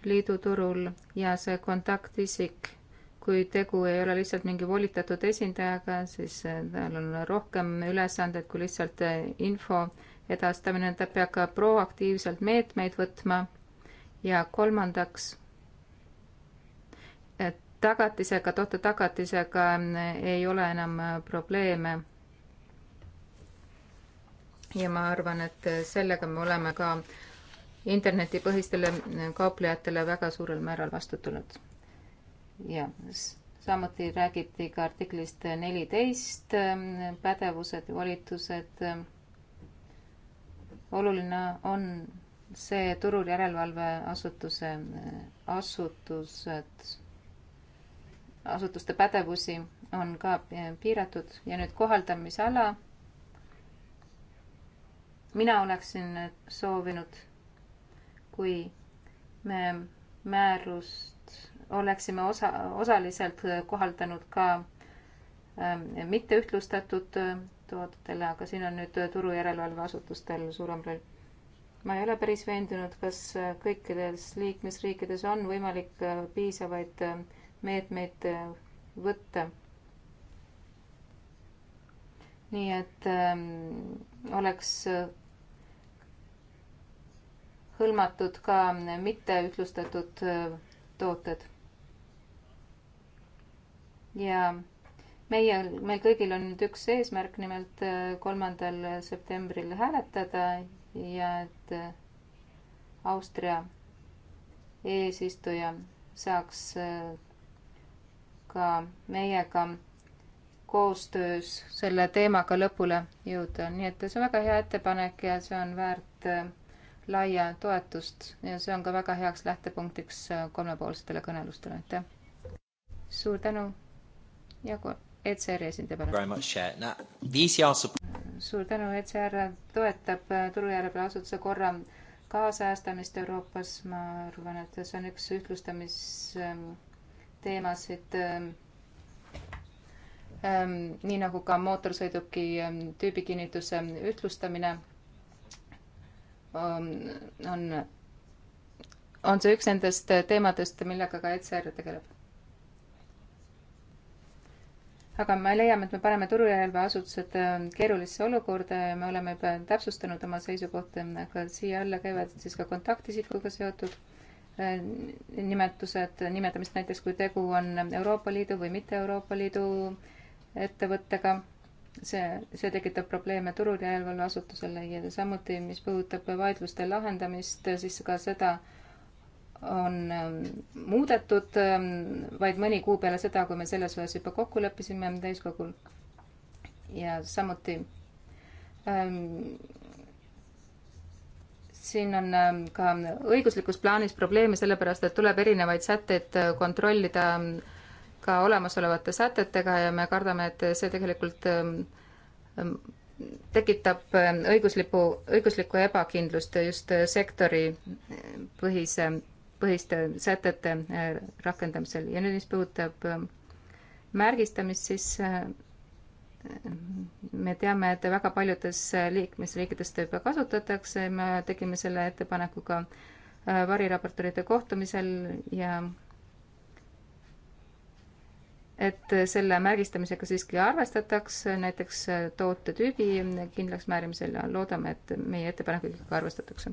liidu turul ja see kontaktisik, kui tegu ei ole lihtsalt mingi volitatud esindajaga, siis äh, tal on rohkem ülesandeid kui lihtsalt äh, info edastamine, ta peab ka proaktiivselt meetmeid võtma ja kolmandaks, et tagatisega, toote tagatisega ei ole enam äh, probleeme. ja ma arvan, et äh, sellega me oleme ka internetipõhistele äh, kauplejatele väga suurel määral vastu tulnud. ja samuti räägiti ka artiklist neliteist, ähm, pädevused ja volitused. Ähm. oluline on see turul järelevalveasutuse, asutused, asutuste pädevusi on ka piiratud ja nüüd kohaldamisala. mina oleksin soovinud, kui me määrust oleksime osa, osaliselt kohaldanud ka ähm, mitteühtlustatud äh, toodetele, aga siin on nüüd äh, turujärelevalveasutustel suurem roll ma ei ole päris veendunud, kas äh, kõikides liikmesriikides on võimalik äh, piisavaid äh, meetmeid võtta. nii et ähm, oleks hõlmatud ka mitteühtlustatud tooted. ja meie, meil kõigil on nüüd üks eesmärk, nimelt kolmandal septembril hääletada ja et Austria eesistuja saaks äh, ka meiega koostöös selle teemaga lõpule jõuda. nii et see on väga hea ettepanek ja see on väärt äh, laia toetust ja see on ka väga heaks lähtepunktiks äh, kolmepoolsetele kõnelustele, aitäh. suur tänu ja ECR-i esindaja suur tänu, ECR toetab äh, Turujärve asutuse korra kaasajastamist Euroopas, ma arvan, et see on üks ühtlustamisteemasid ähm, ähm, nii nagu ka mootorsõiduki ähm, tüübikinnituse ütlustamine on, on see üks nendest teemadest, millega ka ECR tegeleb aga me leiame, et me paneme turujärelevalveasutused äh, keerulisse olukorda ja me oleme juba täpsustanud oma seisukohta, aga siia alla käivad siis ka kontaktisikuga seotud äh, nimetused, nimetamist näiteks, kui tegu on Euroopa Liidu või mitte Euroopa Liidu ettevõttega. see, see tekitab probleeme turujärelevalveasutusele ja samuti, mis puudutab vaidluste lahendamist, siis ka seda äh, on ähm, muudetud ähm, vaid mõni kuu peale seda, kui me selles osas juba kokku leppisime täiskogul. ja samuti ähm, siin on ähm, ka õiguslikus plaanis probleeme, sellepärast et tuleb erinevaid sätteid äh, kontrollida ka olemasolevate sätetega ja me kardame, et see tegelikult tekitab õigusliku, õiguslikku ebakindlust just äh, sektoripõhise äh, põhiste sätete äh, rakendamisel ja nüüd, mis puudutab ähm, märgistamist, siis äh, me teame, et väga paljudes äh, liikmesriikides seda juba kasutatakse, me tegime selle ettepaneku ka variraportorite kohtumisel ja et selle märgistamisega siiski arvestatakse, näiteks tootetüübi kindlaksmääramisel ja loodame, et meie ettepanekuga ikka arvestatakse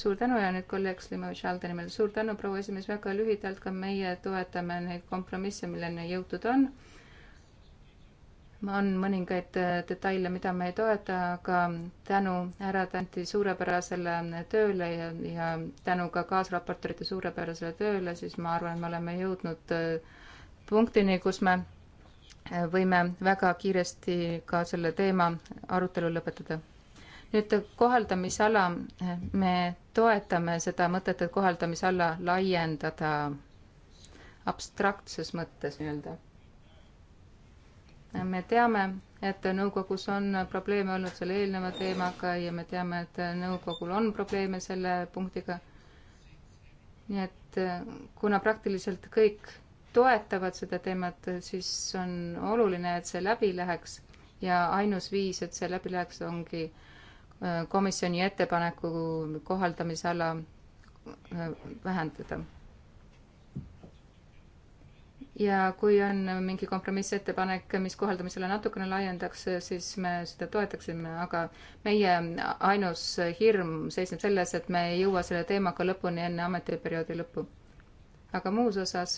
suur tänu ja nüüd kolleeg Slimo Šalde nimel suur tänu, proua esimees, väga lühidalt ka meie toetame neid kompromisse, milleni jõutud on. on mõningaid äh, detaile, mida me ei toeta, aga tänu härra Tanti suurepärasele tööle ja, ja tänu ka kaasraportorite suurepärasele tööle, siis ma arvan, et me oleme jõudnud äh, punktini, kus me äh, võime väga kiiresti ka selle teema arutelu lõpetada nüüd kohaldamisala, me toetame seda mõtet, et kohaldamisala laiendada abstraktses mõttes nii-öelda. me teame, et nõukogus on probleeme olnud selle eelneva teemaga ja me teame, et nõukogul on probleeme selle punktiga. nii et kuna praktiliselt kõik toetavad seda teemat, siis on oluline, et see läbi läheks ja ainus viis, et see läbi läheks, ongi äh, komisjoni ettepaneku kohaldamisala äh, vähendada. ja kui on mingi kompromissettepanek, mis kohaldamisele natukene laiendaks, siis me seda toetaksime, aga meie ainus hirm seisneb selles, et me ei jõua selle teemaga lõpuni enne ametiperioodi lõppu. aga muus osas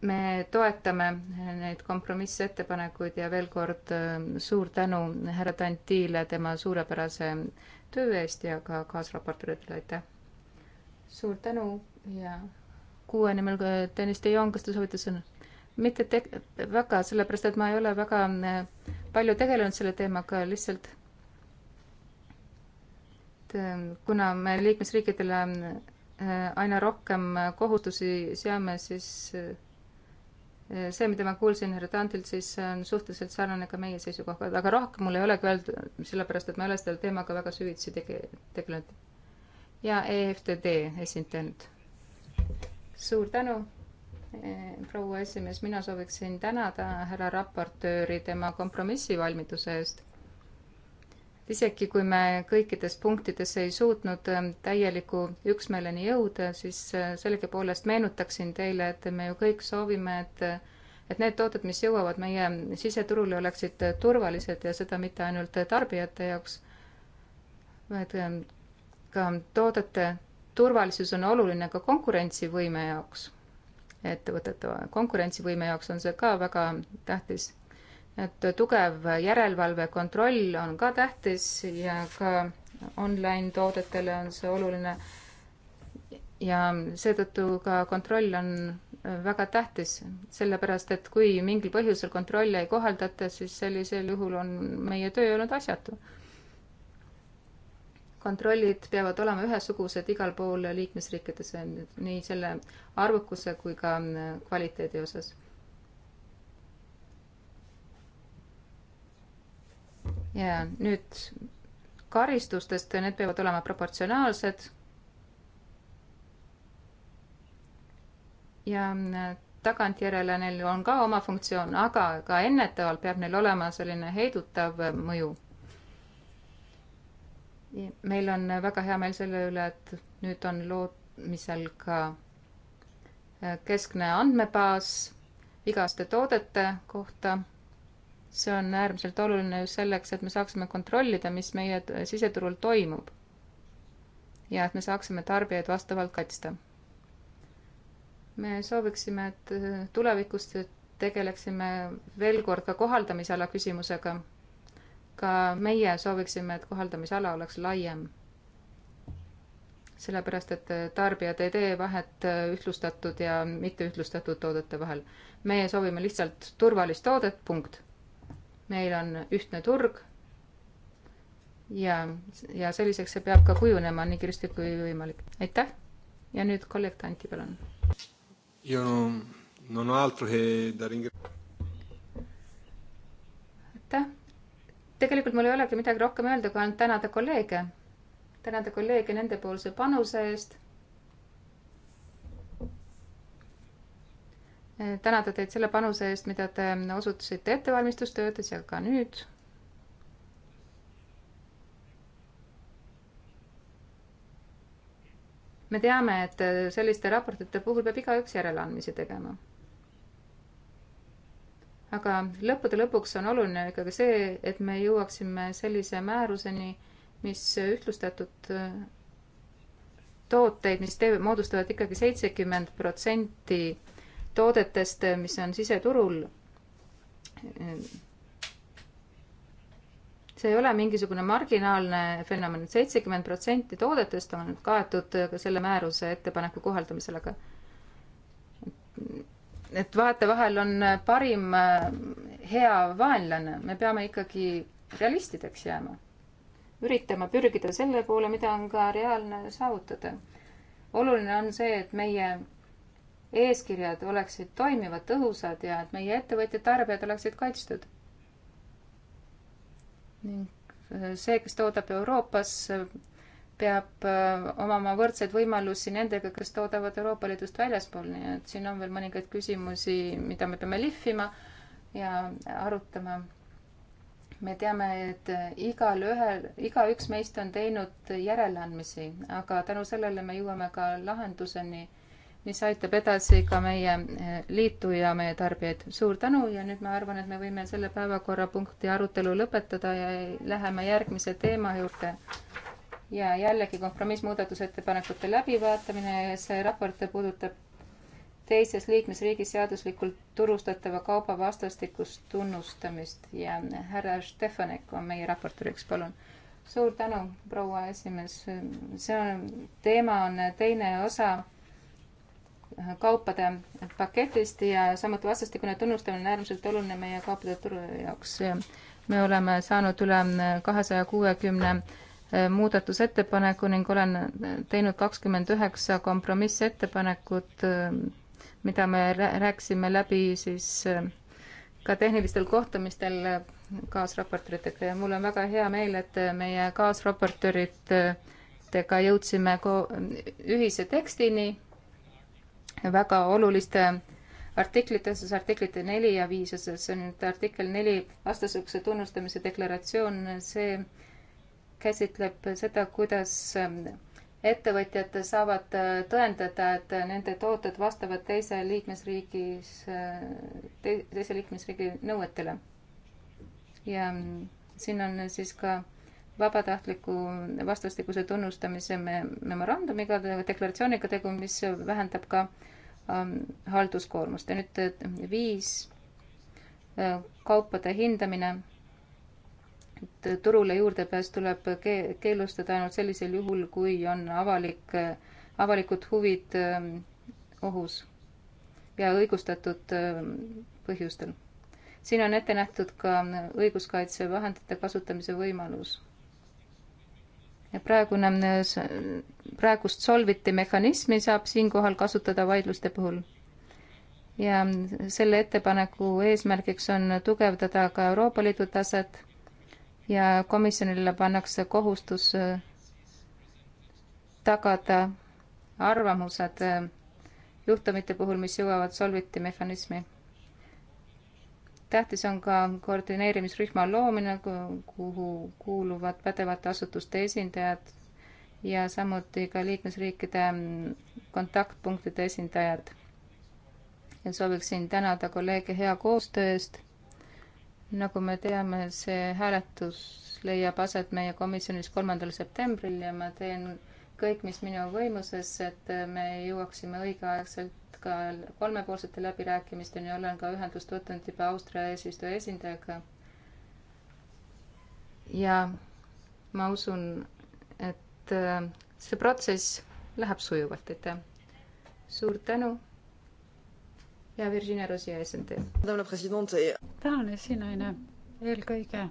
me toetame neid kompromissettepanekuid ja veel kord äh, suur tänu härra Tantile tema suurepärase töö eest ja ka kaasraportööridele, aitäh! suur tänu ja kuue nimel äh, Tõnis De Jong, kas te soovite sõna? mitte te-, väga, sellepärast et ma ei ole väga äh, palju tegelenud selle teemaga, lihtsalt et kuna me liikmesriikidele aina rohkem kohustusi seame, siis see, mida ma kuulsin härra Tantilt, siis on suhteliselt sarnane ka meie seisukohad, aga rohkem mul ei olegi öelda, sellepärast et ma ei ole selle teemaga väga süvitsi tege-, tegelenud. ja EFTD esindanud. suur tänu, eh, proua esimees, mina sooviksin tänada härra raportööri tema kompromissivalmiduse eest isegi kui me kõikides punktides ei suutnud ähm, täieliku üksmeeleni jõuda, siis äh, sellegipoolest meenutaksin teile, et me ju kõik soovime, et äh, et need tooted, mis jõuavad meie siseturule, oleksid äh, turvalised ja seda mitte ainult tarbijate jaoks, vaid ähm, ka toodete turvalisus on oluline ka konkurentsivõime jaoks, ettevõtete konkurentsivõime jaoks on see ka väga tähtis et tugev järelevalve, kontroll on ka tähtis ja ka online-toodetele on see oluline. ja seetõttu ka kontroll on äh, väga tähtis, sellepärast et kui mingil põhjusel kontrolli ei kohaldata, siis sellisel juhul on meie töö olnud asjatu. kontrollid peavad olema ühesugused igal pool liikmesriikides, nii selle arvukuse kui ka äh, kvaliteedi osas ja nüüd karistustest, need peavad olema proportsionaalsed. ja äh, tagantjärele neil on ka oma funktsioon, aga ka ennetaval peab neil olema selline heidutav äh, mõju. meil on äh, väga hea meel selle üle, et nüüd on loomisel ka keskne andmebaas vigaste toodete kohta see on äärmiselt oluline just selleks, et me saaksime kontrollida, mis meie siseturul toimub. ja et me saaksime tarbijaid vastavalt kaitsta. me sooviksime, et äh, tulevikus tegeleksime veel kord ka kohaldamisala küsimusega. ka meie sooviksime, et kohaldamisala oleks laiem. sellepärast, et äh, tarbijad ei tee vahet äh, ühtlustatud ja mitteühtlustatud toodete vahel. meie soovime lihtsalt turvalist toodet, punkt meil on ühtne turg ja, ja selliseks see peab ka kujunema nii kiiresti kui võimalik. aitäh ja nüüd kolleeg Tanti, palun. aitäh. tegelikult mul ei olegi midagi rohkem öelda, kui ainult tänada kolleege, tänada kolleege nendepoolse panuse eest Eh, tänada teid selle panuse eest, mida te osutasite ettevalmistustöödes ja ka nüüd. me teame, et selliste raportite puhul peab igaüks järeleandmisi tegema. aga lõppude lõpuks on oluline ikkagi see, et me jõuaksime sellise määruseni, mis ühtlustatud eh, tooteid, mis te-, moodustavad ikkagi seitsekümmend protsenti toodetest, mis on siseturul. see ei ole mingisugune marginaalne fenomen, et seitsekümmend protsenti toodetest on kaetud ka selle määruse ettepaneku kohaldamisel, aga et vahetevahel on parim hea vaenlane, me peame ikkagi realistideks jääma, üritama pürgida selle poole, mida on ka reaalne saavutada. oluline on see, et meie eeskirjad oleksid toimivad, tõhusad ja et meie ettevõtjad, tarbijad oleksid kaitstud. ning äh, see, kes toodab Euroopas, peab äh, omama võrdseid võimalusi nendega, kes toodavad Euroopa Liidust väljaspool, nii et siin on veel mõningaid küsimusi, mida me peame lihvima ja arutama. me teame, et igal ühel, igaüks meist on teinud järeleandmisi, aga tänu sellele me jõuame ka lahenduseni mis aitab edasi ka meie eh, liitu ja meie tarbijaid. suur tänu ja nüüd ma arvan, et me võime selle päevakorrapunkti arutelu lõpetada ja läheme järgmise teema juurde. ja jällegi kompromissmuudatusettepanekute läbivaatamine ja see raport puudutab teises liikmesriigis seaduslikult turustatava kauba vastastikust tunnustamist ja härra Stefanek on meie raportööriks, palun. suur tänu, proua esimees. see on, teema on teine osa kaupade paketist ja samuti vastastikune tunnustamine on äärmiselt oluline meie kaupade turu jaoks. me oleme saanud üle kahesaja kuuekümne eh, muudatusettepaneku ning olen teinud kakskümmend üheksa kompromissettepanekut, eh, mida me rääkisime läbi siis eh, ka tehnilistel kohtumistel kaasraportööritega ja mul on väga hea meel, et meie kaasraportööritega jõudsime ühise tekstini väga oluliste artiklite osas, artiklite neli ja viis osas, see on nüüd artikkel neli, vastasuguse tunnustamise deklaratsioon, see käsitleb seda, kuidas ähm, ettevõtjad saavad äh, tõendada, et nende tooted vastavad teise liikmesriigis äh, te,, teise liikmesriigi nõuetele. ja mm, siin on siis ka vabatahtliku vastastikuse tunnustamise memorandumiga, deklaratsiooniga tegu, mis vähendab ka ähm, halduskoormust ja nüüd äh, viis äh, kaupade hindamine. et äh, turule juurdepääs tuleb ke keelustada ainult sellisel juhul, kui on avalik äh,, avalikud huvid äh, ohus ja õigustatud ähm, põhjustel siin on ette nähtud ka õiguskaitsevahendite kasutamise võimalus praegune, praegust solviti mehhanismi saab siinkohal kasutada vaidluste puhul. ja selle ettepaneku eesmärgiks on tugevdada ka Euroopa Liidu taset ja komisjonile pannakse kohustus äh, tagada arvamused äh, juhtumite puhul, mis jõuavad solviti mehhanismi tähtis on ka koordineerimisrühma loomine, kuhu kuuluvad pädevate asutuste esindajad ja samuti ka liikmesriikide kontaktpunktide esindajad. ja sooviksin tänada kolleege hea koostöö eest. nagu me teame, see hääletus leiab aset meie komisjonis kolmandal septembril ja ma teen kõik, mis minu võimuses, et me jõuaksime õigeaegselt ka kolmepoolsete läbirääkimisteni, olen ka ühendust võtnud juba Austria eesistuja esindajaga. ja ma usun, et äh, see protsess läheb sujuvalt, aitäh. suur tänu. ja Virginia Rosia esindaja. tänan, esinaine, eelkõige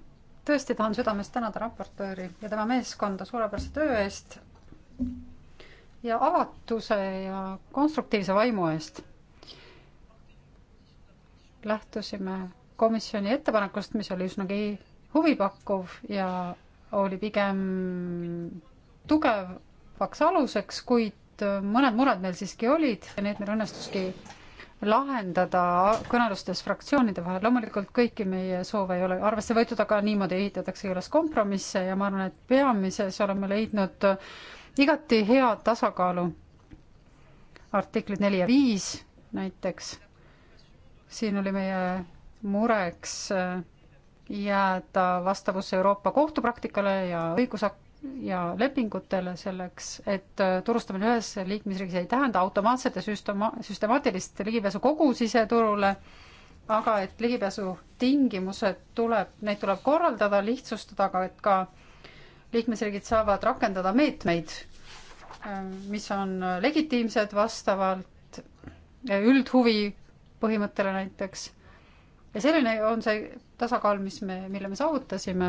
tõesti tahan südamest tänada raportööri ja tema meeskonda suurepärase töö eest ja avatuse ja konstruktiivse vaimu eest. lähtusime komisjoni ettepanekust, mis oli üsnagi huvipakkuv ja oli pigem tugevaks aluseks, kuid mõned mured meil siiski olid ja need meil õnnestuski lahendada kõnelustes fraktsioonide vahel, loomulikult kõiki meie soove ei ole arvesse võetud, aga niimoodi ehitataksegi üles kompromisse ja ma arvan, et peamises oleme leidnud igati hea tasakaalu. artiklid neli ja viis näiteks. siin oli meie mureks äh, jääda vastavusse Euroopa kohtupraktikale ja õigusak- ja lepingutele selleks, et äh, turustamine ühes liikmesriigis ei tähenda automaatset ja süstema-, süstemaatilist ligipääsu kogu siseturule, aga et ligipääsu tingimused tuleb, neid tuleb korraldada, lihtsustada, aga et ka liikmesriigid saavad rakendada meetmeid Ehm, mis on äh, legitiimsed vastavalt äh, üldhuvi põhimõttele näiteks. ja selline on see tasakaal, mis me, mille me saavutasime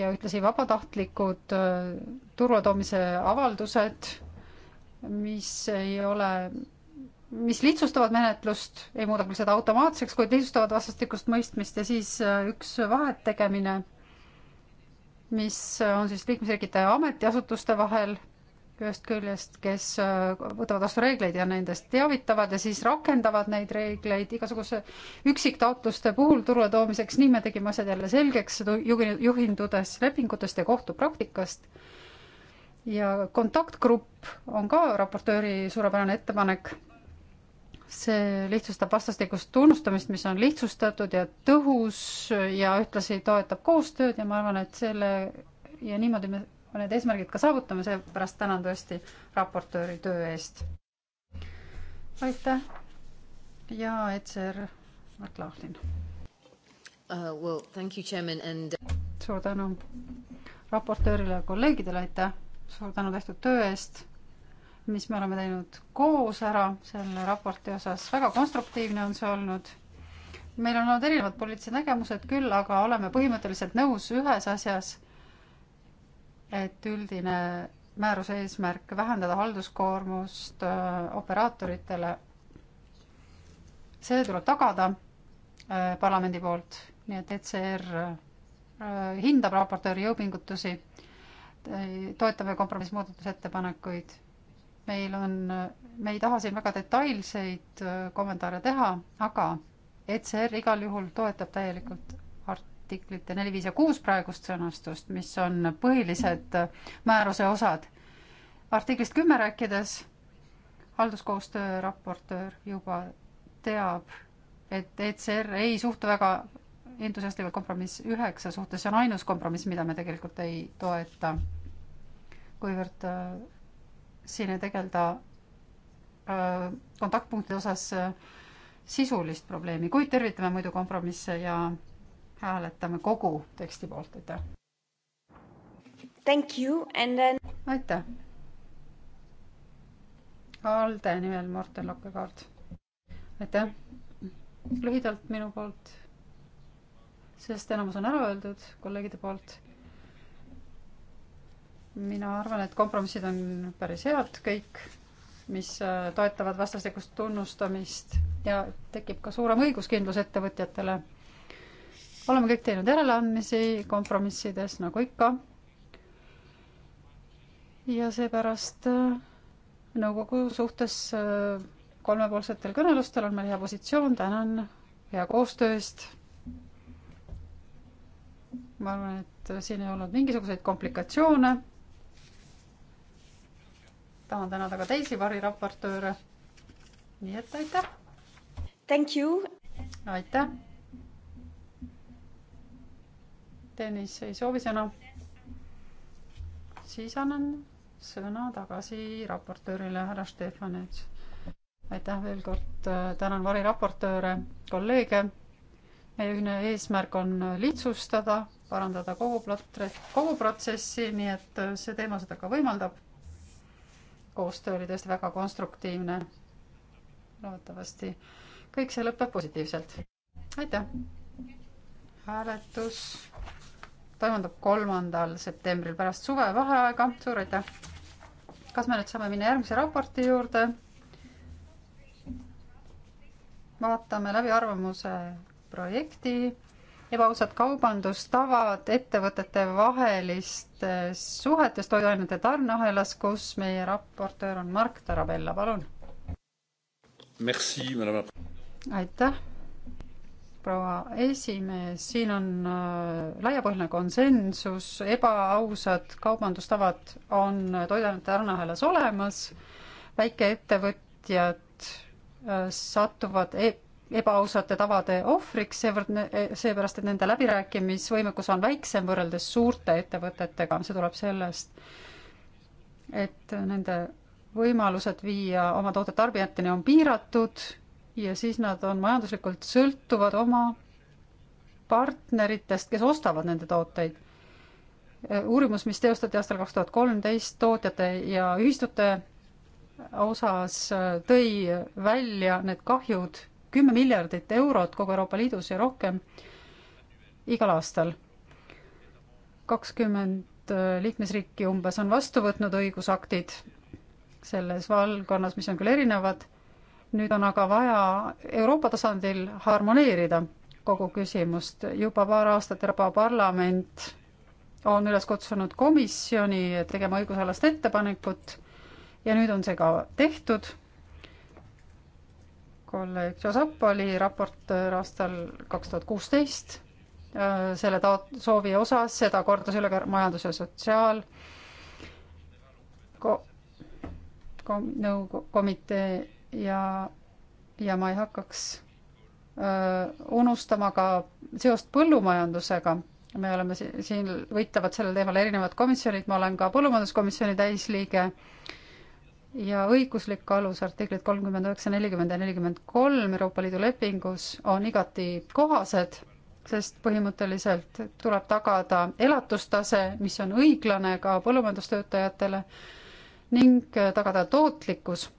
ja ühtlasi vabatahtlikud äh, turvatoomise avaldused, mis ei ole, mis lihtsustavad menetlust, ei muuda küll seda automaatseks, kuid lihtsustavad vastastikust mõistmist ja siis üks vahet tegemine, mis on siis liikmesriikide ametiasutuste vahel ühest küljest, kes äh, võtavad vastu reegleid ja nendest teavitavad ja siis rakendavad neid reegleid igasuguse üksiktaotluste puhul turule toomiseks, nii me tegime asjad jälle selgeks, juhindudes lepingutest ja kohtupraktikast. ja kontaktgrupp on ka raportööri suurepärane ettepanek. see lihtsustab vastastikust tunnustamist, mis on lihtsustatud ja tõhus ja ühtlasi toetab koostööd ja ma arvan, et selle ja niimoodi me need eesmärgid ka saavutame, seepärast tänan tõesti raportööri töö eest. aitäh ja ECR Mart Lahlin uh,. Well, thank you, chairman and. Uh, suur tänu raportöörile ja kolleegidele, aitäh, suur tänu tehtud töö eest, mis me oleme teinud koos ära selle raporti osas, väga konstruktiivne on see olnud meil on olnud erinevad poliitilised nägemused küll, aga oleme põhimõtteliselt nõus ühes asjas et üldine määruse eesmärk vähendada halduskoormust äh, operaatoritele, see tuleb tagada äh, parlamendi poolt, nii et ECR äh, hindab raportööri jõupingutusi, toetame kompromissmuudatusettepanekuid. meil on, me ei taha siin väga detailseid kommentaare teha, aga ECR igal juhul toetab täielikult artiklite neli, viis ja kuus praegust sõnastust, mis on põhilised määruse osad. artiklist kümme rääkides halduskoostöö raportöör juba teab, et ECR ei suhtu väga entusiastlikult kompromiss üheksa suhtes, see on ainus kompromiss, mida me tegelikult ei toeta. kuivõrd äh, siin ei tegelda äh, kontaktpunktide osas äh, sisulist probleemi, kuid tervitame muidu kompromisse ja äh, hääletame kogu teksti poolt, aitäh. Thank you and then. aitäh. Alde nimel Martin Lokkekaart. aitäh. lühidalt minu poolt, sest enamus on ära öeldud kolleegide poolt. mina arvan, et kompromissid on päris head kõik, mis äh, toetavad vastastikust tunnustamist ja tekib ka suurem õiguskindlus ettevõtjatele oleme kõik teinud järeleandmisi kompromissides, nagu ikka. ja seepärast äh, nõukogu suhtes äh, kolmepoolsetel kõnelustel on meil hea positsioon, tänan hea koostöö eest. ma arvan, et äh, siin ei olnud mingisuguseid komplikatsioone. tahan tänada ka teisi variraportööre. nii et aitäh. Thank you. aitäh Tõnis ei soovi sõna. siis annan sõna tagasi raportöörile härra Stefanets. aitäh veel kord, tänan variraportööre, kolleege. meie ühine eesmärk on lihtsustada, parandada kogu plot-, kogu protsessi, nii et see teema seda ka võimaldab. koostöö oli tõesti väga konstruktiivne. loodetavasti kõik see lõpeb positiivselt. aitäh! hääletus toimub kolmandal septembril pärast suvevaheaega, suur aitäh! kas me nüüd saame minna järgmise raporti juurde? vaatame läbi arvamuse projekti ebaausad kaubandustavad ettevõtete vahelistes eh, suhetes toiduainete tarneahelas, kus meie raportöör on Mark Tarabella, palun. aitäh proua esimees, siin on äh, laiapõhjaline konsensus, ebaausad kaubandustavad on toiduainete tarneahelas olemas, väikeettevõtjad äh, satuvad e ebaausate tavade ohvriks, seevõrd ne-, e-, seepärast, et nende läbirääkimisvõimekus on väiksem võrreldes suurte ettevõtetega, see tuleb sellest, et nende võimalused viia oma toodet tarbijateni on piiratud ja siis nad on majanduslikult sõltuvad oma partneritest, kes ostavad nende tooteid. uurimus, mis teostati aastal kaks tuhat kolmteist tootjate ja ühistute osas, tõi välja need kahjud kümme miljardit eurot kogu Euroopa Liidus ja rohkem igal aastal. kakskümmend liikmesriiki umbes on vastu võtnud õigusaktid selles valdkonnas, mis on küll erinevad nüüd on aga vaja Euroopa tasandil harmoneerida kogu küsimust. juba paar aastat Euroopa Parlament on üles kutsunud komisjoni tegema õigusalast ettepanekut ja nüüd on see ka tehtud. kolleeg Josep oli raportöör aastal kaks tuhat kuusteist selle taot-, soovi osas, seda kordas üle ka majandus- ja sotsiaal- ko-, kom-, nõukomitee ja, ja ma ei hakkaks öö, unustama ka seost põllumajandusega. me oleme si siin, võitlevad sellel teemal erinevad komisjonid, ma olen ka põllumajanduskomisjoni täisliige ja õiguslik alus artiklid kolmkümmend üheksa, nelikümmend ja nelikümmend kolm Euroopa Liidu lepingus on igati kohased, sest põhimõtteliselt tuleb tagada elatustase, mis on õiglane ka põllumajandustöötajatele ning tagada tootlikkus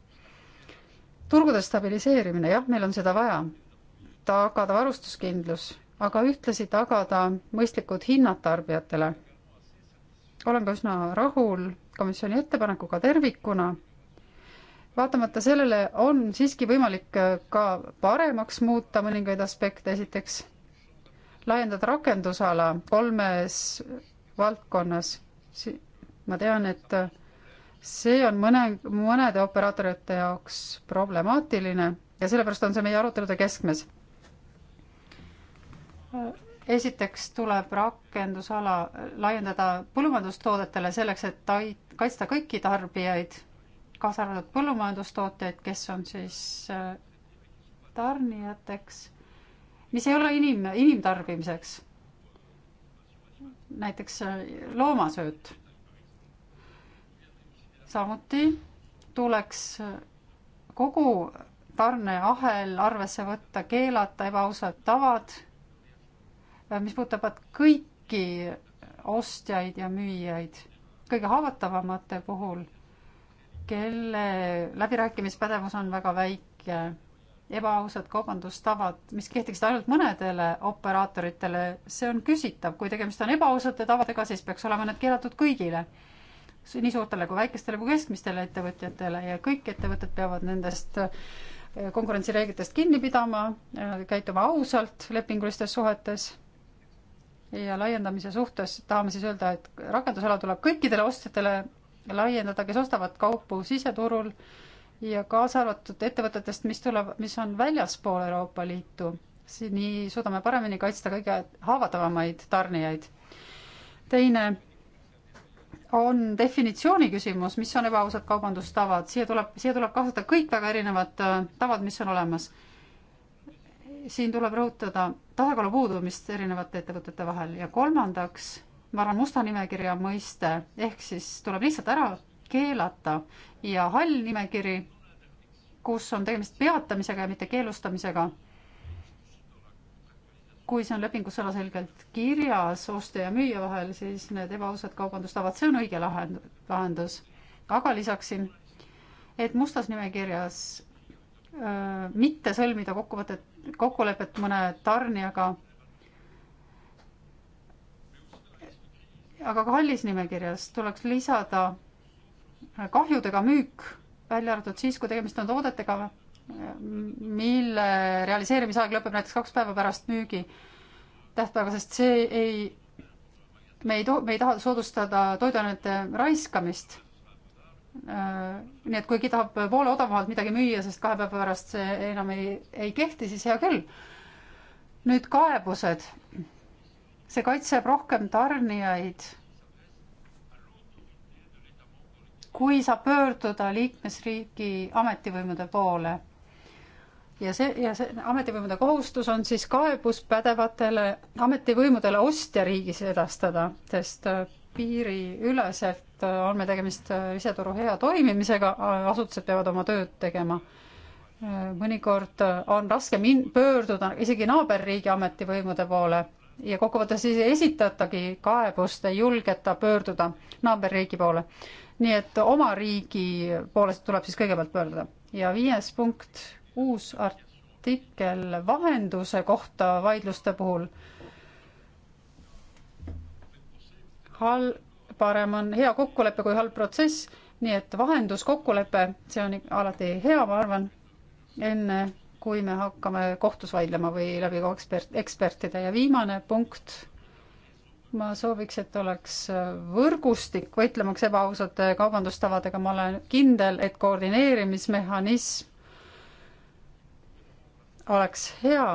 turgude stabiliseerimine, jah, meil on seda vaja, tagada varustuskindlus, aga ühtlasi tagada mõistlikud hinnad tarbijatele. olen ka üsna rahul komisjoni ettepanekuga tervikuna. vaatamata sellele on siiski võimalik ka paremaks muuta mõningaid aspekte, esiteks laiendada rakendusala kolmes valdkonnas. ma tean, et see on mõne, mõnede operaatorite jaoks problemaatiline ja sellepärast on see meie arutelude keskmes. esiteks tuleb rakendusala laiendada põllumajandustoodetele selleks, et tait-, kaitsta kõiki tarbijaid, kaasa arvatud põllumajandustooteid, kes on siis äh, tarnijateks, mis ei ole inim, inimtarbimiseks. näiteks äh, loomasööt samuti tuleks kogu tarneahel arvesse võtta, keelata ebaausad tavad, mis puudutavad kõiki ostjaid ja müüjaid, kõige haavatavamate puhul, kelle läbirääkimispädevus on väga väike, ebaausad kaubandustavad, mis kehtiksid ainult mõnedele operaatoritele, see on küsitav, kui tegemist on ebaausate tavadega, siis peaks olema need keelatud kõigile nii suurtele kui väikestele kui keskmistele ettevõtjatele ja kõik ettevõtted peavad nendest äh, konkurentsireeglitest kinni pidama, äh, käituma ausalt lepingulistes suhetes ja laiendamise suhtes tahame siis öelda, et rakendusala tuleb kõikidele ostjatele laiendada, kes ostavad kaupu siseturul ja kaasa arvatud ettevõtetest, mis tuleb, mis on väljaspool Euroopa Liitu. nii suudame paremini kaitsta kõige haavatavamaid tarnijaid. teine on definitsiooni küsimus, mis on ebaausad kaubandustavad, siia tuleb, siia tuleb kaasata kõik väga erinevad äh, tavad, mis on olemas. siin tuleb rõhutada tasakaalu puudumist erinevate ettevõtete vahel ja kolmandaks, ma arvan, musta nimekirja mõiste, ehk siis tuleb lihtsalt ära keelata ja hall nimekiri, kus on tegemist peatamisega ja mitte keelustamisega kui see on lepingus sõnaselgelt kirjas ostja ja müüja vahel, siis need ebaausad kaubandustavad, see on õige lahend-, lahendus. aga lisaksin, et mustas nimekirjas öö, mitte sõlmida kokkuvõtet, kokkulepet mõne tarnijaga, aga ka hallis nimekirjas tuleks lisada kahjudega müük, välja arvatud siis, kui tegemist on toodetega, mille realiseerimisaeg lõpeb näiteks kaks päeva pärast müügi tähtpäeva, sest see ei, me ei too, me ei taha soodustada toiduainete raiskamist. nii et kuigi tahab poole odavamalt midagi müüa, sest kahe päeva pärast see enam ei, ei kehti, siis hea küll. nüüd kaebused. see kaitseb rohkem tarnijaid. kui saab pöörduda liikmesriigi ametivõimude poole ja see, ja see ametivõimude kohustus on siis kaebus pädevatele ametivõimudele ostjariigis edastada, sest äh, piiriüleselt äh, on meil tegemist äh, siseturu hea toimimisega, asutused peavad oma tööd tegema. mõnikord on raske min-, pöörduda isegi naaberriigi ametivõimude poole ja kokkuvõttes siis ei esitatagi kaebust, ei julgeta pöörduda naaberriigi poole. nii et oma riigi poole tuleb siis kõigepealt pöörduda. ja viies punkt uus artikkel vahenduse kohta vaidluste puhul. hal-, parem on hea kokkulepe kui halb protsess, nii et vahenduskokkulepe, see on alati hea, ma arvan, enne kui me hakkame kohtus vaidlema või läbi ka ekspert, ekspertide ja viimane punkt, ma sooviks, et oleks võrgustik võitlemaks ebaausate kaubandustavadega, ma olen kindel, et koordineerimismehhanism oleks hea,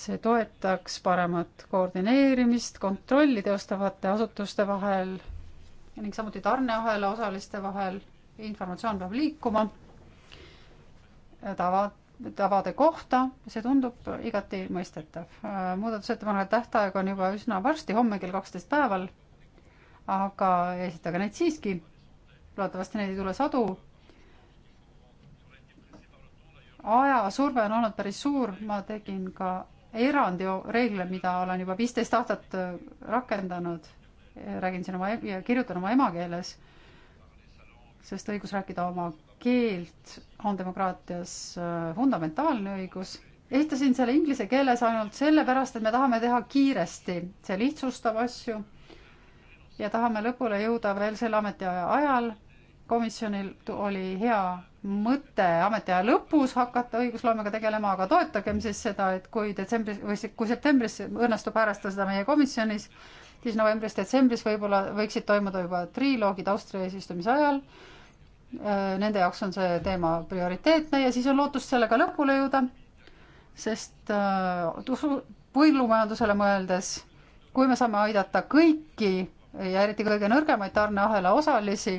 see toetaks paremat koordineerimist kontrolli teostavate asutuste vahel ning samuti tarneahela osaliste vahel. informatsioon peab liikuma tava, tavade kohta, see tundub igati mõistetav. muudatusettepanekute tähtaeg on juba üsna varsti, homme kell kaksteist päeval. aga esitage neid siiski. loodetavasti neid ei tule sadu ajasurve on olnud päris suur, ma tegin ka erandi reegle, mida olen juba viisteist aastat äh, rakendanud, räägin siin oma e- ja kirjutan oma emakeeles, sest õigus rääkida oma keelt on demokraatias äh, fundamentaalne õigus. esitasin selle inglise keeles ainult sellepärast, et me tahame teha kiiresti, see lihtsustab asju ja tahame lõpule jõuda veel selle ametiaja ajal komisjonil oli hea mõte ametiaja lõpus hakata õigusloomega tegelema, aga toetagem siis seda, et kui detsembris või kui septembris õnnestub häälestada seda meie komisjonis, siis novembris-detsembris võib-olla võiksid toimuda juba triloogid Austria eesistumise ajal. Äh, nende jaoks on see teema prioriteetne ja siis on lootust sellega lõpule jõuda, sest äh, põllumajandusele mõeldes, kui me saame aidata kõiki ja eriti kõige nõrgemaid tarneahela osalisi,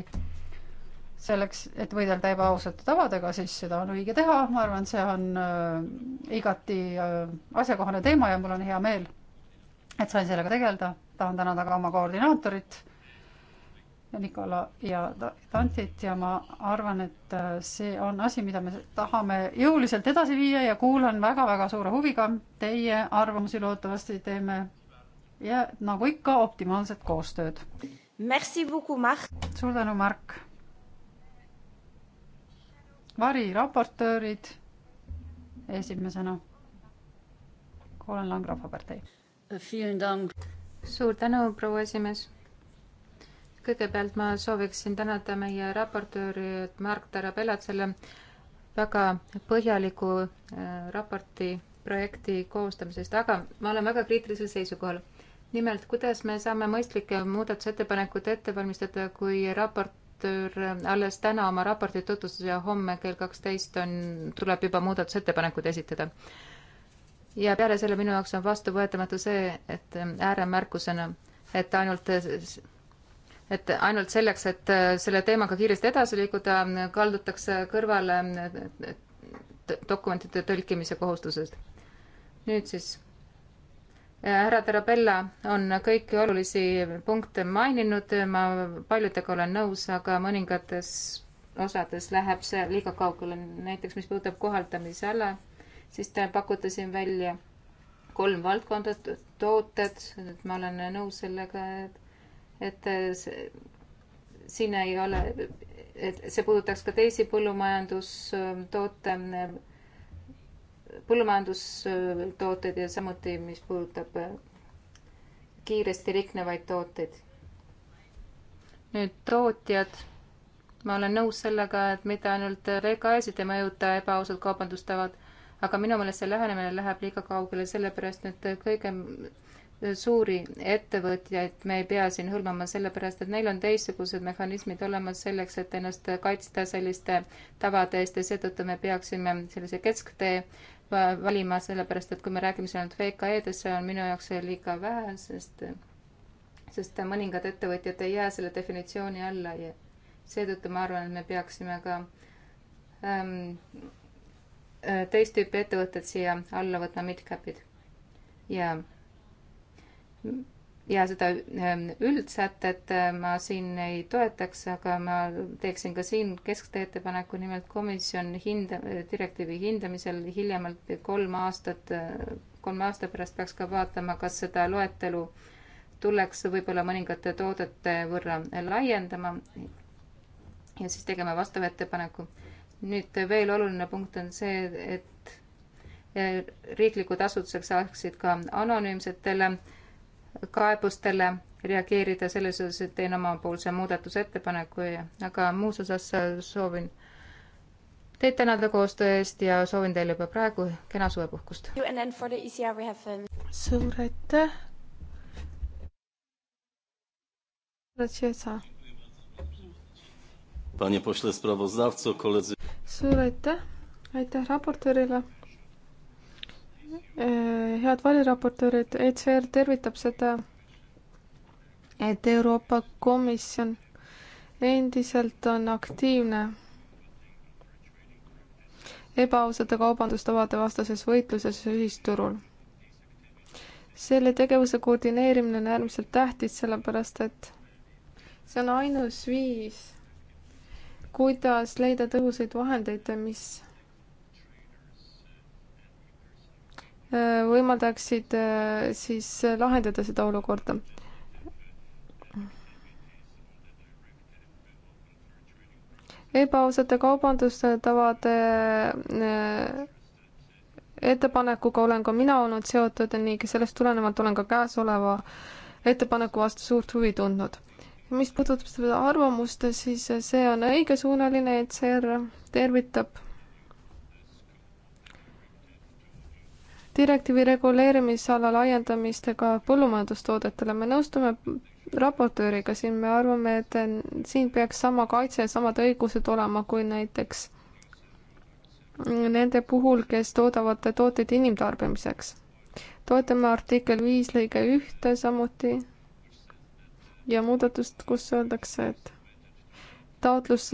selleks, et võidelda ebaausate tavadega, siis seda on õige teha, ma arvan, see on äh, igati äh, asjakohane teema ja mul on hea meel, et sain sellega tegeleda. tahan tänada ka oma koordinaatorit ja Nikola ja Tantit ja ma arvan, et äh, see on asi, mida me tahame jõuliselt edasi viia ja kuulan väga-väga suure huviga teie arvamusi, loodetavasti teeme ja nagu ikka, optimaalset koostööd. suur tänu, Mark! variraportöörid, esimesena Olen Lang Rahvapartei. suur tänu, proua esimees. kõigepealt ma sooviksin tänada meie raportööri Mark Tarabellat selle väga põhjaliku äh, raporti projekti koostamisest, aga ma olen väga kriitilisel seisukohal nimelt, kuidas me saame mõistlikke muudatusettepanekuid ette valmistada, kui raport raportöör alles täna oma raportit tutvustas ja homme kell kaksteist on, tuleb juba muudatusettepanekud esitada. ja peale selle minu jaoks on vastuvõetamatu see, et ääremärkusena, et ainult, et ainult selleks, et selle teemaga kiiresti edasi liikuda, kaldutakse kõrvale dokumentide tõlkimise kohustusest. nüüd siis Äh, härra Tarabella on kõiki olulisi punkte maininud, ma paljudega olen nõus, aga mõningates osades läheb see liiga kaugele, näiteks mis puudutab kohaldamisala, siis te pakute siin välja kolm valdkonda, tooted, et ma olen nõus sellega, et, et siin ei ole, et see puudutaks ka teisi põllumajandustoote põllumajandustooteid ja samuti, mis puudutab äh, kiiresti riknevaid tooteid. nüüd tootjad, ma olen nõus sellega, et mitte ainult VKS-id ei mõjuta ebaausad kaubandustavad, aga minu meelest see lähenemine läheb liiga kaugele, sellepärast et kõige suuri ettevõtjaid me ei pea siin hõlmama, sellepärast et neil on teistsugused mehhanismid olemas selleks, et ennast kaitsta selliste tavade eest ja seetõttu me peaksime sellise kesktee Äh, valima, sellepärast et kui me räägime siin ainult VKE-des, see on minu jaoks liiga vähe, sest, sest mõningad ettevõtjad ei jää selle definitsiooni alla ja seetõttu ma arvan, et me peaksime ka ähm, äh, teist tüüpi ettevõtted siia alla võtma, mid-cap'id. ja ja seda ähm, üldsätet äh, ma siin ei toetaks, aga ma teeksin ka siin kesktee ettepaneku, nimelt komisjon hinda, direktiivi hindamisel hiljemalt kolm aastat, äh, kolme aasta pärast peaks ka vaatama, kas seda loetelu tuleks võib-olla mõningate toodete võrra laiendama ja siis tegema vastava ettepaneku. nüüd veel oluline punkt on see, et äh, riiklikud asutused saaksid ka anonüümsetele äh, kaebustele reageerida, selles osas, et teen omapoolse muudatusettepaneku ja, aga muus osas soovin teid tänada koostöö eest ja soovin teile juba praegu kena suvepuhkust. E um, suur aitäh. suur aitäh, aitäh raportöörile Äh, head valiraportöörid, ECR tervitab seda, et Euroopa Komisjon endiselt on aktiivne ebaausate kaubandustavade vastases võitluses ühisturul. selle tegevuse koordineerimine on äärmiselt tähtis, sellepärast et see on ainus viis, kuidas leida tõhusaid vahendeid, mis Äh, võimaldaksid äh, siis äh, lahendada seda olukorda. ebaausate kaubandustavade ettepanekuga olen ka mina olnud seotud ning sellest tulenevalt olen ka käesoleva ettepaneku vastu suurt huvi tundnud. mis puudutab seda arvamust, siis see on õigesuunaline, et CR tervitab direktiivi reguleerimisala laiendamist ka põllumajandustoodetele, me nõustume raportööriga siin, me arvame, et siin peaks sama kaitse ja samad õigused olema kui näiteks nende puhul, kes toodavad tooteid inimtarbimiseks. toetame artikkel viis lõige ühte samuti ja muudatust, kus öeldakse, et taotlus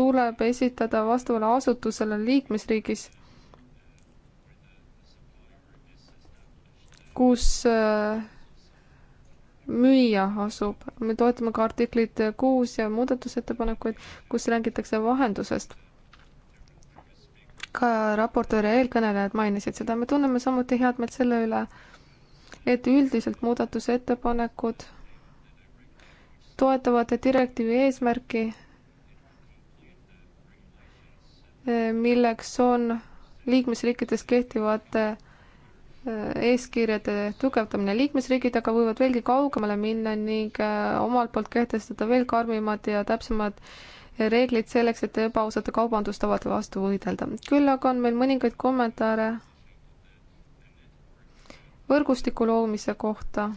tuleb esitada vastavale asutusele liikmesriigis kus äh, müüja asub. me toetame ka artiklit kuus ja muudatusettepanekuid, kus räägitakse vahendusest. ka raportöör ja eelkõnelejad mainisid seda, me tunneme samuti head meelt selle üle, et üldiselt muudatusettepanekud toetavad direktiivi eesmärki, äh, milleks on liikmesriikides kehtivate eeskirjade tugevdamine. liikmesriigid aga võivad veelgi kaugemale minna ning äh, omalt poolt kehtestada veel karmimad ja täpsemad reeglid selleks, et ebaausate kaubandustavade vastu võidelda. küll aga on meil mõningaid kommentaare võrgustiku loomise kohta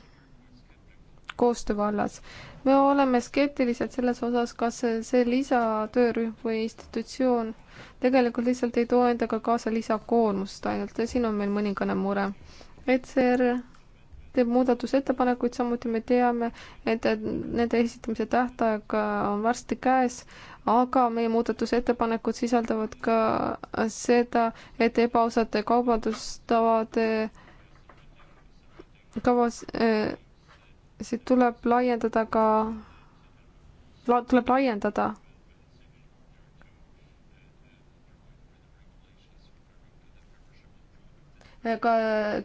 koostöö vallas me oleme skeptilised selles osas, kas see lisatöörühm või institutsioon tegelikult lihtsalt ei too endaga kaasa lisakoormust ainult ja siin on meil mõningane mure. ECR teeb muudatusettepanekuid, samuti me teame, et nende esitamise tähtaeg on varsti käes, aga meie muudatusettepanekud sisaldavad ka seda, et ebaausate kaubandustavade kavas äh, siit tuleb laiendada ka, tuleb laiendada ka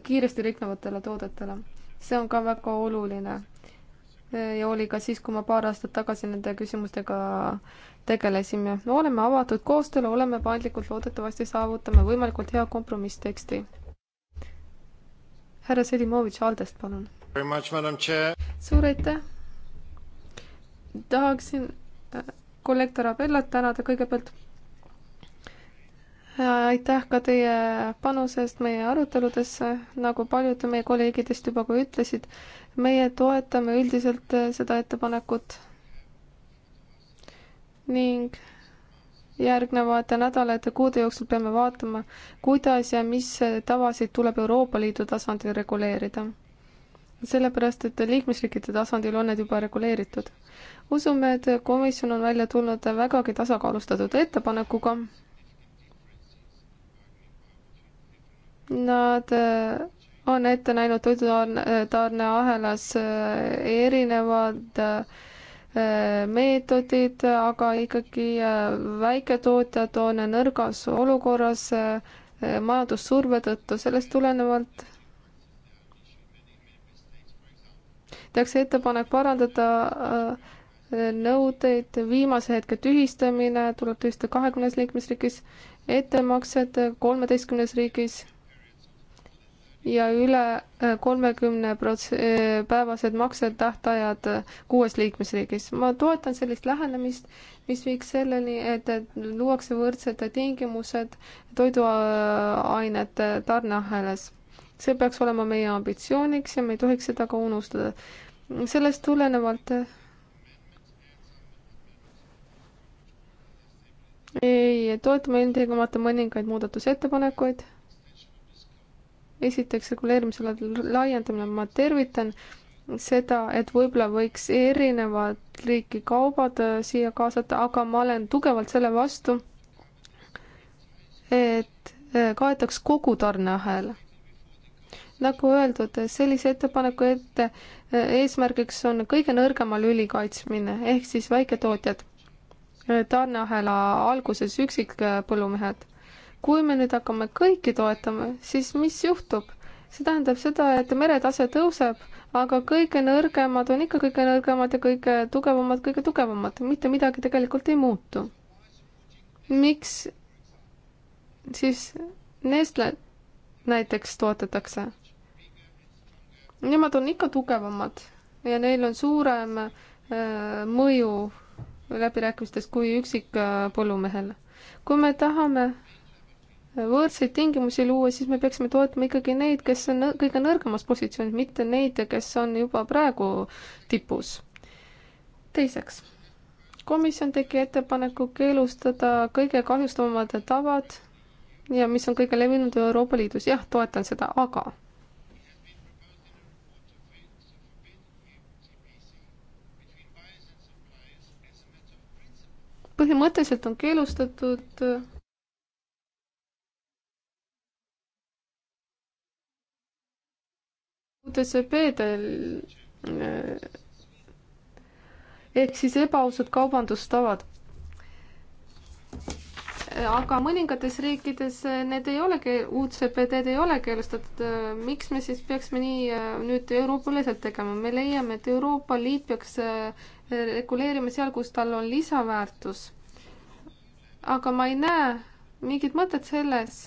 kiiresti riknevatele toodetele. see on ka väga oluline. ja oli ka siis, kui ma paar aastat tagasi nende küsimustega tegelesime. me oleme avatud koostööle, oleme paindlikud, loodetavasti saavutame võimalikult hea kompromissteksti. härra Selimovitš Aldest, palun suur aitäh! tahaksin äh, kolleeg Tarabellat tänada kõigepealt. aitäh ka teie panuse eest meie aruteludesse, nagu paljud meie kolleegidest juba ka ütlesid. meie toetame üldiselt äh, seda ettepanekut ning järgnevate nädalate, kuude jooksul peame vaatama, kuidas ja mis tavasid tuleb Euroopa Liidu tasandil reguleerida sellepärast, et liikmesriikide tasandil on need juba reguleeritud. usume, et komisjon on välja tulnud vägagi tasakaalustatud ettepanekuga. Nad äh, on ette näinud toidutarneahelas äh, äh, erinevad meetodid, aga ikkagi väiketootjad on nõrgas olukorras majandussurve tõttu, sellest tulenevalt tehakse ettepanek parandada äh, nõudeid, viimase hetke tühistamine tuleb tühistada kahekümnes liikmesriigis, ettemaksed kolmeteistkümnes riigis ja üle äh, kolmekümne prots-, äh, päevased maksetähtajad kuues liikmesriigis. ma toetan sellist lähenemist, mis viiks selleni, et luuakse võrdsed tingimused toiduainete tarneahelas. see peaks olema meie ambitsiooniks ja me ei tohiks seda ka unustada sellest tulenevalt ei toeta me ilmtingimata mõningaid muudatusettepanekuid. esiteks reguleerimisele laiendamine, ma tervitan seda, et võib-olla võiks erinevat liiki kaubad äh, siia kaasata, aga ma olen tugevalt selle vastu, et äh, kaetaks kogu tarneahel nagu öeldud, sellise ettepaneku ette eh, eesmärgiks on kõige nõrgema lüli kaitsmine ehk siis väiketootjad, eh, tarneahela alguses üksikpõllumehed. kui me nüüd hakkame kõiki toetama, siis mis juhtub? see tähendab seda, et meretase tõuseb, aga kõige nõrgemad on ikka kõige nõrgemad ja kõige tugevamad kõige tugevamad, mitte midagi tegelikult ei muutu. miks siis Nestle näiteks toodetakse? nemad on ikka tugevamad ja neil on suurem äh, mõju läbirääkimistes kui üksik äh, põllumehel. kui me tahame võrdseid tingimusi luua, siis me peaksime toetama ikkagi neid, kes on kõige nõrgemas positsioonis, mitte neid, kes on juba praegu tipus. teiseks, komisjon tegi ettepaneku keelustada kõige kahjustavamad tavad ja mis on kõige levinum Euroopa Liidus, jah, toetan seda, aga põhimõtteliselt on keelustatud UTCP-del eh, ehk siis ebaausad kaubandustavad aga mõningates riikides eh, need ei olegi, UCPD-d ei ole keelustatud. Eh, miks me siis peaksime nii eh, nüüd Euroopa-üleselt tegema? me leiame, et Euroopa Liit peaks reguleerima seal, kus tal on lisaväärtus. aga ma ei näe mingit mõtet selles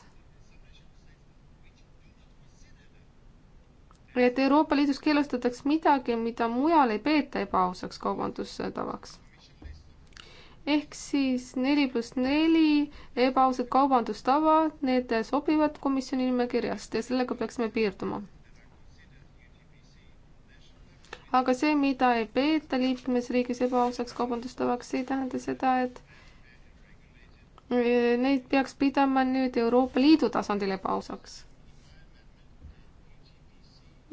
et Euroopa Liidus keelustatakse midagi, mida mujal ei peeta ebaausaks kaubandustavaks ehk siis neli pluss neli ebaausad kaubandustavad, need sobivad komisjoni nimekirjast ja sellega peaksime piirduma. aga see, mida ei peeta liikmesriigis ebaausaks kaubandustavaks, ei tähenda seda, et e, neid peaks pidama nüüd Euroopa Liidu tasandil ebaausaks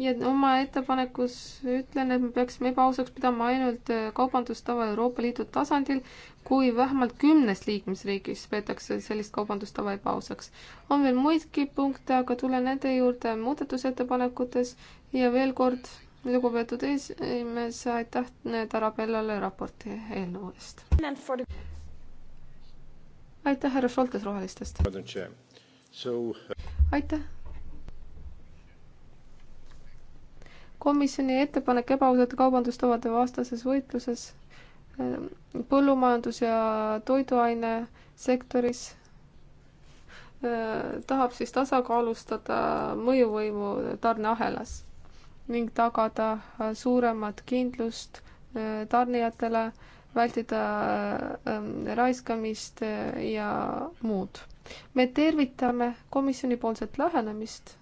ja oma ettepanekus ütlen, et me peaksime ebaausaks pidama ainult äh, kaubandustava Euroopa Liidu tasandil, kui vähemalt kümnes liikmesriigis peetakse sellist kaubandustava ebaausaks. on veel muidki punkte, aga tulen nende juurde muudatusettepanekutes ja veel kord, lugupeetud esimees, aitäh Tarabellale raporti eelnõu eest. aitäh, härra Šoltes Rohelistest. aitäh komisjoni ettepanek ebaausate kaubandustoodete vastases võitluses ehm, põllumajandus- ja toiduainesektoris ehm, tahab siis tasakaalustada mõjuvõimu tarneahelas ning tagada suuremat kindlust ehm, tarnijatele, vältida raiskamist ja muud. me tervitame komisjonipoolset lähenemist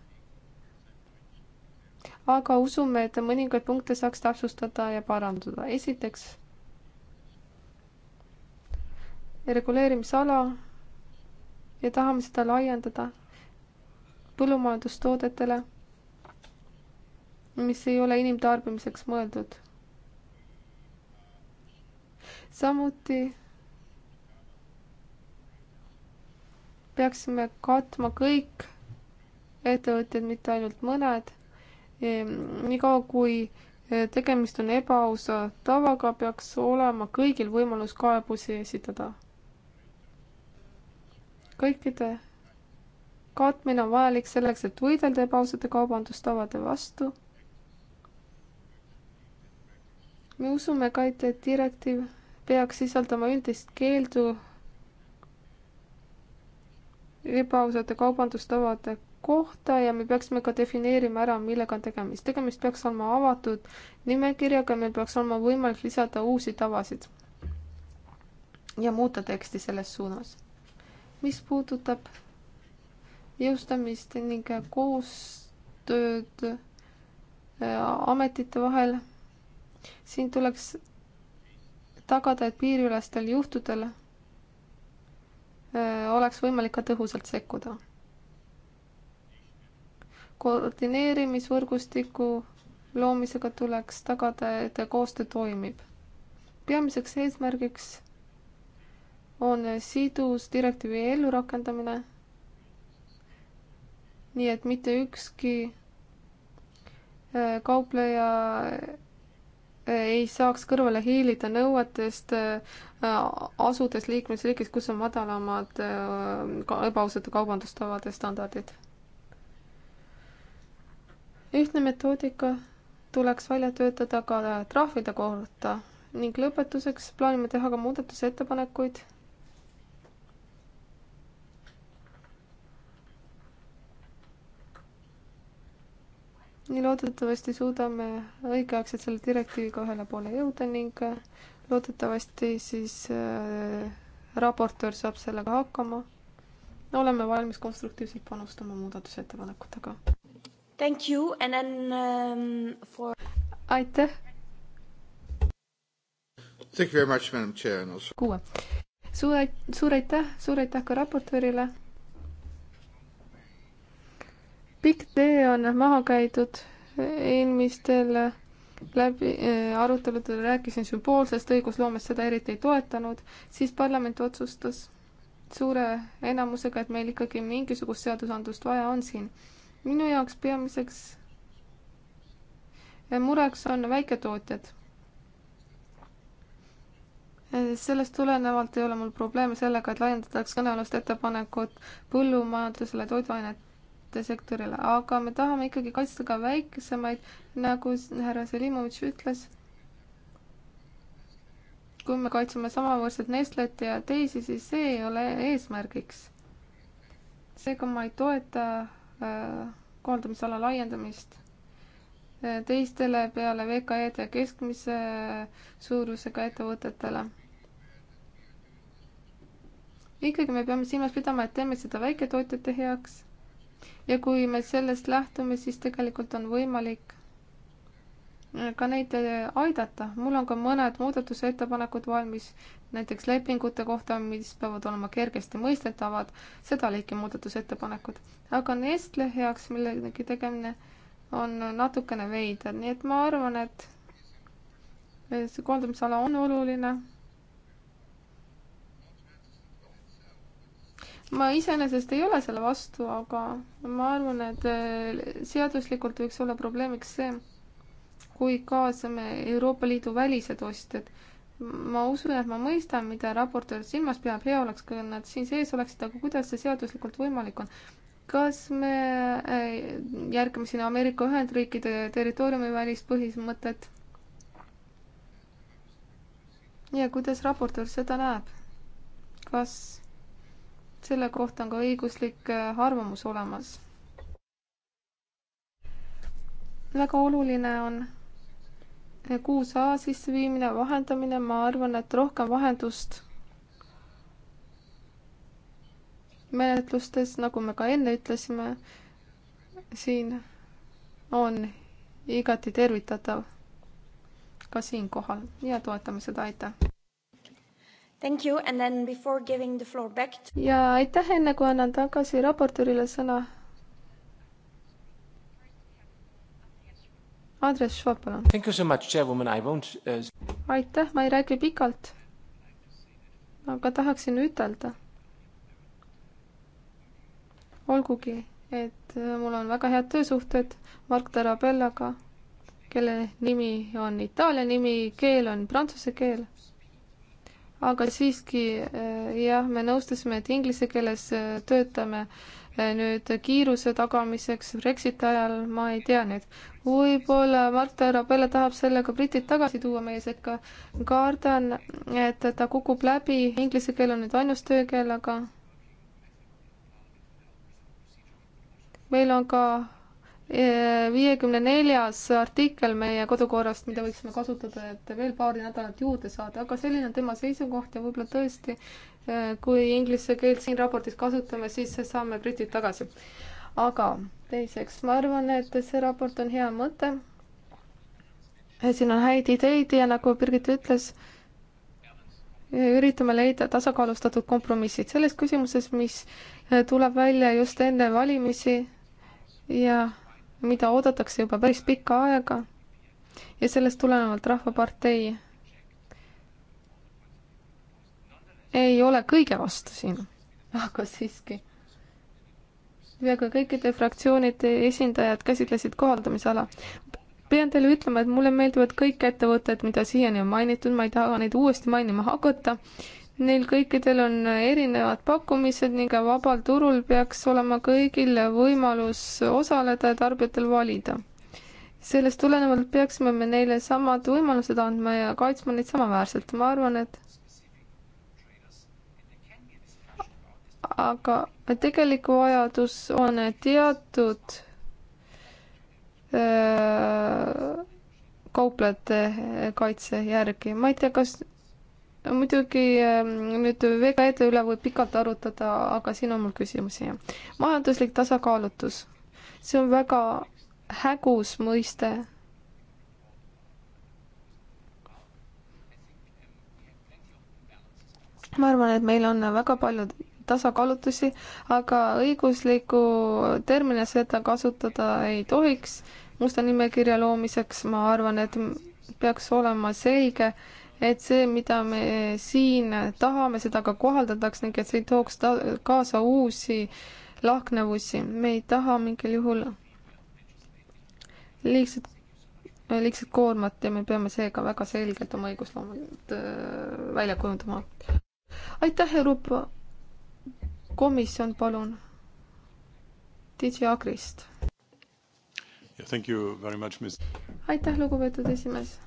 aga usume, et mõningaid punkte saaks täpsustada ja parandada. esiteks, reguleerimisala ja tahame seda laiendada põllumajandustoodetele, mis ei ole inimtarbimiseks mõeldud. samuti peaksime katma kõik ettevõtjad, mitte ainult mõned Ehm, niikaua, kui eh, tegemist on ebaausa tavaga, peaks olema kõigil võimalus kaebusi esitada. kõikide katmine on vajalik selleks, et võidelda ebaausate kaubandustavade vastu. me usume ka, et direktiiv peaks sisaldama üldist keeldu ebaausate kaubandustavade kohta ja me peaksime ka defineerima ära, millega on tegemist. tegemist peaks olema avatud nimekirjaga, meil peaks olema võimalik lisada uusi tavasid ja muuta teksti selles suunas. mis puudutab jõustamist ning koostööd äh, ametite vahel, siin tuleks tagada, et piiriülestel juhtudel äh, oleks võimalik ka tõhusalt sekkuda koordineerimisvõrgustiku loomisega tuleks tagada, et koostöö toimib. peamiseks eesmärgiks on sidus direktiivi ellurakendamine. nii et mitte ükski äh, kaupleja äh, ei saaks kõrvale hiilida nõuetest, äh, asudes liikmesriigis, kus on madalamad ebaausate kaubandustavade standardid ühtne metoodika tuleks välja töötada ka trahvide kohta ning lõpetuseks plaanime teha ka muudatusettepanekuid. nii loodetavasti suudame õigeaegselt selle direktiiviga ühele poole jõuda ning loodetavasti siis äh, raportöör saab sellega hakkama. oleme valmis konstruktiivselt panustama muudatusettepanekutega. Thank you and then um, for aitäh. Thank you very much, madam chair and also. kuue. suur, suur aitäh, suur aitäh ka raportöörile. pikk tee on maha käidud eelmistel läbi äh, aruteludel rääkisin sümboolsest õigusloomest, seda eriti ei toetanud, siis parlament otsustas suure enamusega, et meil ikkagi mingisugust seadusandlust vaja on siin minu jaoks peamiseks eh, mureks on väiketootjad. Eh, sellest tulenevalt ei ole mul probleeme sellega, et laiendataks kõnealust ettepanekut põllumajandusele, toiduainete sektorile, aga me tahame ikkagi kaitsta ka väikesemaid, nagu härra Selimovitš ütles. kui me kaitseme samavõrdselt Nestlet ja teisi, siis see ei ole eesmärgiks. seega ma ei toeta Äh, kohaldumisala laiendamist äh, teistele peale VKE-d ja keskmise äh, suurusega ettevõtetele. ikkagi me peame silmas pidama, et teeme seda väiketootjate heaks. ja kui me sellest lähtume, siis tegelikult on võimalik ka neid aidata. mul on ka mõned muudatusettepanekud valmis, näiteks lepingute kohta, mis peavad olema kergesti mõistetavad, seda liiki muudatusettepanekud. aga Nestle heaks millegi tegemine on natukene veider, nii et ma arvan, et see koondamisala on oluline. ma iseenesest ei ole selle vastu, aga ma arvan, et eh, seaduslikult võiks olla probleemiks see, kui kaasame Euroopa Liidu välised ostjad ma usun, et ma mõistan, mida raportöör silmas peab, hea oleks, kui nad siin sees oleksid, aga kuidas see seaduslikult võimalik on? kas me äh, järgime siin Ameerika Ühendriikide territooriumi välist põhimõtet? ja kuidas raportöör seda näeb? kas selle kohta on ka õiguslik äh, arvamus olemas? väga oluline on kuus A sisseviimine, vahendamine, ma arvan, et rohkem vahendust menetlustes, nagu me ka enne ütlesime, siin on igati tervitatav ka siinkohal ja toetame seda, aitäh! Thank you and then before giving the floor back to... ja aitäh, enne kui annan tagasi raportöörile sõna Andres Schwab, palun. Uh, aitäh, ma ei räägi pikalt, aga tahaksin ütelda. olgugi, et äh, mul on väga head töösuhted Mark Tarabellaga, kelle nimi on Itaalia nimi, keel on prantsuse keel. aga siiski äh, jah, me nõustusime, et inglise keeles äh, töötame äh, nüüd kiiruse tagamiseks Brexiti ajal, ma ei tea nüüd. võib-olla Marta Rabella tahab sellega britid tagasi tuua meie sekka. kardan, et ta kukub läbi, inglise keel on nüüd ainus töökeel, aga meil on ka e, viiekümne neljas artikkel meie kodukorrast, mida võiksime kasutada, et veel paari nädalat juurde saada, aga selline on tema seisukoht ja võib-olla tõesti kui inglise keelt siin raportis kasutame, siis saame britid tagasi. aga teiseks, ma arvan, et see raport on hea mõte. siin on häid ideid ja nagu Birgit ütles, üritame leida tasakaalustatud kompromissid selles küsimuses, mis tuleb välja just enne valimisi ja mida oodatakse juba päris pikka aega. ja sellest tulenevalt Rahvapartei ei ole kõige vastu siin, aga siiski. peaaegu kõikide fraktsioonide esindajad käsitlesid kohaldamisala. pean teile ütlema, et mulle meeldivad kõik ettevõtted, mida siiani on mainitud, ma ei taha neid uuesti mainima hakata. Neil kõikidel on erinevad pakkumised ning vabal turul peaks olema kõigil võimalus osaleda ja tarbijatel valida sellest tulenevalt peaksime me neile samad võimalused andma ja kaitsma neid samaväärselt. ma arvan, et aga tegelik vajadus on teatud äh, kauplejate kaitse järgi, ma ei tea, kas muidugi ähm, nüüd VKE-de üle võib pikalt arutada, aga siin on mul küsimusi. majanduslik tasakaalutus, see on väga hägus mõiste ma arvan, et meil on väga paljud tasakaalutusi, aga õiguslikku termine seda kasutada ei tohiks. musta nimekirja loomiseks ma arvan, et peaks olema selge, et see, mida me siin tahame, seda ka kohaldataks ning et see ei tooks ta-, kaasa uusi lahknevusi. me ei taha mingil juhul liigset, liigset koormat ja me peame seega väga selgelt oma õigusloomet äh, välja kujundama. aitäh, Euroopa komisjon, palun. DJ Agrist. aitäh, lugupeetud esimees.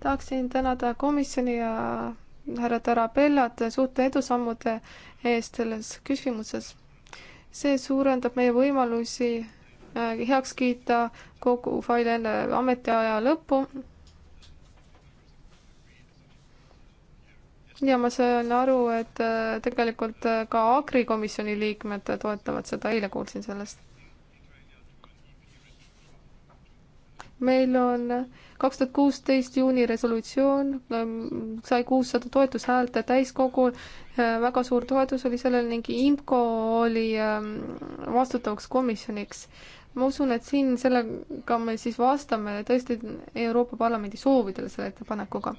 tahaksin tänada komisjoni ja härra Tarabellat suurte edusammude eest selles küsimuses. see suurendab meie võimalusi äh, heaks kiita kogu fail enne ametiaja lõppu ja ma saan aru, et äh, tegelikult äh, ka Agri komisjoni liikmed toetavad seda, eile kuulsin sellest. meil on äh, kaks tuhat kuusteist juuni resolutsioon, ähm, sai kuussada toetushäält täiskogul, väga suur toetus oli sellel ning IMCO oli ähm, vastutavaks komisjoniks. ma usun, et siin sellega me siis vastame tõesti Euroopa Parlamendi soovidele selle ettepanekuga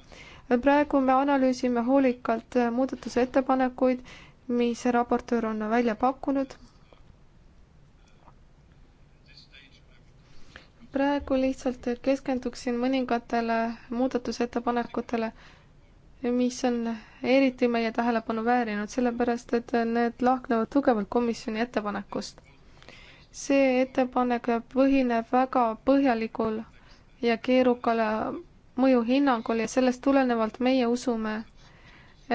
praegu me analüüsime hoolikalt muudatusettepanekuid, mis raportöör on välja pakkunud. praegu lihtsalt keskenduksin mõningatele muudatusettepanekutele, mis on eriti meie tähelepanu väärinud, sellepärast et need lahknevad tugevalt komisjoni ettepanekust. see ettepanek põhineb väga põhjalikul ja keerukal mõjuhinnang oli ja sellest tulenevalt meie usume,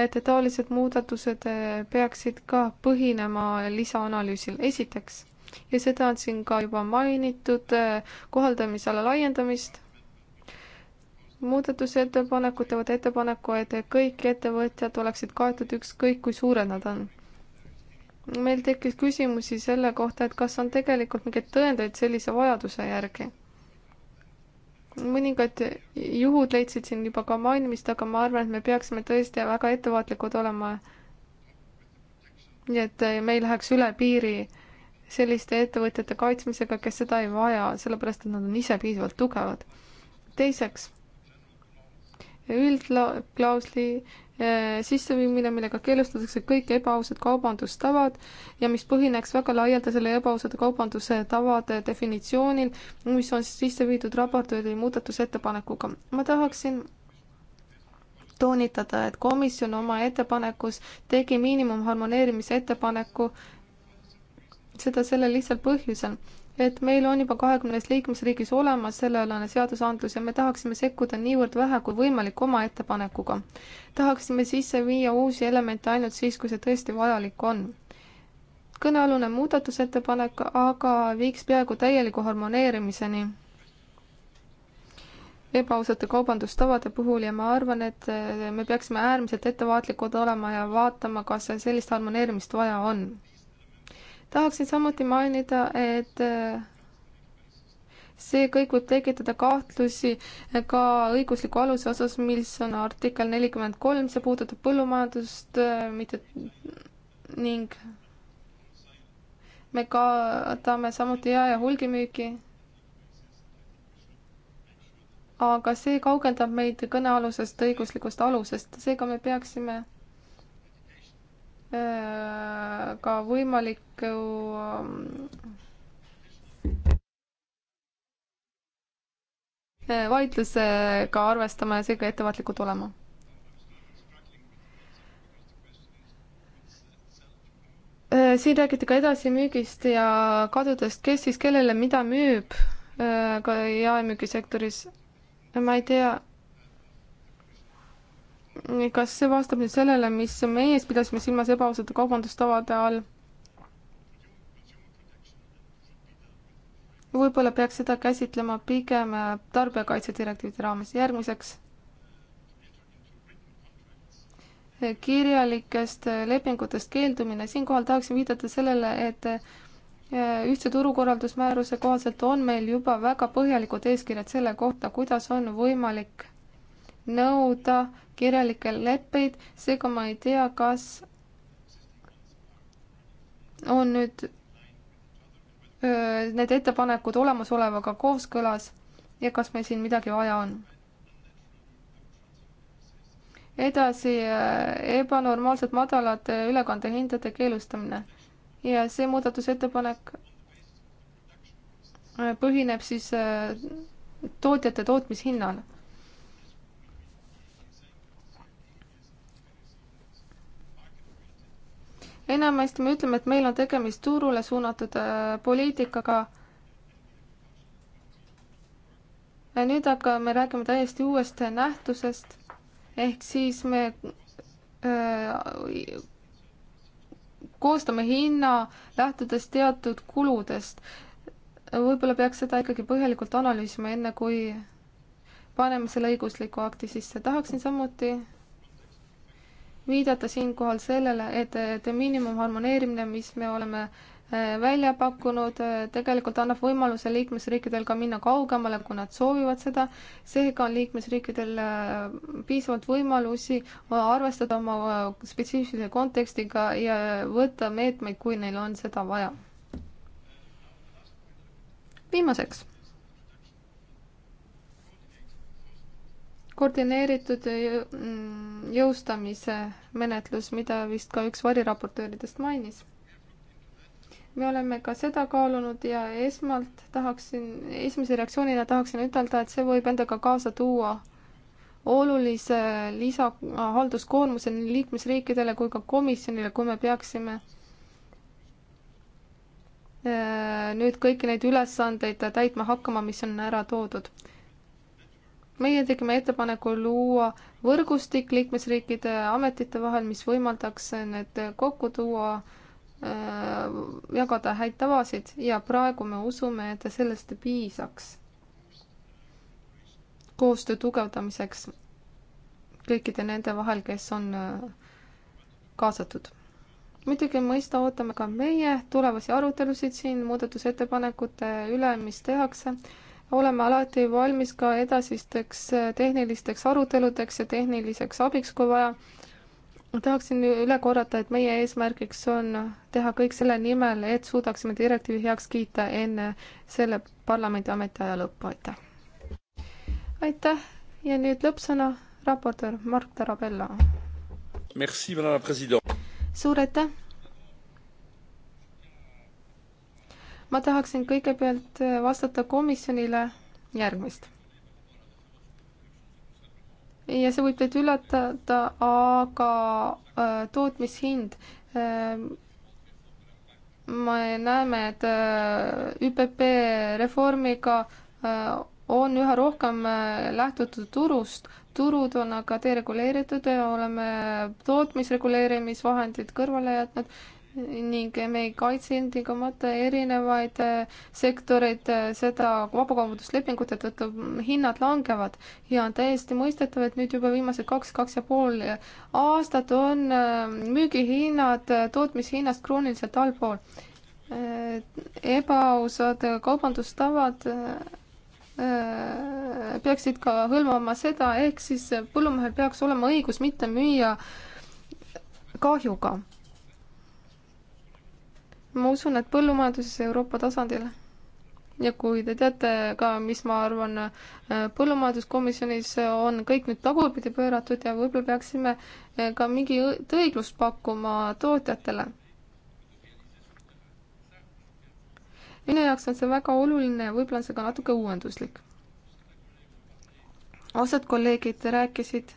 et taolised muudatused eh, peaksid ka põhinema lisaanalüüsil. esiteks, ja seda on siin ka juba mainitud, eh, kohaldamisala laiendamist. muudatusettepanekud teevad ettepaneku, et kõik ettevõtjad oleksid kaetud ükskõik kui suured nad on. meil tekkis küsimusi selle kohta, et kas on tegelikult mingeid tõendeid sellise vajaduse järgi mõningad juhud leidsid siin juba ka mainimist, aga ma arvan, et me peaksime tõesti väga ettevaatlikud olema. nii et me ei läheks üle piiri selliste ettevõtjate kaitsmisega, kes seda ei vaja, sellepärast et nad on ise piisavalt tugevad. teiseks, üldklausli Äh, sisseviimine, millega keelustatakse kõik ebaausad kaubandustavad ja mis põhineks väga laialdasele ebaausate kaubanduse tavade definitsioonil, mis on sisse viidud raportööri muudatusettepanekuga. ma tahaksin toonitada, et komisjon oma ettepanekus tegi miinimumharmoneerimise ettepaneku, seda sellel lihtsal põhjusel et meil on juba kahekümnes liikmesriigis olemas sellealane seadusandlus ja me tahaksime sekkuda niivõrd vähe kui võimalik oma ettepanekuga. tahaksime sisse viia uusi elemente ainult siis, kui see tõesti vajalik on. kõnealune muudatusettepanek aga viiks peaaegu täieliku harmoneerimiseni ebaausate kaubandustavade puhul ja ma arvan, et eh, me peaksime äärmiselt ettevaatlikud olema ja vaatama, kas sellist harmoneerimist vaja on tahaksin samuti mainida, et see kõik võib tekitada kahtlusi ka õigusliku aluse osas, mis on artikkel nelikümmend kolm, see puudutab põllumajandust, mitte ning me kaotame samuti jae- ja hulgimüügi. aga see kaugendab meid kõnealusest õiguslikust alusest, seega me peaksime Äh, ka võimaliku äh, äh, vaidlusega arvestama ja seega ettevaatlikud olema. siin räägiti ka edasimüügist ja kadudest, kes siis kellele mida müüb ka jaemüügisektoris. ma ei tea kas see vastab nüüd sellele, mis meie ees pidasime silmas ebaausate kaubandustavade all? võib-olla peaks seda käsitlema pigem äh, tarbijakaitse direktiivide raames. järgmiseks äh, kirjalikest äh, lepingutest keeldumine. siinkohal tahaksin viidata sellele, et ühtse turukorraldusmääruse kohaselt on meil juba väga põhjalikud eeskirjad selle kohta, kuidas on võimalik nõuda kirjalikke leppeid, seega ma ei tea, kas on nüüd öö, need ettepanekud olemasolevaga kooskõlas ja kas meil siin midagi vaja on. edasi ebanormaalselt madalate ülekandehindade keelustamine ja see muudatusettepanek põhineb siis tootjate tootmishinnal enamasti me ütleme, et meil on tegemist turule suunatud äh, poliitikaga. nüüd aga me räägime täiesti uuest nähtusest ehk siis me öö, äh, koostame hinna lähtudes teatud kuludest. võib-olla peaks seda ikkagi põhjalikult analüüsima, enne kui paneme selle õigusliku akti sisse. tahaksin samuti viidata siinkohal sellele, et de minimum harmoneerimine, mis me oleme äh, välja pakkunud, äh, tegelikult annab võimaluse liikmesriikidel ka minna kaugemale, kui nad soovivad seda. seega on liikmesriikidel äh, piisavalt võimalusi arvestada oma spetsiifilise kontekstiga ja võtta meetmeid, kui neil on seda vaja. viimaseks koordineeritud mm, jõustamise menetlus, mida vist ka üks variraportööridest mainis. me oleme ka seda kaalunud ja esmalt tahaksin, esimese reaktsioonina tahaksin ütelda, et see võib endaga kaasa tuua olulise lisa halduskoormuse nii liikmesriikidele kui ka komisjonile, kui me peaksime äh, nüüd kõiki neid ülesandeid täitma hakkama, mis on ära toodud meie tegime ettepaneku luua võrgustik liikmesriikide ametite vahel, mis võimaldaks need kokku tuua äh,, jagada häid tavasid ja praegu me usume, et sellest piisaks koostöö tugevdamiseks kõikide nende vahel, kes on äh, kaasatud. muidugi mõista ootame ka meie tulevasi arutelusid siin muudatusettepanekute üle, mis tehakse oleme alati valmis ka edasisteks äh, tehnilisteks aruteludeks ja tehniliseks abiks, kui vaja. tahaksin üle korrata, et meie eesmärgiks on teha kõik selle nimel, et suudaksime direktiivi heaks kiita enne selle parlamendi ametiaja lõppu, aitäh. aitäh ja nüüd lõppsõna, raportöör Mark Tarabella. suur aitäh ma tahaksin kõigepealt äh, vastata komisjonile järgmist. ja see võib teid üllatada, aga äh, tootmishind äh, me näeme, et äh, ÜPP reformiga äh, on üha rohkem äh, lähtutud turust, turud on aga dereguleeritud ja oleme tootmisreguleerimisvahendid kõrvale jätnud ning me ei kaitse ilmtingimata erinevaid äh, sektoreid äh, seda vabakaubanduslepingute tõttu hinnad langevad ja on täiesti mõistetav, et nüüd juba viimased kaks, kaks ja pool aastat on äh, müügihinnad tootmishinnast krooniliselt allpool. ebaausad kaubandustavad peaksid ka hõlmama seda, ehk siis põllumehel peaks olema õigus mitte müüa kahjuga ma usun, et põllumajanduses Euroopa tasandil ja kui te teate ka, mis ma arvan, äh, põllumajanduskomisjonis on kõik nüüd tagurpidi pööratud ja võib-olla peaksime äh, ka mingi õiglust pakkuma tootjatele. minu jaoks on see väga oluline, võib-olla on see ka natuke uuenduslik. osad kolleegid rääkisid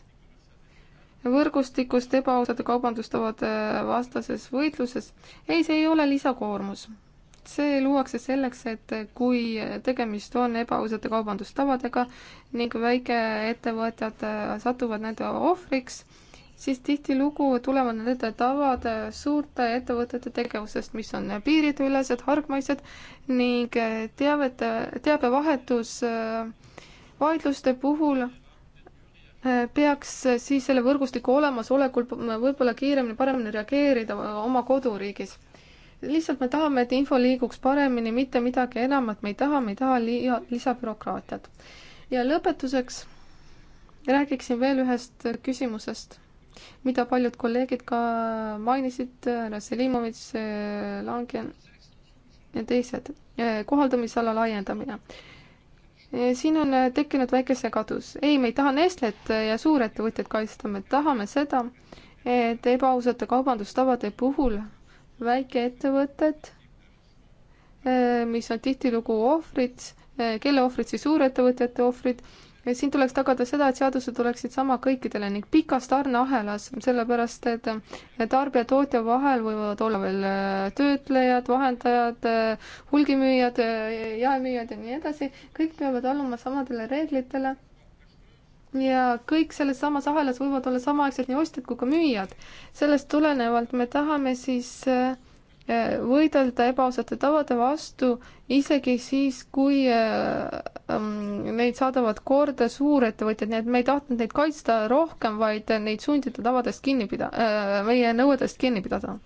võrgustikust ebaausate kaubandustavade äh, vastases võitluses. ei, see ei ole lisakoormus. see luuakse selleks, et kui tegemist on ebaausate kaubandustavadega ning väikeettevõtjad äh, satuvad nende ohvriks, siis tihtilugu tulevad nende tavad äh, suurte ettevõtete tegevusest, mis on piirideülesed, hargmaised ning teavete, teabevahetus vaidluste puhul peaks siis selle võrgustiku olemasolekul võib-olla kiiremini, paremini reageerida oma koduriigis. lihtsalt me tahame, et info liiguks paremini, mitte midagi enamat me ei taha, me ei taha liia, lisabürokraatiat. ja lõpetuseks räägiksin veel ühest küsimusest, mida paljud kolleegid ka mainisid, härra Selimovitš, Langen ja teised, kohaldamisala laiendamine siin on äh, tekkinud väike segadus. ei, me ei taha Nestlet äh, ja suurettevõtjaid kaitsta, me tahame seda, et ebaausate kaubandustavade puhul väikeettevõtted, äh, mis on tihtilugu ohvrid, kelle ohvrid siis suurettevõtjate ohvrid, ja siin tuleks tagada seda, et seadused oleksid sama kõikidele ning pikas tarneahelas, sellepärast et tarbija, tootja vahel võivad olla veel äh, töötlejad, vahendajad, äh, hulgimüüjad, äh, jaemüüjad ja nii edasi, kõik peavad alluma samadele reeglitele. ja kõik selles samas ahelas võivad olla samaaegselt nii ostjad kui ka müüjad. sellest tulenevalt me tahame siis äh, Äh, võidelda ebaausate tavade vastu isegi siis, kui äh, ähm, neid saadavad korda suurettevõtjad, nii et me ei tahtnud neid kaitsta rohkem, vaid neid sundida tavadest kinni pida-, äh, meie nõuetest kinni pidada.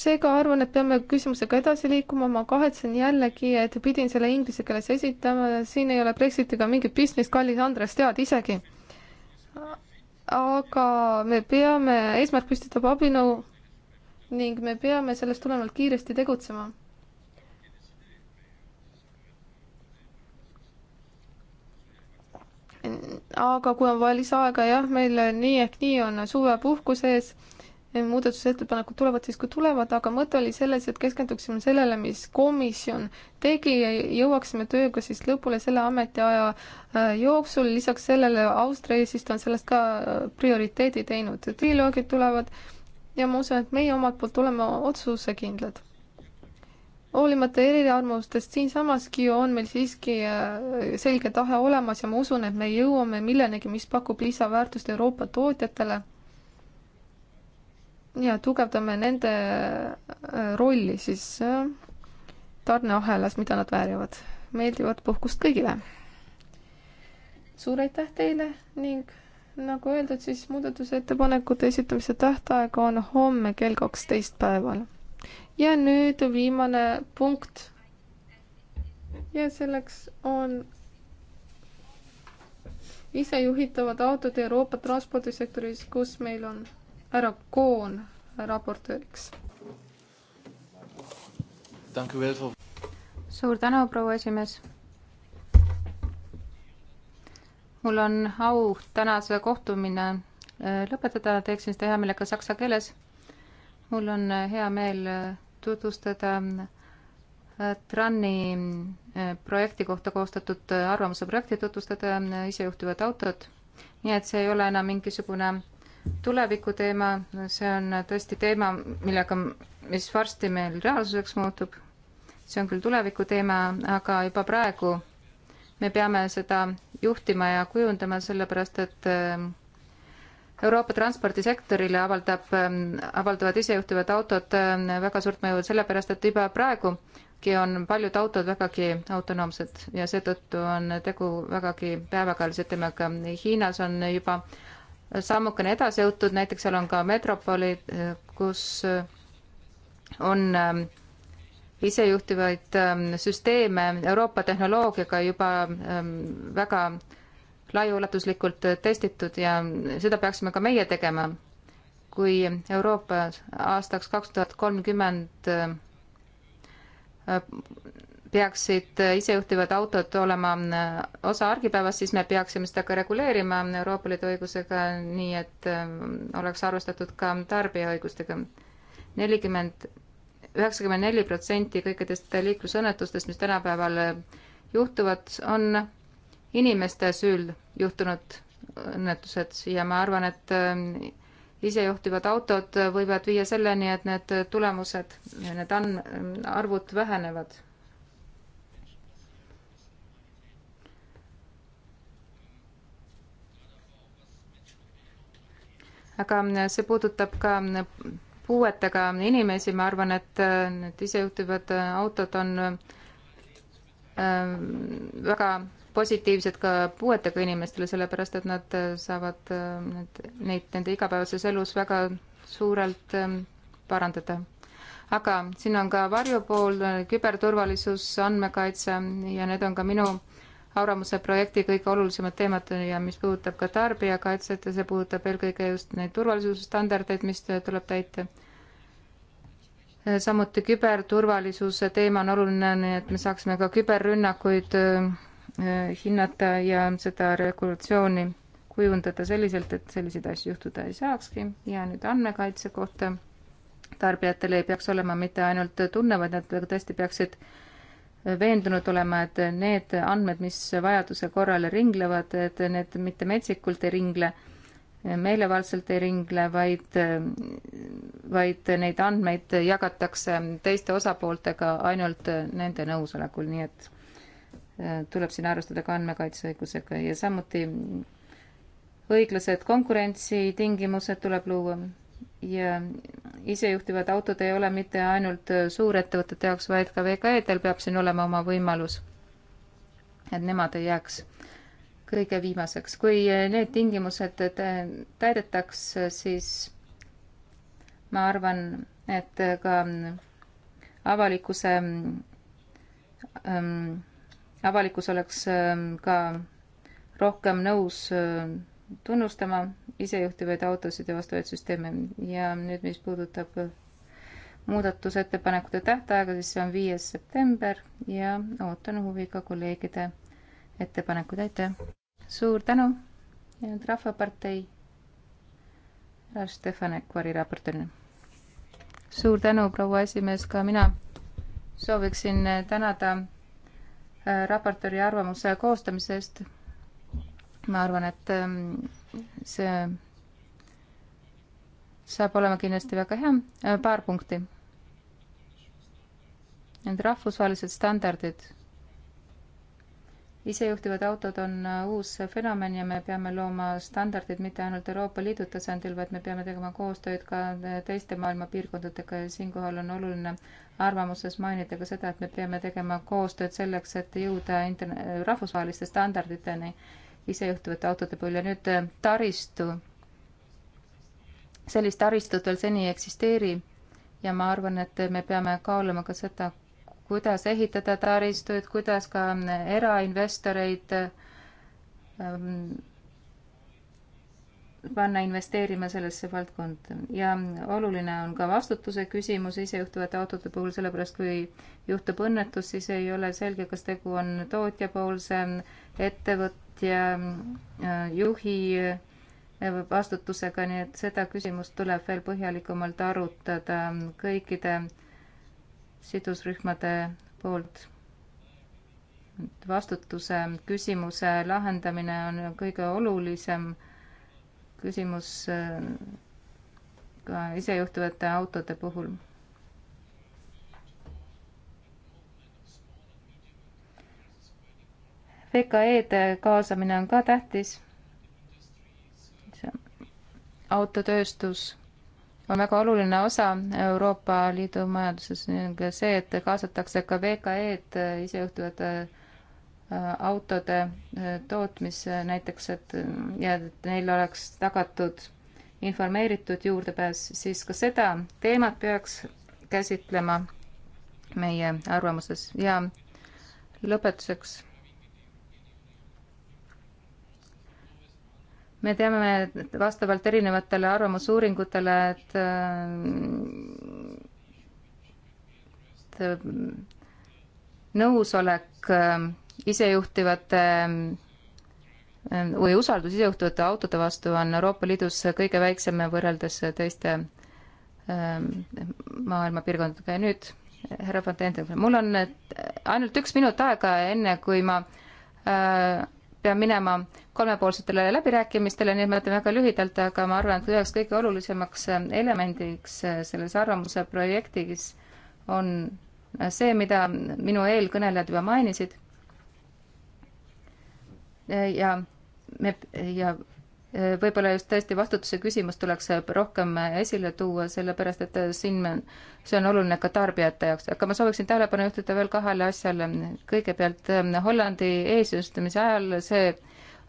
seega arvan, et peame küsimusega edasi liikuma, ma kahetsen jällegi, et pidin selle inglise keeles esitama, siin ei ole Brexitiga mingit pistmist, kallis Andres, tead isegi aga me peame, eesmärk püstitab abinõu ning me peame sellest tulenevalt kiiresti tegutsema. aga kui on vaja lisaaega, jah, meil nii ehk nii on suvepuhkus ees muudatusettepanekud tulevad siis, kui tulevad, aga mõte oli selles, et keskenduksime sellele, mis komisjon tegi ja jõuaksime tööga siis lõpule selle ametiaja äh, jooksul, lisaks sellele Austria eesistuja on sellest ka äh, prioriteedi teinud, triloogid tulevad ja ma usun, et meie omalt poolt oleme otsusekindlad. hoolimata eriarvamustest siinsamaski on meil siiski äh, selge tahe olemas ja ma usun, et me jõuame millenegi, mis pakub lisaväärtust Euroopa tootjatele ja tugevdame nende äh, rolli siis äh, tarneahelas, mida nad väärivad. meeldivat puhkust kõigile! suur aitäh teile ning nagu öeldud, siis muudatusettepanekute esitamise tähtaeg on homme kell kaksteist päeval. ja nüüd viimane punkt. ja selleks on isejuhitavad autod Euroopa transpordisektoris, kus meil on härra Koon raportööriks. suur tänu, proua esimees. mul on au tänase kohtumine äh, lõpetada, teeksin seda hea meelega saksa keeles. mul on äh, hea meel äh, tutvustada TRAN-i projekti kohta koostatud arvamuse projekti tutvustada isejuhtivat autot. nii et see ei ole enam mingisugune tulevikuteema, see on tõesti teema, millega, mis varsti meil reaalsuseks muutub. see on küll tulevikuteema, aga juba praegu me peame seda juhtima ja kujundama, sellepärast et äh, Euroopa transpordisektorile avaldab, ähm, avaldavad isejuhtivad autod äh, väga suurt mõju, sellepärast et juba praegugi on paljud autod vägagi autonoomsed ja seetõttu on tegu vägagi päevakajalise teemaga. Hiinas on juba sammukene edasi jõutud, näiteks seal on ka metropolid, kus on ähm, isejuhtivaid ähm, süsteeme Euroopa tehnoloogiaga juba ähm, väga laiaulatuslikult äh, testitud ja seda peaksime ka meie tegema. kui Euroopa aastaks kaks tuhat kolmkümmend äh, peaksid isejuhtivad autod olema äh, osa argipäevast, siis me peaksime seda ka reguleerima Euroopa Liidu õigusega, nii et äh, oleks arvestatud ka tarbija õigustega. nelikümmend, üheksakümmend neli protsenti kõikidest liiklusõnnetustest, mis tänapäeval äh, juhtuvad, on inimeste süül juhtunud õnnetused ja ma arvan, et isejuhtivad autod võivad viia selleni, et need tulemused, need arvud vähenevad aga mm, see puudutab ka mm, puuetega inimesi, ma arvan, et mm, need isejuhtivad autod on väga positiivsed ka puuetega inimestele, sellepärast et nad saavad need, neid nende igapäevases elus väga suurelt parandada. aga siin on ka varjupool, küberturvalisus, andmekaitse ja need on ka minu arvamuse projekti kõige olulisemad teemad ja mis puudutab ka tarbijakaitset ja see puudutab eelkõige just neid turvalisusstandardeid, mis tuleb täita. samuti küberturvalisuse teema on oluline, nii et me saaksime ka küberrünnakuid äh, hinnata ja seda regulatsiooni kujundada selliselt, et selliseid asju juhtuda ei saakski ja nüüd andmekaitse kohta tarbijatel ei peaks olema mitte ainult tunne, vaid nad tõesti peaksid äh, veendunud olema, et need andmed, mis vajaduse korral ringlevad, et need mitte metsikult ei ringle, meelevaldselt ei ringle, vaid, vaid neid andmeid jagatakse teiste osapooltega ainult nende nõusolekul, nii et äh, tuleb siin arvestada ka andmekaitseõigusega ja samuti õiglased konkurentsitingimused tuleb luua ja isejuhtivad autod ei ole mitte ainult suurettevõtete jaoks, vaid ka VKE-del peab siin olema oma võimalus. et nemad ei jääks kõige viimaseks. kui need tingimused täidetaks, siis ma arvan, et ka avalikkuse ähm,, avalikkus oleks ähm, ka rohkem nõus ähm, tunnustama isejuhtivaid autosid ja vastavaid süsteeme ja nüüd, mis puudutab muudatusettepanekute tähtaega, siis see on viies september ja ootan huviga kolleegide ettepanekuid, aitäh! suur tänu ja nüüd Rahvapartei, härra Stefanek, variraportöörne. suur tänu, proua esimees, ka mina sooviksin tänada äh, raportööri arvamuse koostamise eest ma arvan, et ähm, see saab olema kindlasti väga hea. Äh, paar punkti. Need rahvusvahelised standardid. isejuhtivad autod on äh, uus fenomen ja me peame looma standardid mitte ainult Euroopa Liidu tasandil, vaid me peame tegema koostööd ka äh, teiste maailma piirkondadega ja siinkohal on oluline arvamuses mainida ka seda, et me peame tegema koostööd selleks, et jõuda interne-, rahvusvaheliste standarditeni isejuhtivate autode puhul ja nüüd äh, taristu. sellist taristut veel seni ei eksisteeri ja ma arvan, et me peame kaaluma ka seda, kuidas ehitada taristuid, kuidas ka äh, erainvestoreid ähm, panna investeerima sellesse valdkonda ja oluline on ka vastutuse küsimus isejuhtuvate autode puhul, sellepärast kui juhtub õnnetus, siis ei ole selge, kas tegu on tootjapoolse ettevõtja äh, juhi äh, vastutusega, nii et seda küsimust tuleb veel põhjalikumalt arutada kõikide sidusrühmade poolt. vastutuse küsimuse lahendamine on kõige olulisem küsimus äh, ka isejuhtuvate autode puhul VKE-de kaasamine on ka tähtis. autotööstus on väga oluline osa Euroopa Liidu majanduses ning see, et kaasatakse ka VKE-d äh, isejuhtivate äh, autode äh, tootmisse näiteks, et ja et neil oleks tagatud informeeritud juurdepääs, siis ka seda teemat peaks käsitlema meie arvamuses ja lõpetuseks me teame, et vastavalt erinevatele arvamusuuringutele, et et nõusolek äh, isejuhtivate äh, või usaldus isejuhtuvate autode vastu on Euroopa Liidus kõige väiksem võrreldes teiste äh, maailma piirkondadega ja nüüd härra Fontaine, mul on ainult üks minut aega, enne kui ma äh, pean minema kolmepoolsetele läbirääkimistele, nii et ma ütlen väga lühidalt, aga ma arvan, et üheks kõige olulisemaks äh, elemendiks äh, selles arvamuse projektis on äh, see, mida minu eelkõnelejad juba mainisid. ja me ja võib-olla just tõesti vastutuse küsimus tuleks rohkem esile tuua, sellepärast et siin see on oluline ka tarbijate jaoks, aga ma sooviksin tähelepanu juhtida veel kahele asjale. kõigepealt Hollandi eesistumise ajal see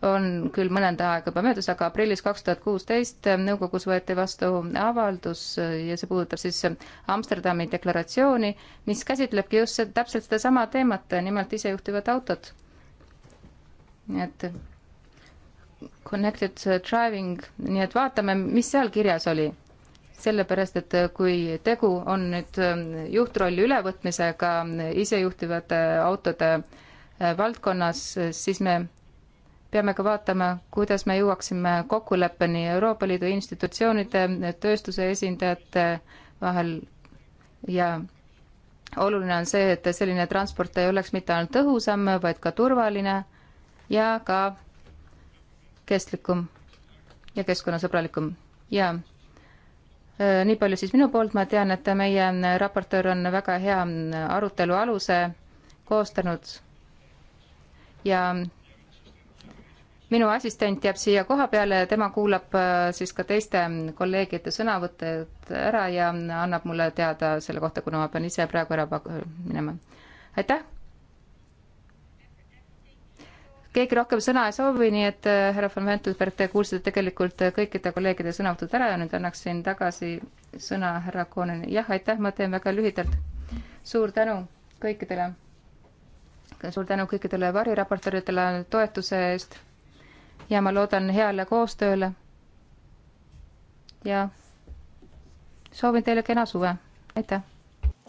on küll mõnda aega juba möödas, aga aprillis kaks tuhat kuusteist nõukogus võeti vastu avaldus ja see puudutab siis Amsterdami deklaratsiooni, mis käsitlebki just täpselt sedasama teemat, nimelt isejuhtivat autot. nii et Connected uh, Driving, nii et vaatame, mis seal kirjas oli. sellepärast, et äh, kui tegu on nüüd ähm, juhtrolli ülevõtmisega äh, isejuhtivate autode äh, valdkonnas, siis me peame ka vaatama, kuidas me jõuaksime kokkuleppeni Euroopa Liidu institutsioonide, tööstuse esindajate vahel ja oluline on see, et selline transport ei oleks mitte ainult tõhusam, vaid ka turvaline ja ka kestlikum ja keskkonnasõbralikum ja äh, nii palju siis minu poolt, ma tean, et meie raportöör on väga hea arutelu aluse koostanud ja minu assistent jääb siia koha peale, tema kuulab äh, siis ka teiste kolleegide sõnavõtted ära ja annab mulle teada selle kohta, kuna ma pean ise praegu ära minema. aitäh keegi rohkem sõna ei soovi, nii et äh, härra von Ventelberg, te kuulsite tegelikult äh, kõikide kolleegide sõnavõtud ära ja nüüd annaksin tagasi sõna härra Kooneni. jah, aitäh, ma teen väga lühidalt. suur tänu kõikidele, suur tänu kõikidele variraportööridele toetuse eest ja ma loodan heale koostööle. ja soovin teile kena suve, aitäh!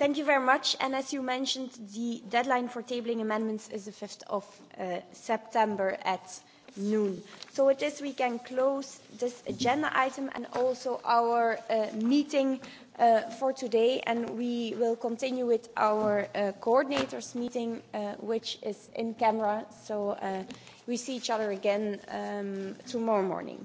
Thank you very much. And as you mentioned, the deadline for tabling amendments is the 5th of uh, September at noon. So with this, we can close this agenda item and also our uh, meeting uh, for today. And we will continue with our uh, coordinators meeting, uh, which is in camera. So uh, we see each other again um, tomorrow morning.